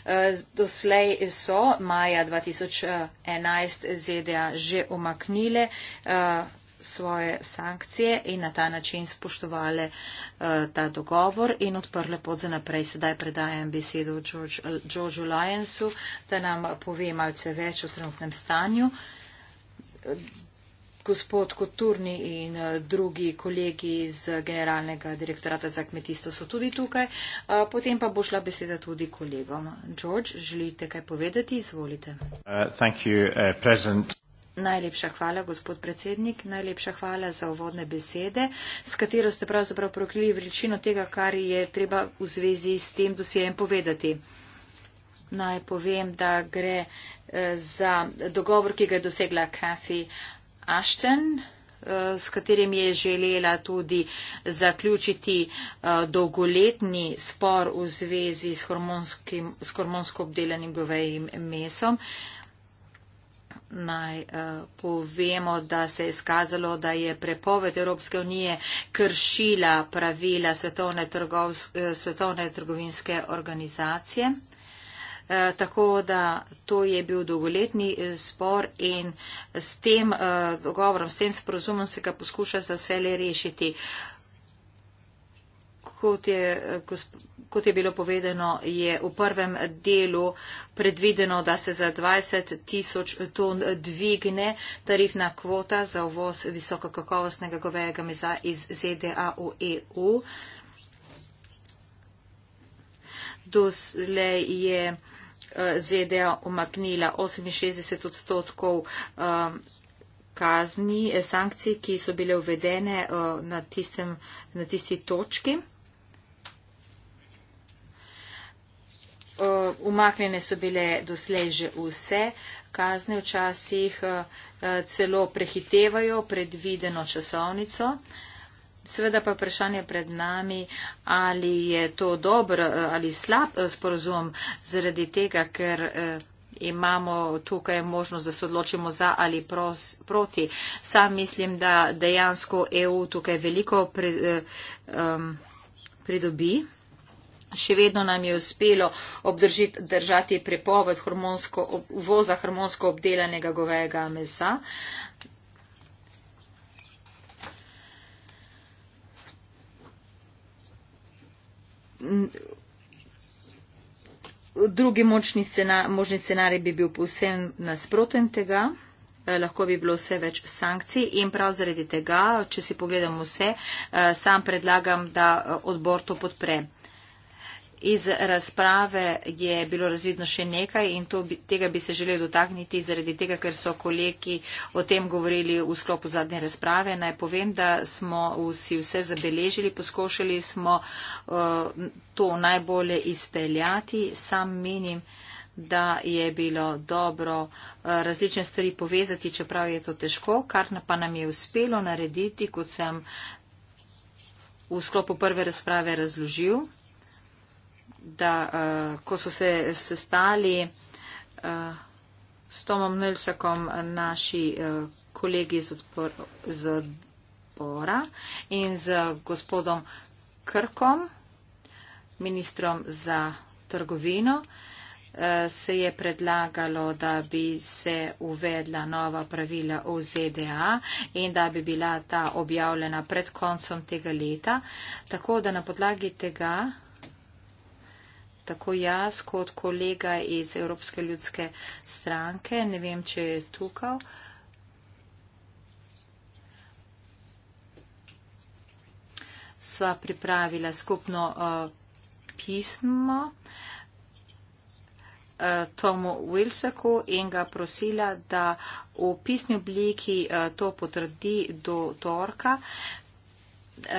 Eh, doslej so maja 2011 ZDA že omaknile eh, svoje sankcije in na ta način spoštovali eh, ta dogovor in odprli pot za naprej. Sedaj predajam besedo George, Georgeu Lyonsu, da nam pove malce več o trenutnem stanju gospod Koturni in eh, drugi kolegi iz Generalnega direktorata za kmetijstvo so tudi tukaj. Eh, potem pa bo šla beseda tudi kolegom. George, želite kaj povedati? Izvolite. Uh, you, uh, najlepša hvala, gospod predsednik. Najlepša hvala za uvodne besede, s katero ste pravzaprav prokrili vrečino tega, kar je treba v zvezi s tem dosjejem povedati. Naj povem, da gre eh, za dogovor, ki ga je dosegla Kathy Ashton, eh, s katerim je želela tudi zaključiti eh, dolgoletni spor v zvezi s, s hormonsko obdelanim govejim mesom. Naj uh, povemo, da se je skazalo, da je prepoved Evropske unije kršila pravila Svetovne, trgovs, Svetovne trgovinske organizacije. Eh, tako da to je bil dolgoletni eh, spor in s tem eh, dogovorom, s tem sporozumom se ga poskuša za vse le rešiti. Kot je, kot je bilo povedano, je v prvem delu predvideno, da se za 20 tisoč ton dvigne tarifna kvota za uvoz visokokakovostnega govejega meza iz ZDA v EU doslej je ZDA omaknila 68 odstotkov eh, kazni, eh, sankcij, ki so bile uvedene eh, na, tistem, na tisti točki. Umaknjene so bile doslej že vse kazne, včasih celo prehitevajo predvideno časovnico. Sveda pa vprašanje pred nami, ali je to dobr eh, ali slab eh, sporozum zaradi tega, ker eh, imamo tukaj možnost, da se odločimo za ali pros, proti. Sam mislim, da dejansko EU tukaj veliko pri, um, pridobi. Še vedno nam je uspelo obdržati držati prepoved hormonsko, voza hormonsko obdelanega govejega mesa. Uh, drugi močni scena, možni scenarij bi bil povsem nasproten tega. Eh, lahko bi bilo vse več sankcij in prav zaradi tega, če si pogledamo vse, eh, sam predlagam, da eh, odbor to podpre. Iz razprave je bilo razvidno še nekaj in bi, tega bi se želel dotakniti zaradi tega, ker so kolegi o tem govorili v sklopu zadnje razprave. Naj povem, da smo vsi vse zabeležili, poskušali smo uh, to najbolje izpeljati. Sam menim, da je bilo dobro eh, različne stvari povezati, čeprav je to težko, kar pa nam je uspelo narediti, kot sem v sklopu prve razprave razložil da uh, ko so se sestali uh, s Tomom Nilsakom naši uh, kolegi iz, odpor, iz odbora in z gospodom Krkom, ministrom za trgovino, se je predlagalo, da bi se uvedla nova pravila v ZDA in da bi bila ta objavljena pred koncem tega leta. Tako da na podlagi tega tako jaz kot kolega iz Evropske ljudske stranke. Ne vem, če je tukaj. Sva pripravila skupno uh, pismo uh, Tomu Wilsaku in ga prosila, da v pisni obliki uh, to potrdi do torka. Uh,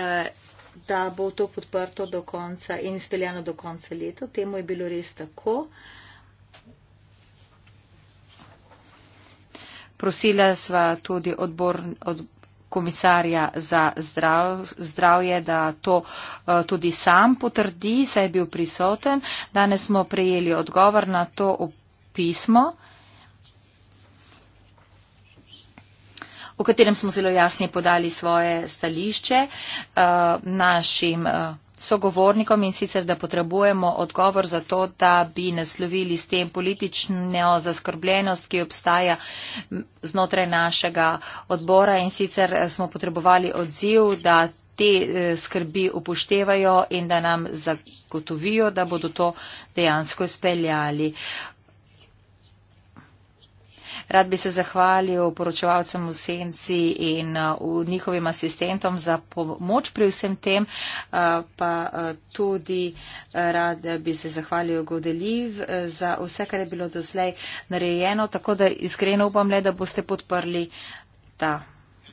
da bo to podprto do konca in izpeljano do konca leta. Temu je bilo res tako. Prosila sva tudi odbor od komisarja za zdrav, zdravje, da to uh, tudi sam potrdi, saj je bil prisoten. Danes smo prejeli odgovor na to pismo. o katerem smo zelo jasni podali svoje stališče eh, našim eh, sogovornikom in sicer, da potrebujemo odgovor za to, da bi naslovili s tem politično zaskrbljenost, ki obstaja znotraj našega odbora in sicer eh, smo potrebovali odziv, da te skrbi upoštevajo in da nam zagotovijo, da bodo to dejansko speljali. Uh, Rad bi se zahvalil poročevalcem v Senci in uh, njihovim asistentom za pomoč pri vsem tem, uh, pa uh, tudi rad bi se zahvalil Godeljiv za vse, kar je bilo doslej narejeno, tako da iskreno upam le, da boste podprli ta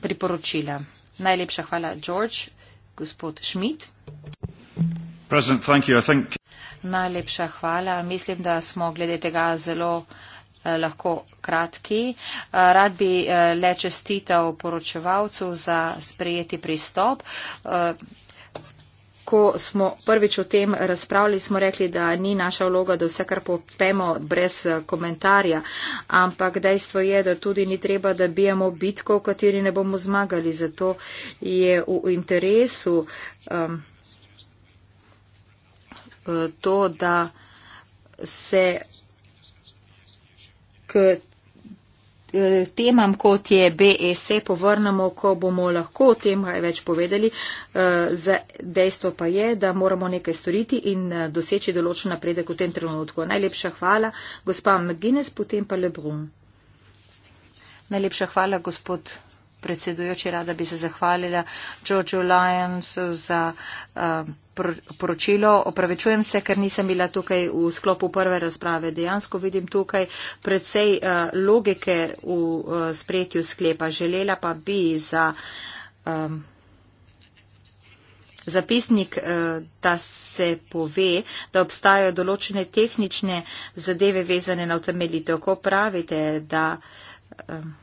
priporočila. Najlepša hvala, George, gospod Schmidt. President, thank you. I think... Najlepša hvala. Mislim, da smo glede tega zelo. Eh, lahko kratki. Eh, rad bi eh, le čestital poročevalcu za sprejeti pristop. Ko smo prvič o tem razpravljali, smo rekli, da ni naša vloga, da vse kar popemo brez komentarja, ampak dejstvo je, da tudi ni treba, da bijemo bitko, v kateri ne bomo zmagali. Zato je v interesu um, to, da se k eh, temam, kot je BEC, povrnemo, ko bomo lahko o tem kaj več povedali. Eh, dejstvo pa je, da moramo nekaj storiti in eh, doseči določen napredek v tem trenutku. Najlepša hvala, gospa McGuinness, potem pa Lebrun. Najlepša hvala, gospod predsedujoči. Rada bi se zahvalila Georgeu Lyonsu za. Uh, poročilo. Opravečujem se, ker nisem bila tukaj v sklopu prve razprave. Dejansko vidim tukaj precej uh, logike v uh, eh, spretju sklepa. Želela pa bi za um, zapisnik, uh, da se pove, da obstajajo določene tehnične zadeve vezane na utemeljitev. Ko pravite, da. Um,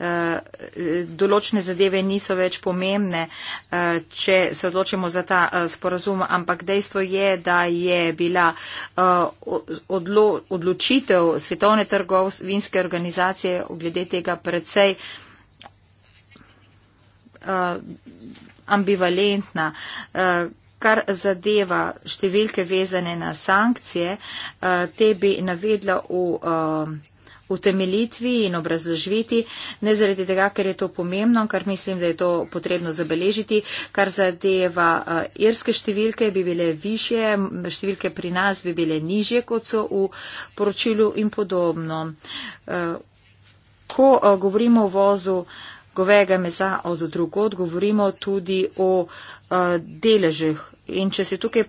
Eh, določene zadeve niso več pomembne, eh, če se odločimo za ta eh, sporazum, ampak dejstvo je, da je bila odlo, odločitev Svetovne trgovinske organizacije glede tega predvsej ambivalentna. Kar zadeva številke vezane na sankcije, te bi navedla v utemeljitvi in obrazložiti, ne zaradi tega, ker je to pomembno, ker mislim, da je to potrebno zabeležiti, kar zadeva eh, irske številke bi bile više, številke pri nas bi bile nižje, kot so v poročilu in podobno. Eh, ko eh, govorimo o vozu govega meza od drugod, govorimo tudi o deležih. In če se tukaj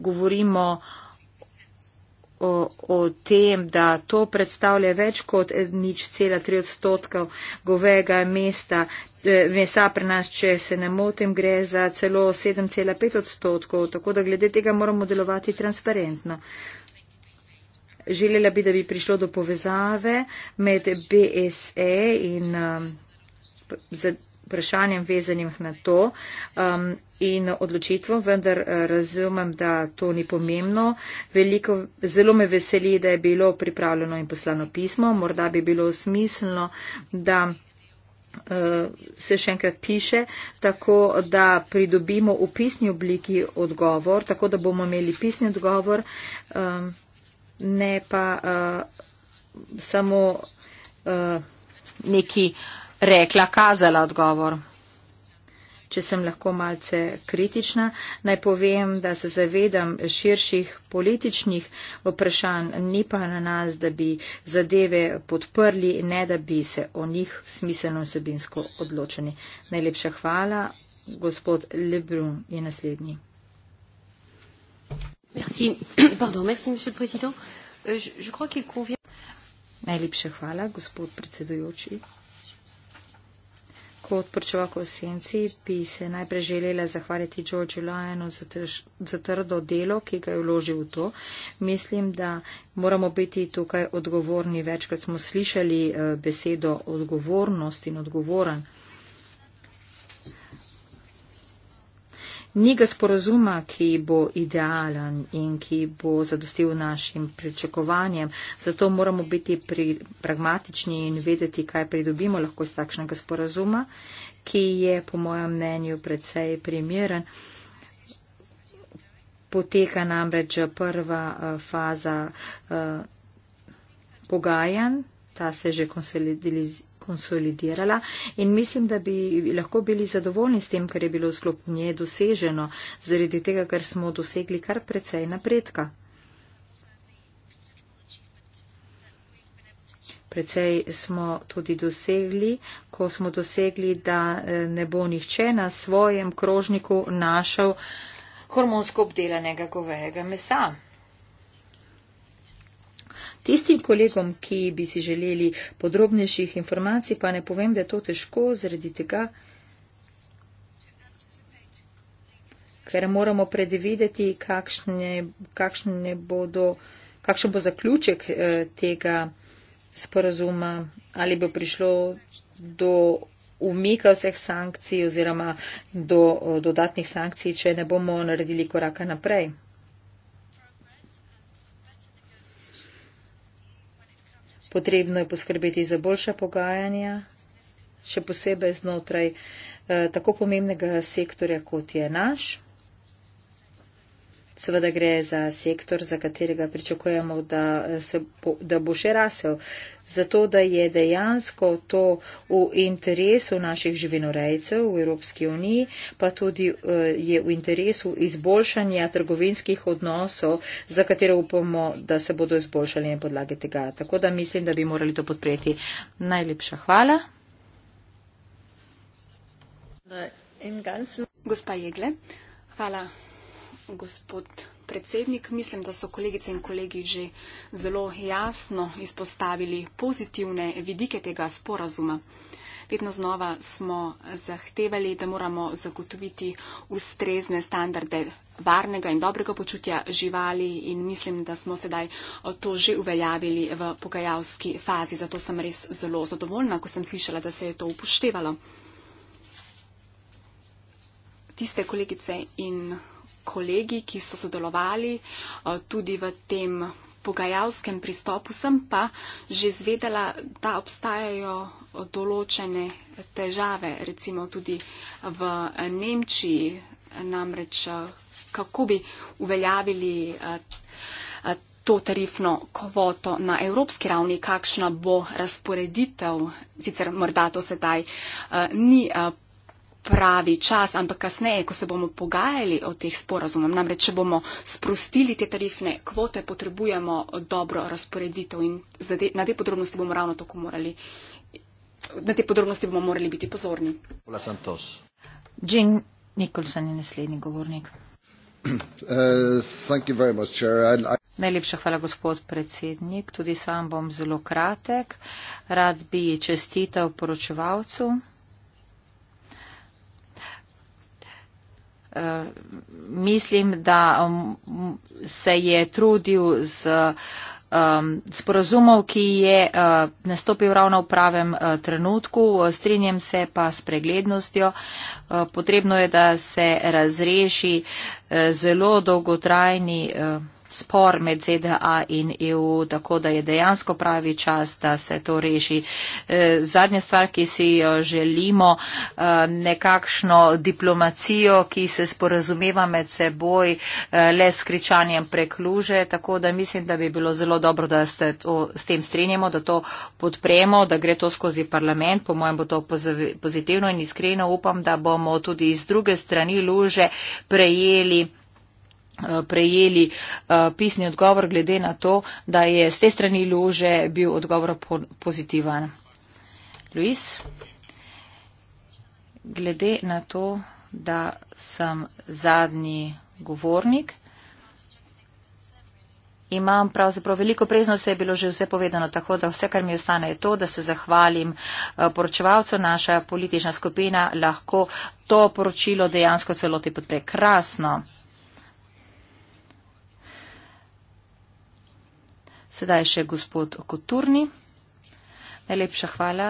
govorimo o o, o tem, da to predstavlja več kot nič cela tri odstotkov govega mesta, e, mesa pri nas, če se ne motim, gre za celo 7,5 odstotkov, tako da glede tega moramo delovati transparentno. Želela bi, da bi prišlo do povezave med BSE in um, vprašanjem vezanjem na to um, in odločitvom, vendar eh, razumem, da to ni pomembno. Veliko, zelo me veseli, da je bilo pripravljeno in poslano pismo. Morda bi bilo smiselno, da eh, se še enkrat piše, tako da pridobimo v pisni obliki odgovor, tako da bomo imeli pisni odgovor, um, ne pa eh, samo neki rekla, kazala odgovor. Če sem lahko malce kritična, naj povem, da se zavedam širših političnih vprašanj, ni pa na nas, da bi zadeve podprli, ne da bi se o njih smiselno vsebinsko odločili. Najlepša hvala. Gospod Lebrun je naslednji. Merci. Pardon, merci, monsieur le président. Euh, je, je crois qu'il convient. Najlepša hvala, gospod predsedujoči. Kot pričevako v senci bi se najprej želela zahvaliti Georgeu Lyonu za, za trdo delo, ki ga je vložil v to. Mislim, da moramo biti tukaj odgovorni. Večkrat smo slišali eh, besedo odgovornost in odgovoren. Nega sporazuma, ki bo idealen in ki bo zadostil našim pričakovanjem, zato moramo biti pri, pragmatični in vedeti, kaj pridobimo lahko iz takšnega sporazuma, ki je po mojem mnenju predvsej primeren. Poteka namreč prva uh, faza uh, pogajanj, ta se že konsolidizira konsolidirala in mislim, da bi lahko bili zadovoljni s tem, kar je bilo v sklopu nje doseženo, zaradi tega, ker smo dosegli kar precej napredka. Precej smo tudi dosegli, ko smo dosegli, da eh, ne bo nihče na svojem krožniku našel hormonsko obdelanega govejega mesa. Tistim kolegom, ki bi si želeli podrobnejših informacij, pa ne povem, da je to težko zaradi tega, ker moramo predvideti, kakšne, kakšne bodo, kakšen bo zaključek eh, tega sporazuma, ali bo prišlo do umika vseh sankcij oziroma do eh, dodatnih sankcij, če ne bomo naredili koraka naprej. potrebno je poskrbeti za boljša pogajanja, še posebej znotraj eh, tako pomembnega sektorja, kot je naš. Seveda gre za sektor, za katerega pričakujemo, da, eh, se bo, da bo še rasel. Zato, da je dejansko to v interesu naših živinorejcev v Evropski uniji, pa tudi eh, je v interesu izboljšanja trgovinskih odnosov, za katero upamo, da se bodo izboljšali na podlagi tega. Tako da mislim, da bi morali to podpreti. Najlepša hvala. Gospa Jegle, hvala gospod predsednik. Mislim, da so kolegice in kolegi že zelo jasno izpostavili pozitivne vidike tega sporazuma. Vedno znova smo zahtevali, da moramo zagotoviti ustrezne standarde varnega in dobrega počutja živali in mislim, da smo sedaj to že uveljavili v pogajalski fazi. Zato sem res zelo zadovoljna, ko sem slišala, da se je to upoštevalo. Tiste kolegice in kolegi, ki so sodelovali eh, tudi v tem pogajalskem pristopu, sem pa že zvedela, da obstajajo določene težave, recimo tudi v Nemčiji, namreč eh, kako bi uveljavili eh, to tarifno kvoto na evropski ravni, kakšna bo razporeditev, sicer morda to sedaj ni pravi čas, ampak kasneje, ko se bomo pogajali o teh sporazumem. Namreč, če bomo sprostili te tarifne kvote, potrebujemo dobro razporeditev in de, na te podrobnosti bomo ravno tako morali. Na te podrobnosti bomo morali biti pozorni. Hvala, Santos. Jean Nicholson je naslednji govornik. Uh, Najlepša hvala, gospod predsednik. Tudi sam bom zelo kratek. Rad bi čestitev poročevalcu. Eh, mislim, da um, se je trudil z um, sporozumov, ki je uh, nastopil ravno v pravem uh, trenutku. Strinjam se pa s preglednostjo. Uh, potrebno je, da se razreši uh, zelo dolgotrajni. Uh, spor med ZDA in EU, tako da je dejansko pravi čas, da se to reši. E, zadnja stvar, ki si jo želimo, e, nekakšno diplomacijo, ki se sporazumeva med seboj e, le s kričanjem prekluže, tako da mislim, da bi bilo zelo dobro, da se s tem strinjamo, da to podpremo, da gre to skozi parlament. Po mojem bo to pozitivno in iskreno upam, da bomo tudi iz druge strani luže prejeli Eh, prejeli eh, pisni odgovor glede na to, da je z te strani lože bil odgovor pozitivan. Luis, glede na to, da sem zadnji govornik, imam pravzaprav veliko preznost, se je bilo že vse povedano, tako da vse, kar mi ostane, je to, da se zahvalim eh, poročevalcu, naša politična skupina lahko to poročilo dejansko celoti podpre. Krasno. Sedaj še gospod Kuturni. Najlepša hvala,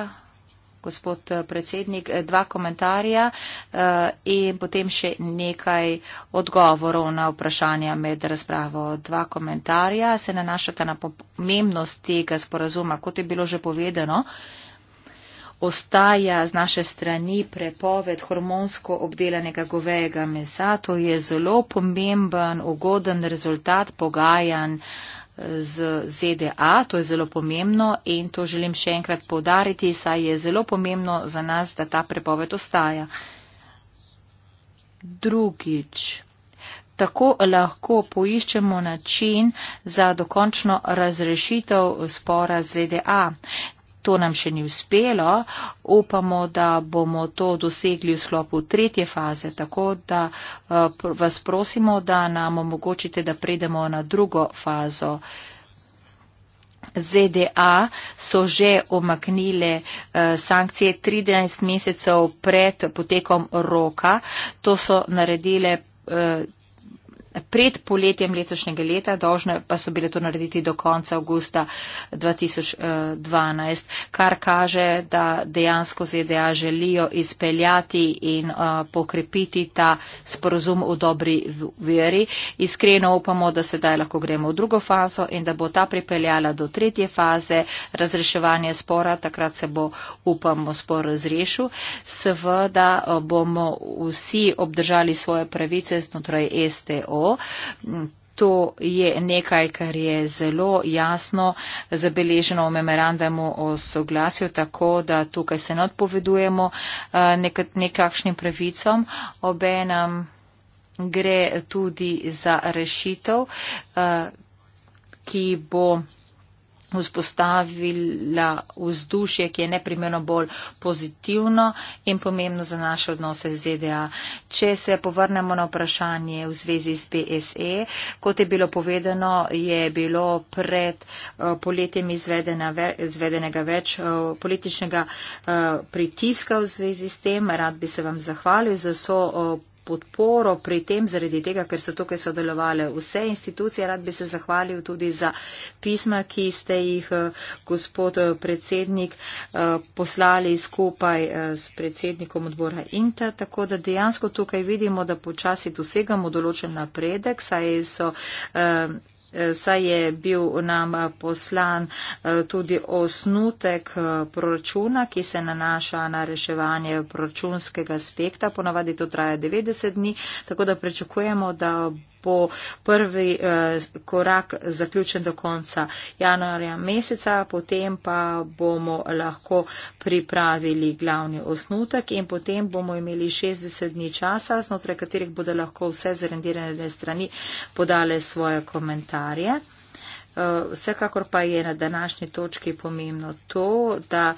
gospod eh, predsednik. Eh, dva komentarja eh, in potem še nekaj odgovorov na vprašanja med razpravo. Dva komentarja se nanašata na pomembnost tega sporazuma. Kot je bilo že povedano, ostaja z naše strani prepoved hormonsko obdelanega govejega mesa. To je zelo pomemben, ugoden rezultat pogajanj z ZDA, to je zelo pomembno in to želim še enkrat povdariti, saj je zelo pomembno za nas, da ta prepoved ostaja. Drugič, tako lahko poiščemo način za dokončno razrešitev spora ZDA to nam še ni uspelo. Upamo, da bomo to dosegli v sklopu tretje faze, tako da eh, vas prosimo, da nam omogočite, da predemo na drugo fazo. ZDA so že omaknile eh, sankcije 13 mesecev pred potekom roka. To so naredile eh, pred poletjem letošnjega leta, dožne pa so bile to narediti do konca avgusta 2012, eh, kar kaže, da dejansko ZDA želijo izpeljati in uh, pokrepiti ta sporozum v dobri veri. Iskreno upamo, da sedaj lahko gremo v drugo fazo in da bo ta pripeljala do tretje faze razreševanja spora, takrat se bo, upamo, spor razrešil. Seveda eh, bomo vsi obdržali svoje pravice znotraj STO, To je nekaj, kar je zelo jasno zabeleženo v memorandumu o soglasju, tako da tukaj se ne odpovedujemo eh, nek nekakšnim pravicom. Obenem gre tudi za rešitev, eh, ki bo vzpostavila vzdušje, ki je neprimerno bolj pozitivno in pomembno za naše odnose z ZDA. Če se povrnemo na vprašanje v zvezi z BSE, kot je bilo povedano, je bilo pred eh, poletjem izvedenega več eh, političnega eh, pritiska v zvezi s tem. Rad bi se vam zahvalil za so podporo pri tem, zaradi tega, ker so tukaj sodelovali vse institucije. Rad bi se zahvalil tudi za pisma, ki ste jih, eh, gospod eh, predsednik, eh, poslali skupaj s predsednikom odbora INTA. Tako da dejansko tukaj vidimo, da počasi dosegamo določen napredek, saj so Eh, saj je bil nam eh, poslan eh, tudi osnutek proračuna, ki se nanaša na reševanje proračunskega aspekta. Ponavadi to traja 90 dni, tako da prečakujemo, da bo prvi eh, korak zaključen do konca januarja meseca, potem pa bomo lahko pripravili glavni osnutek in potem bomo imeli 60 dni časa, znotraj katerih bodo lahko vse zarendirane strani podale svoje komentarje. Vsekakor pa je na današnji točki pomembno to, da,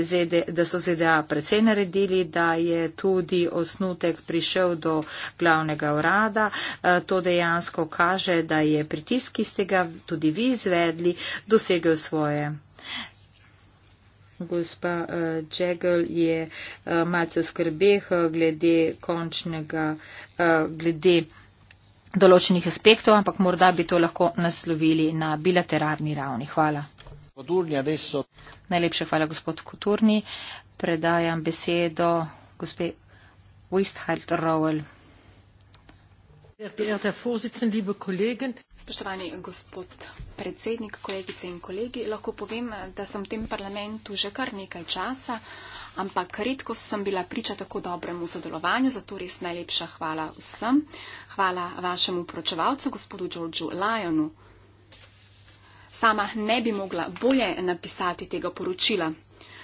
ZD, da so ZDA predvsej naredili, da je tudi osnutek prišel do glavnega urada. E, to dejansko kaže, da je pritisk, ki ste ga tudi vi izvedli, dosegel svoje. Gospa uh, e, Džegel je uh, malce skrbeh uh, glede končnega, uh, glede določenih aspektov, ampak morda bi to lahko naslovili na bilateralni ravni. Hvala. Najlepša hvala, gospod Kulturni. Predajam besedo gospe Wistheld Rowell. Spoštovani gospod predsednik, kolegice in kolegi, lahko povem, da sem v tem parlamentu že kar nekaj časa ampak redko sem bila priča tako dobremu sodelovanju, zato res najlepša hvala vsem. Hvala vašemu pročevalcu, gospodu Georgeu Lyonu. Sama ne bi mogla bolje napisati tega poročila.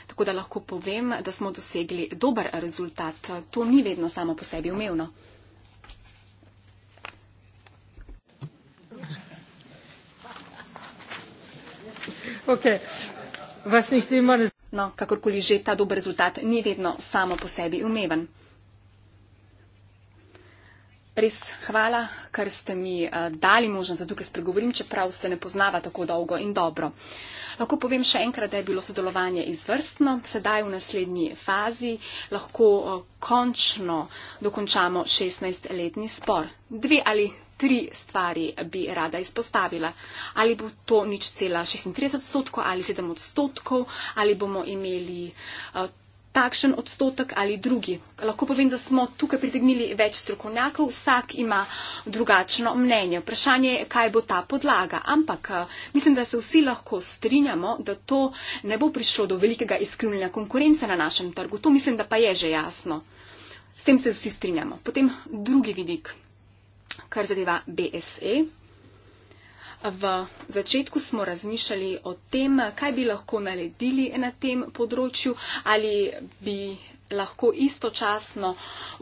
Tako da lahko povem, da smo dosegli dober rezultat. To ni vedno samo po sebi umevno. Okay. Was nicht immer ist. No, kakorkoli že, ta dober rezultat ni vedno samo po sebi umeven. Res hvala, ker ste mi eh, dali možnost, da tukaj spregovorim, čeprav se ne poznava tako dolgo in dobro. Lahko povem še enkrat, da je bilo sodelovanje izvrstno. Sedaj v naslednji fazi lahko eh, končno dokončamo 16-letni spor. Dve ali tri stvari bi rada izpostavila. Ali bo to nič cela 36 odstotkov ali 7 odstotkov, ali bomo imeli eh, takšen odstotek ali drugi. Lahko povem, da smo tukaj pritegnili več strokovnjakov, vsak ima drugačno mnenje. Vprašanje je, kaj bo ta podlaga. Ampak eh, mislim, da se vsi lahko strinjamo, da to ne bo prišlo do velikega izkrivljanja konkurence na našem trgu. To mislim, da pa je že jasno. S tem se vsi strinjamo. Potem drugi vidik kar zadeva BSE. V začetku smo razmišljali o tem, kaj bi lahko naredili na tem področju, ali bi lahko istočasno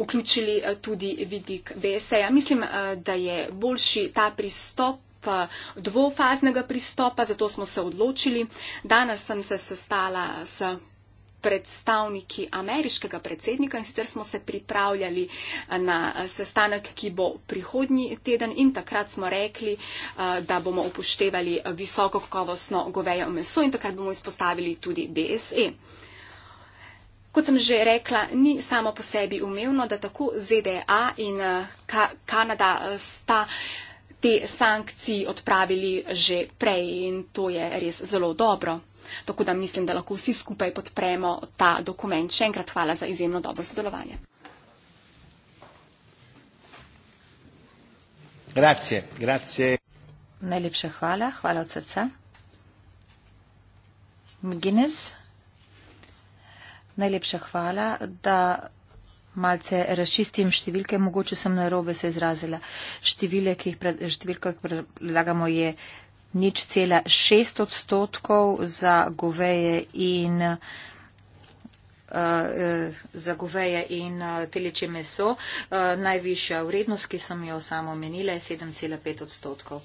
vključili eh, tudi vidik BSE-ja. Mislim, eh, da je boljši ta pristop eh, dvofaznega pristopa, zato smo se odločili. Danes sem se sestala s predstavniki ameriškega predsednika in sicer smo se pripravljali eh, na eh, sestanek, ki bo prihodnji teden in takrat smo rekli, eh, da bomo upoštevali visoko kakovostno govejo meso in takrat bomo izpostavili tudi BSE. Kot sem že rekla, ni samo po sebi umevno, da tako ZDA in Kanada sta te sankcije odpravili že prej in to je res zelo dobro. Tako da mislim, da lahko vsi skupaj podpremo ta dokument. Še enkrat hvala za izjemno dobro sodelovanje. Grazie, grazie. Najlepša hvala, hvala od srca. Guinness, najlepša hvala, da malce razčistim številke, mogoče sem narobe se izrazila. Število, ki jih predlagamo, je nič cela šest odstotkov za goveje in, uh, za goveje in uh, teleče meso. Uh, najvišja vrednost, ki sem jo samo omenila, je 7,5 odstotkov.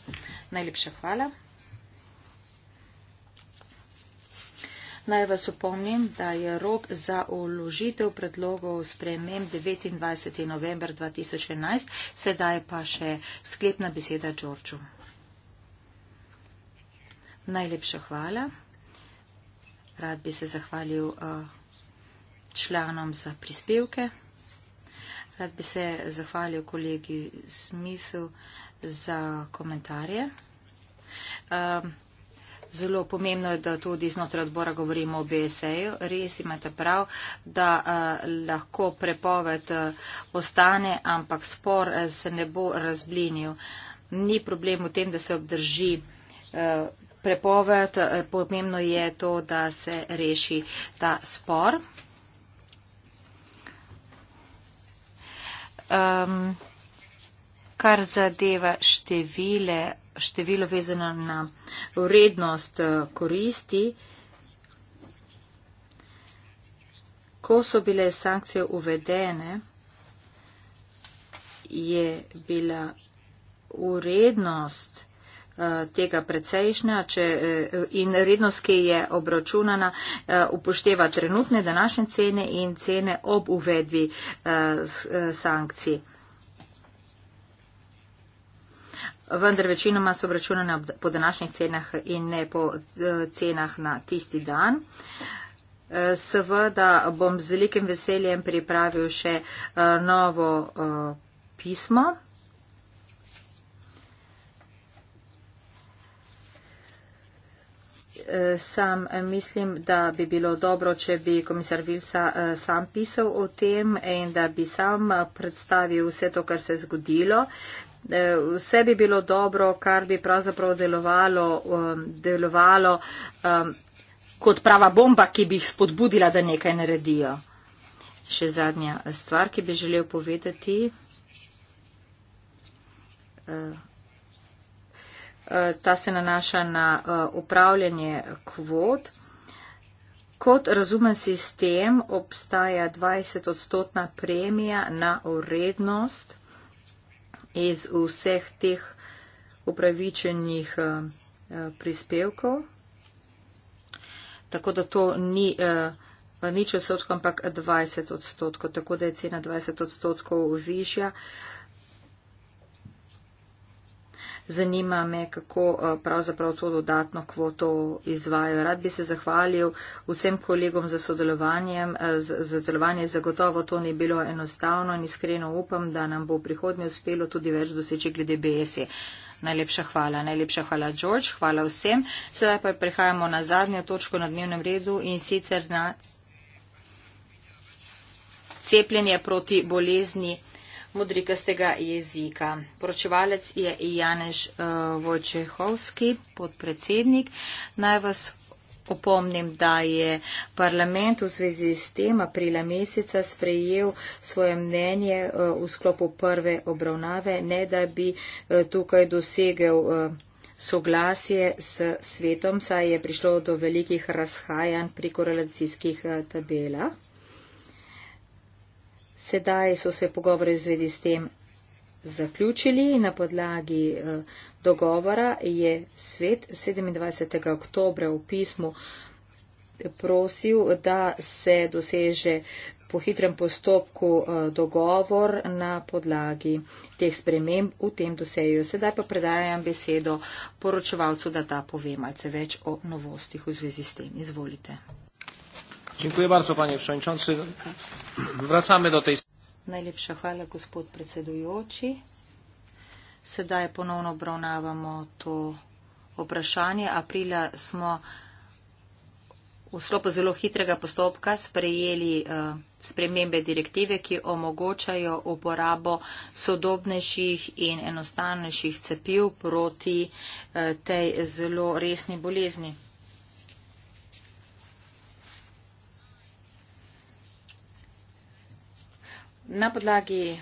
Najlepša hvala. Naj vas opomnim, da je rok za uložitev predlogov spremem 29. november 2011, sedaj pa še sklepna beseda Đorču. Najlepša hvala. Rad bi se zahvalil eh, članom za prispevke. Rad bi se zahvalil kolegi Smithu za komentarje. Ehm, zelo pomembno je, da tudi znotraj odbora govorimo o BSE-ju. Res imate prav, da eh, lahko prepoved eh, ostane, ampak spor se ne bo razblinil. Ni problem v tem, da se obdrži prepoved, eh, pomembno je to, da se reši ta spor. Um, kar zadeva števile, število vezano na vrednost eh, koristi, ko so bile sankcije uvedene, je bila vrednost Eh, tega precejšnja če, eh, in vrednost, ki je obračunana, eh, upošteva trenutne današnje cene in cene ob uvedbi sankcij. Vendar večinoma so obračunane po današnjih cenah in ne po cenah na tisti dan. Seveda bom z velikim veseljem pripravil še novo pismo. Eh, sam eh, mislim, da bi bilo dobro, če bi komisar Vilsa eh, sam pisal o tem in da bi sam predstavil vse to, kar se je zgodilo. Vse bi bilo dobro, kar bi pravzaprav delovalo, delovalo kot prava bomba, ki bi jih spodbudila, da nekaj naredijo. Še zadnja stvar, ki bi želel povedati. Uh ta se nanaša na eh, upravljanje kvot. Kot razumen sistem obstaja 20 odstotna premija na urednost iz vseh teh upravičenih eh, eh, prispevkov. Tako da to ni nič odstotkov, ampak 20 odstotkov. Tako da je cena 20 odstotkov višja. Zanima me, kako eh, pravzaprav to dodatno kvoto izvajo. Rad bi se zahvalil vsem kolegom za sodelovanje. Eh, Zadelovanje zagotovo to ni bilo enostavno in iskreno upam, da nam bo v prihodnje uspelo tudi več doseči glede BSE. Najlepša hvala. Najlepša hvala, George. Hvala vsem. Sedaj pa prehajamo na zadnjo točko na dnevnem redu in sicer na cepljenje proti bolezni modrikastega jezika. Poročevalec je Janež uh, eh, Vojčehovski, podpredsednik. Naj vas opomnim, da je parlament v zvezi s tem aprila meseca sprejel svoje mnenje uh, v sklopu prve obravnave, ne da bi uh, tukaj dosegel. Uh, Soglasje s svetom, saj je prišlo do velikih razhajanj pri korelacijskih tabelah. Sedaj so se pogovori v zvedi s tem zaključili in na podlagi eh, dogovora je svet 27. oktobra v pismu prosil, da se doseže po hitrem postopku eh, dogovor na podlagi teh sprememb v tem doseju. Sedaj pa predajam besedo poročevalcu, da ta pove malce več o novostih v zvezi s tem. Izvolite. Dziękuję bardzo, panie przewodniczący. Wracamy do tej. Najlepsza chwała, gospod predsedujoči. Sedaj ponovno obravnavamo to vprašanje. Aprila smo v sklopu zelo hitrega postopka sprejeli uh, spremembe direktive, ki omogočajo uporabo sodobnejših in enostavnejših cepiv proti uh, tej zelo resni bolezni. Na podlagi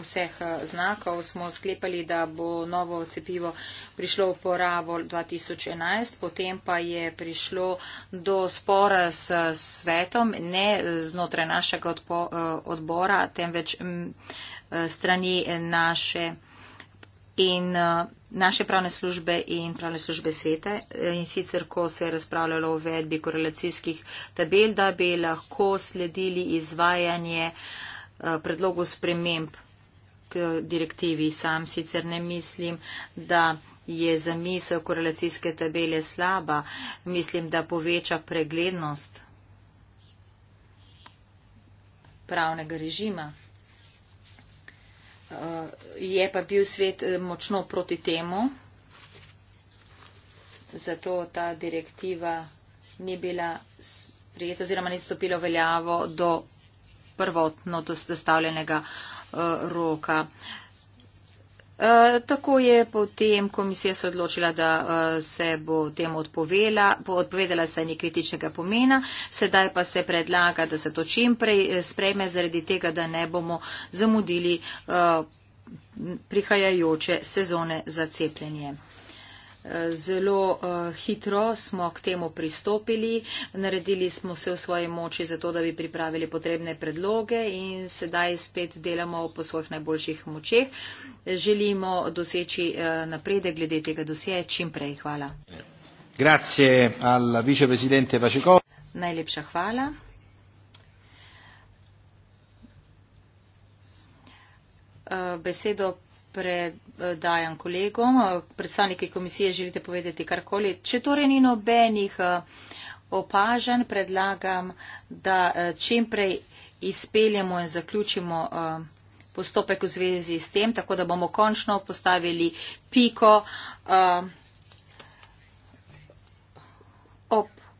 vseh eh, znakov smo sklepali, da bo novo cepivo prišlo v porabo 2011, potem pa je prišlo do spora s svetom, ne znotraj našega eh, odbora, temveč eh, strani naše in naše pravne službe in pravne službe svete in sicer, ko se je razpravljalo o vedbi korelacijskih tabel, da bi lahko sledili izvajanje uh, Eh, predlogu sprememb k direktivi. Sam sicer ne mislim, da je zamisel korelacijske tabele slaba. Mislim, da poveča preglednost pravnega režima. Eh, je pa bil svet eh, močno proti temu, zato ta direktiva ni bila prijeta oziroma ni stopila veljavo do prvotno dostavljenega eh, roka. E, tako je potem komisija se odločila, da eh, se bo tem odpovela, bo odpovedala se ni kritičnega pomena, sedaj pa se predlaga, da se to čim prej sprejme, zaradi tega, da ne bomo zamudili prihajajoče sezone za cepljenje. Zelo eh, hitro smo k temu pristopili, naredili smo vse v svoji moči za to, da bi pripravili potrebne predloge in sedaj spet delamo po svojih najboljših močeh. Želimo doseči eh, napredek glede tega dosje čim prej. Hvala. Najlepša hvala. Eh, besedo pred dajam kolegom. Predstavniki komisije želite povedati karkoli. Če torej ni nobenih eh, opažen, predlagam, da eh, čim prej izpeljemo in zaključimo eh, postopek v zvezi s tem, tako da bomo končno postavili piko. Uh,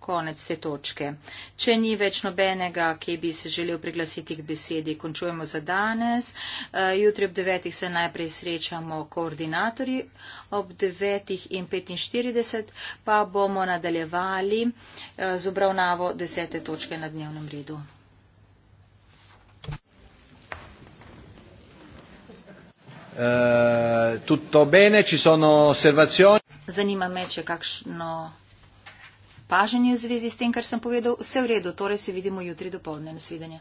konec te točke. Če ni več nobenega, ki bi se želel priglasiti k besedi, končujemo za danes. Eh, jutri ob 9. se najprej srečamo koordinatorji, ob 9.45 pa bomo nadaljevali eh, z obravnavo 10. točke na dnevnem redu. Uh, tutto bene, ci sono osservazioni. Zanima me, če kakšno paženje v zvezi s tem, kar sem povedal. Vse v redu, torej se vidimo jutri do povdne. Nasvidenje.